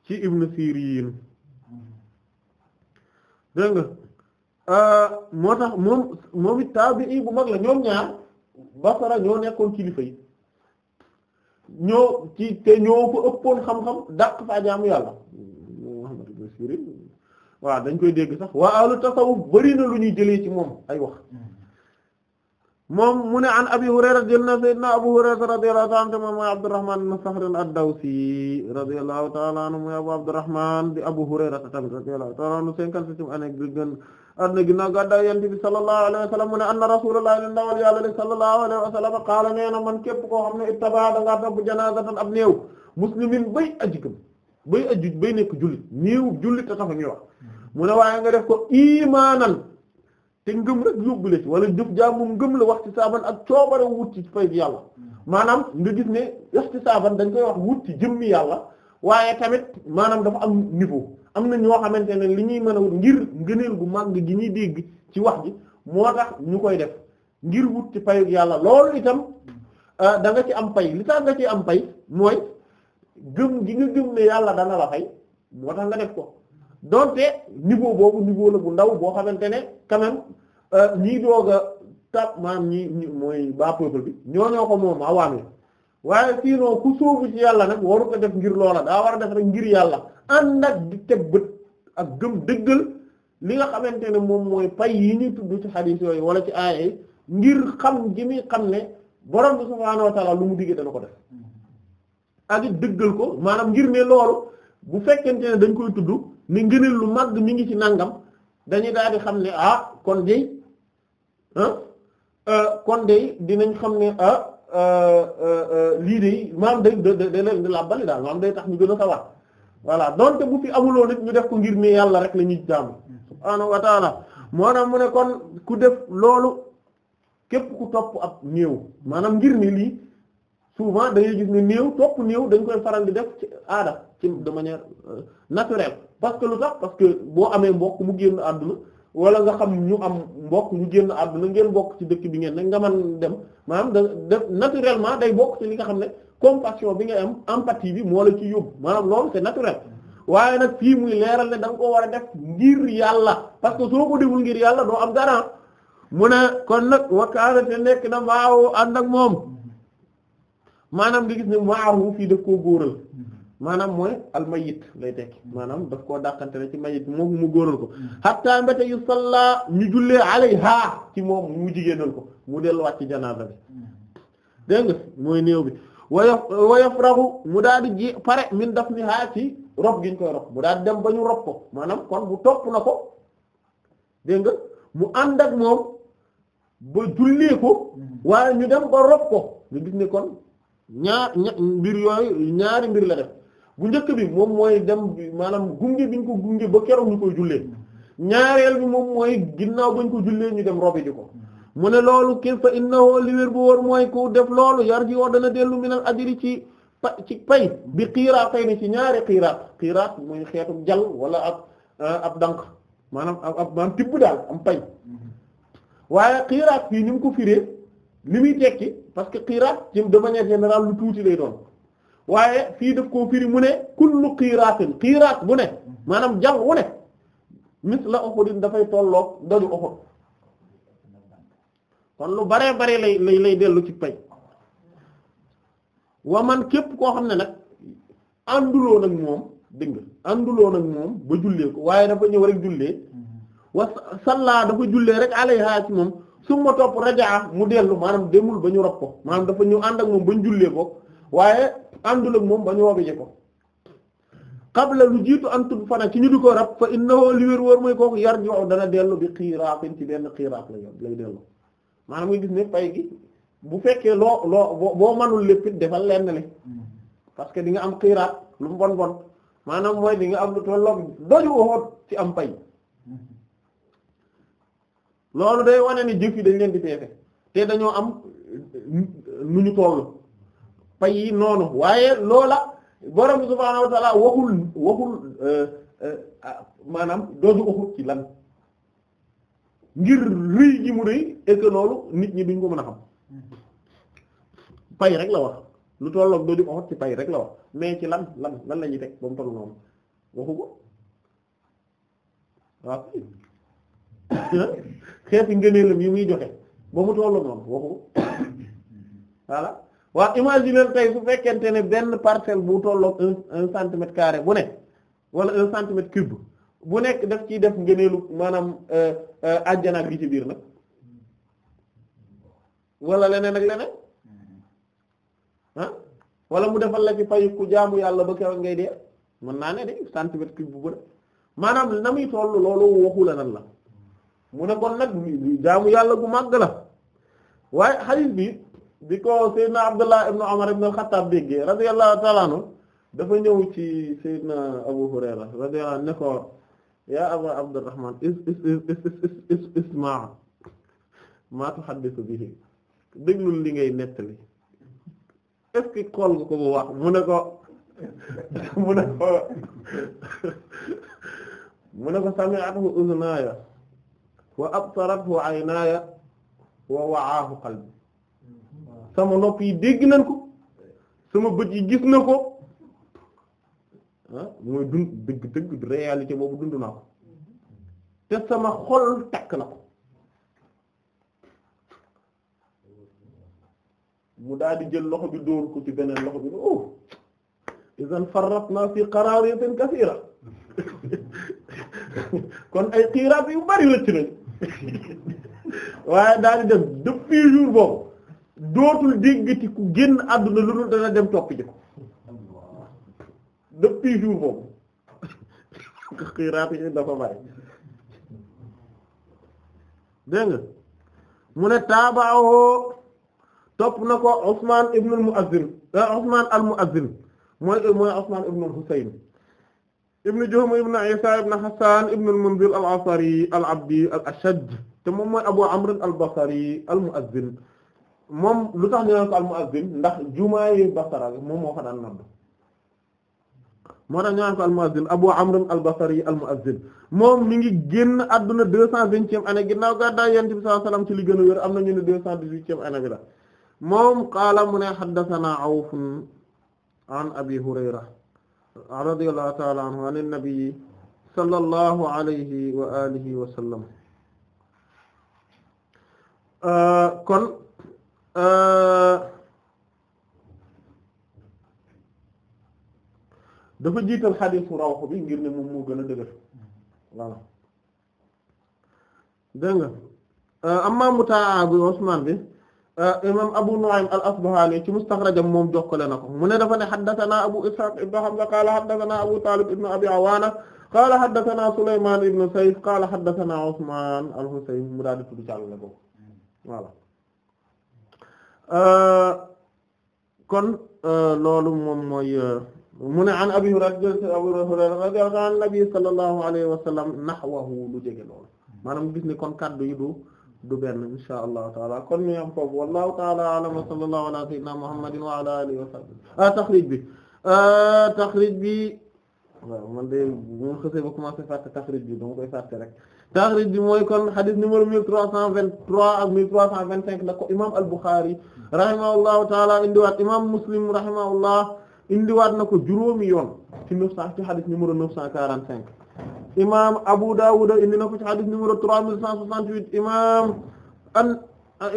ci ibnu sirin euh, moo tax moom moom it taabi'i bu mag la ñoom ñaar basara ñoo nekkoon kilifa yi ñoo ci te ñoo ko ëppoon xam-xam dàq faa jaamu yàlla Muhammad ibn Sirin waaw dañ koy dégg sax waa ahlu tasawuf bari lu ñuy jëlee ci moom ay wax moom mu ne an abi hurayra jël na sayyidina abu hurayra radiyallahu ta'ala anhu moom mooy abdurrahman ibn saxr ad-dawsi radiyallahu ta'ala anhu abu abdurrahman di abu hurayra tamit radiyallahu ta'ala anhu cinquante-septième année gën am na ginnaaw gàddaay yonent bi sallallahu alayhi wa sallam mu ne anna rasulullah ne ndawal yàlla de sallallahu alayhi wa sallam qaala nee na man képp koo xam ne ittaba da ngaa topp janaazatan ab néew muslimin bay ajikam bay aju bay nekk jullit néew jullit te ta ñuy wax mu ne waaye nga def ko imaanan te ngëm rek yóbbu wala jëf jaa moom ngëm la wax ci saaban ak coobare wut ci fay yàlla maanaam nga gis ne wax saaban dañ koy wax wut ci jëmmi yàlla waaye tamit maanaam dafa am niveau am na ñoo xamante ne li ñuy mën a wut ngir ngëneel gu màgg gi ñuy dégg ci wax ji moo tax ñu koy def ngir wut ci payu yàlla loolu itam euh, danga ci am pay li tax nga ci am pay mooy gëm gi nga gëm ne yàlla dana la fay moo tax nga def ko donte niveau boobu niveau la bu ndaw boo xamante ne quand même euh, ñii doog a maam ñi mooy baa peuple bi ñoo ñoo ko moom awaan waaye sinon ku sóobu ci yàlla nag waru ko def ngir loola daa war a def rek ngir yàlla ànd ak di teg bët ak gëm dëggal li nga xamante ne moom mooy pay yi ñuy tudd ci xadiis yooyu wala ci aaya yi ngir xam gi muy xam ne borom bi subhaanahu wa lu mu digge dana ko def ak it dëggal ko maanaam ngir ne loolu bu fekkente ne dañ koy tudd ne ngëneel lu mag mi ngi ci nangam dañuy daal di xam ne ah kon day ah, ah kon day dinañ xam ne ah, Euh, euh, euh, lii de maam day day day leen di labbali daal maam day tax ñu gën a sawar voilà donte bu fi amuloo nit ñu def ko ngir ne yàlla rek la jàmm jaamu subhaanahu maanaam mu ne kon ku def loolu képp ku topp ab néew maanaam ngir ne lii souvent dañuy gis ne néew topp néew dañ koy faral di def ci aada ci de manière naturelle parce lu tax parce que boo amee mbokk mu génn àdduna wala nga xam ñu am mbokk ñu génn àdduna ngeen bokk ci dëkk bi ngeen ne nga man dem maanaam da def naturellement day bokk ci li nga xam ne compassion bi nga am empathie bi moo la ci yóbbu maanaam loolu c'est naturel waaye nag fii muy leeral ne da nga ko war a def ngir yàlla parce que soo ko deful ngir yàlla doo am garant mu ne kon nag wakkaana te nekk na maawu ànd nag moom maanaam nga gis ne maawu fii def koo góoral maanaam mooy al mayit lay tekki hmm. maanaam daf koo dàqante la ci mayit moom mu góoral ko hmm. hatta mbéte yu salla ñu jullee alayha ci moom mu jigéenal ko mu delluwaat ci janaaba bi hmm. dégg mooy néew bi wayaf wayafrahu mu daal di ji pare min dafniha ci rob giñ koy mu daal di dem ba ñu rob ko maanaam kon bu topp na ko dégg nga mu ànd ak moom ba jullee ko waaye ñu dem ba rob ko ñu gis ne kon ñaar mbir yooyu ñaari mbir la def bu njëkk bi moom mooy dem maanaam gunge bi ñu ko gunge ba keroog ñu koy jullee ñaareel bi moom mooy ginnaaw bañ ko jullee ñu dem robi ji ko mu ne loolu kii fa innahu li bu wóor mooy ku def loolu yar ji wax dana dellu minal ajri ci pa ci pay bi xiiraatay ni ci ñaari xiiraat xiiraat muy xeetu jal wala ab ah, ab dank maanaam ab maanaam tibb daal am pay waaye xiiraat fii ni mu ko firee li muy tekki parce que xiiraat ci de manière générale lu tuuti lay doon waaye fii def koo firi mu ne kullu qiiraatin qiiraat bu ne maanaam jàng wu ne misla Uhud dafay tolloog daju Uhud kon lu baree bare lay lay lay dellu ci pay wa man képp koo xam ne nag ànduloo nag moom dégg nga ànduloo nag moom ba jullee ko waaye dafa ñëw rek jullee wa salla dafa jullee rek alayha ci moom su ma topp a mu dellu maanaam demul ba ñu rob ko maanaam dafa ñëw ànd ak moom ba ñu jullee ko waaye àndul ak moom ba ñu wobbi ji ko qabla lu jiitu an tudd fana ci ñu di ko rab fa innahu li wér kooku yar jox dana dellu bi xiraatin ci benn xiraat la yoon lay dellu maanaam nga gis ne pay bu fekkee loo loo boo manul lépp defal lenn parce que di nga am xiraat lu mu bon maanaam mooy di nga am lu tolloog doju waxoot ci am pay day wane ne jëf yi dañ leen di peese te dañoo am nu ñu tollu pay yi noonu waaye loola borom subhaanahu wa ta'ala waxul waxul euh, euh, ah, maanaam doodu waxul ci lan ngir rëy mu rëy loolu nit ñi duñ ko mën a xam pay la wax lu tolloog doodu ci pay rek la wax mais ci lan lan lan la ñuy teg ba mu toll noonu waxu ko waaw xeeti ngëneelam yi muy joxe ba mu tolloog noonu waxu ko voilà waaw imaginer tey su fekkente ne benn parcelle bu tolloog un un centimètre carré bu nekk wala un centimètre cube bu nekk daf ciy def ngëneelu maanaam euh, euh, ajjanaat gi ci biir nag wala leneen ak leneen ah wala mu defal la ci fay ku jaamu yàlla ba kew ngay dee mën naa ne de centimètre cube bu bëri maanaam na muy toll loolu waxu la nan la mu ne kon nag jaamu yàlla gu màgg la waaye xalis bi bi ko Seydina Abdullah ibn Umar ibn al-Khattab déggee radiyallahu ta'ala anhu dafa ñëw ci Seydina Abu Hurayra radiyallahu anhu ne ko yaa Aba Abdurrahman is is isma' ma tuhaddithu bihi déglul li ngay nettali est-ce que xool nga ko bu wax mu ne ko mu ne ko mu ne ko sami'athu uznaaya wa absarathu aynaaya wa wa'aahu qalbi sama nopp yi dégg nañ ko sama bët yi gis na ko ah mooy dund dëgg dëgg réalité boobu dund naa ko te sama xol takk na ko mu daal jël loxo bi dóor ko ci beneen loxo bi oh izan farratna fi qararatin kaseera kon ay xiiraat yu bari la ci nañ waaye daal di def depuis boobu dootul déggati ku génn àdduna lu dul dana dem topp ji ko depuis jour boobu xiraat yi dafa bari dégg nga mu ne taabaaho topp na ko a ibn al-Mu'azzin Ousmane eh, al-Mu'azzin mooy mooy Ousmane ibn al-Husayn ibn Juhm ibn Isa ibn Hassan ibn al al-Asari al-Abdi al-Ashaj te moom mooy Abu Amr al-Basri al-Mu'azzin moom lu tax ñu naan ko al muazzin ndax jumaa yi moom moo fa daan nodd moo tax ñu naan ko al muazzin Abu Amr al Basri moom mi ngi génn àdduna deux cent vingtième année ginnaaw gàddaay Yonent bi sallallahu alayhi wasallam ci li gën am na ñu ne deux cent dix-huitième année bi la moom qaala mu ne haddathana Awf an Abi Hurayra radiyallahu ta'ala anhu an an-nabi sallallahu euh, kon Euh, dafa jiital xadiisu rawx bi ngir ne moom moo gën a dëgër voilà dégg nga euh, amma mutaa bi Usmaan bi euh, imam Abu Nu'aym al-Asbahani ci mustaxrajam moom jokkale na ko mu ne dafa ne haddathana Abu Ishaq ibn Hamza qaala haddathana Abu Talib ibn Abi Awaana qaala haddathana Sulaymaan ibn Sayf qaala haddathana Usmaan al-Husayn mu daal di tudd jàll la ko Euh, kon euh, loolu moom mooy euh, mu ne an Abi Hurayra Abu Hurayra radiyallahu anhu nabi sallallahu alayhi wa sallam nahwahu lu jege loolu maanaam gis ni kon kaddu yi du du benn insha allahu taala kon ñu am foofu wallahu taala alam wa sallallahu ala sayyidina muhammadin wa ala alihi wa sahbihi ah, taxrij bi taxrij bi waaw man de moom xësee ba commencé fàtte taxrij bi dama koy fàtte rek taxrij bi mooy kon xadis numéro mille trois cent vingt-trois ak mille trois cent vingt la ko imam al-Bukhari rahimahullahu taala indiwaat imam Muslim rahimahullah indiwaat na ko juróomi yoon ci neuf cent ci xadis numéro neuf cent quarante-cinq imam Abu Dawud indi na ko ci xadis numéro trois mille cent soixante-huit imam an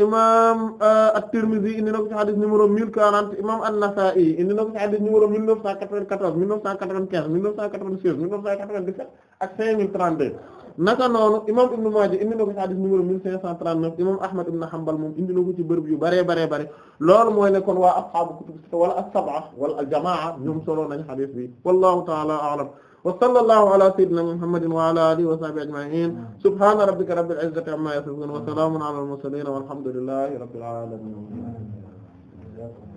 imam euh, at-Tirmidhi indi na ko ci xadis numéro mille quarante imam an-Nasa'i indi na ko ci xadis numéro neuf cent quatre-vingt-quatorze mille neuf cent quatre-vingt-quinze mille neuf cent quatre-vingt-seize ak cinq mille trente naka noonu imam Ibn Maaja indi na ko ci hadith numéro 1539 imam Ahmad ibn Hanbal moom indi na ko ci bërëb yu baree baree bare loolu mooy ne kon waa ashaabu kutub sitta wala as-sab'a wala al-jamaa ñoom solo nañu hadith bi wallahu ta'ala a'lam wa sallallahu ala sayyidina muhammadin wa ala alihi wa sahbihi ajma'in subhana rabbika rabbil izzati amma yasifun wa salamun ala al-mursalin walhamdulillahi rabbil alamin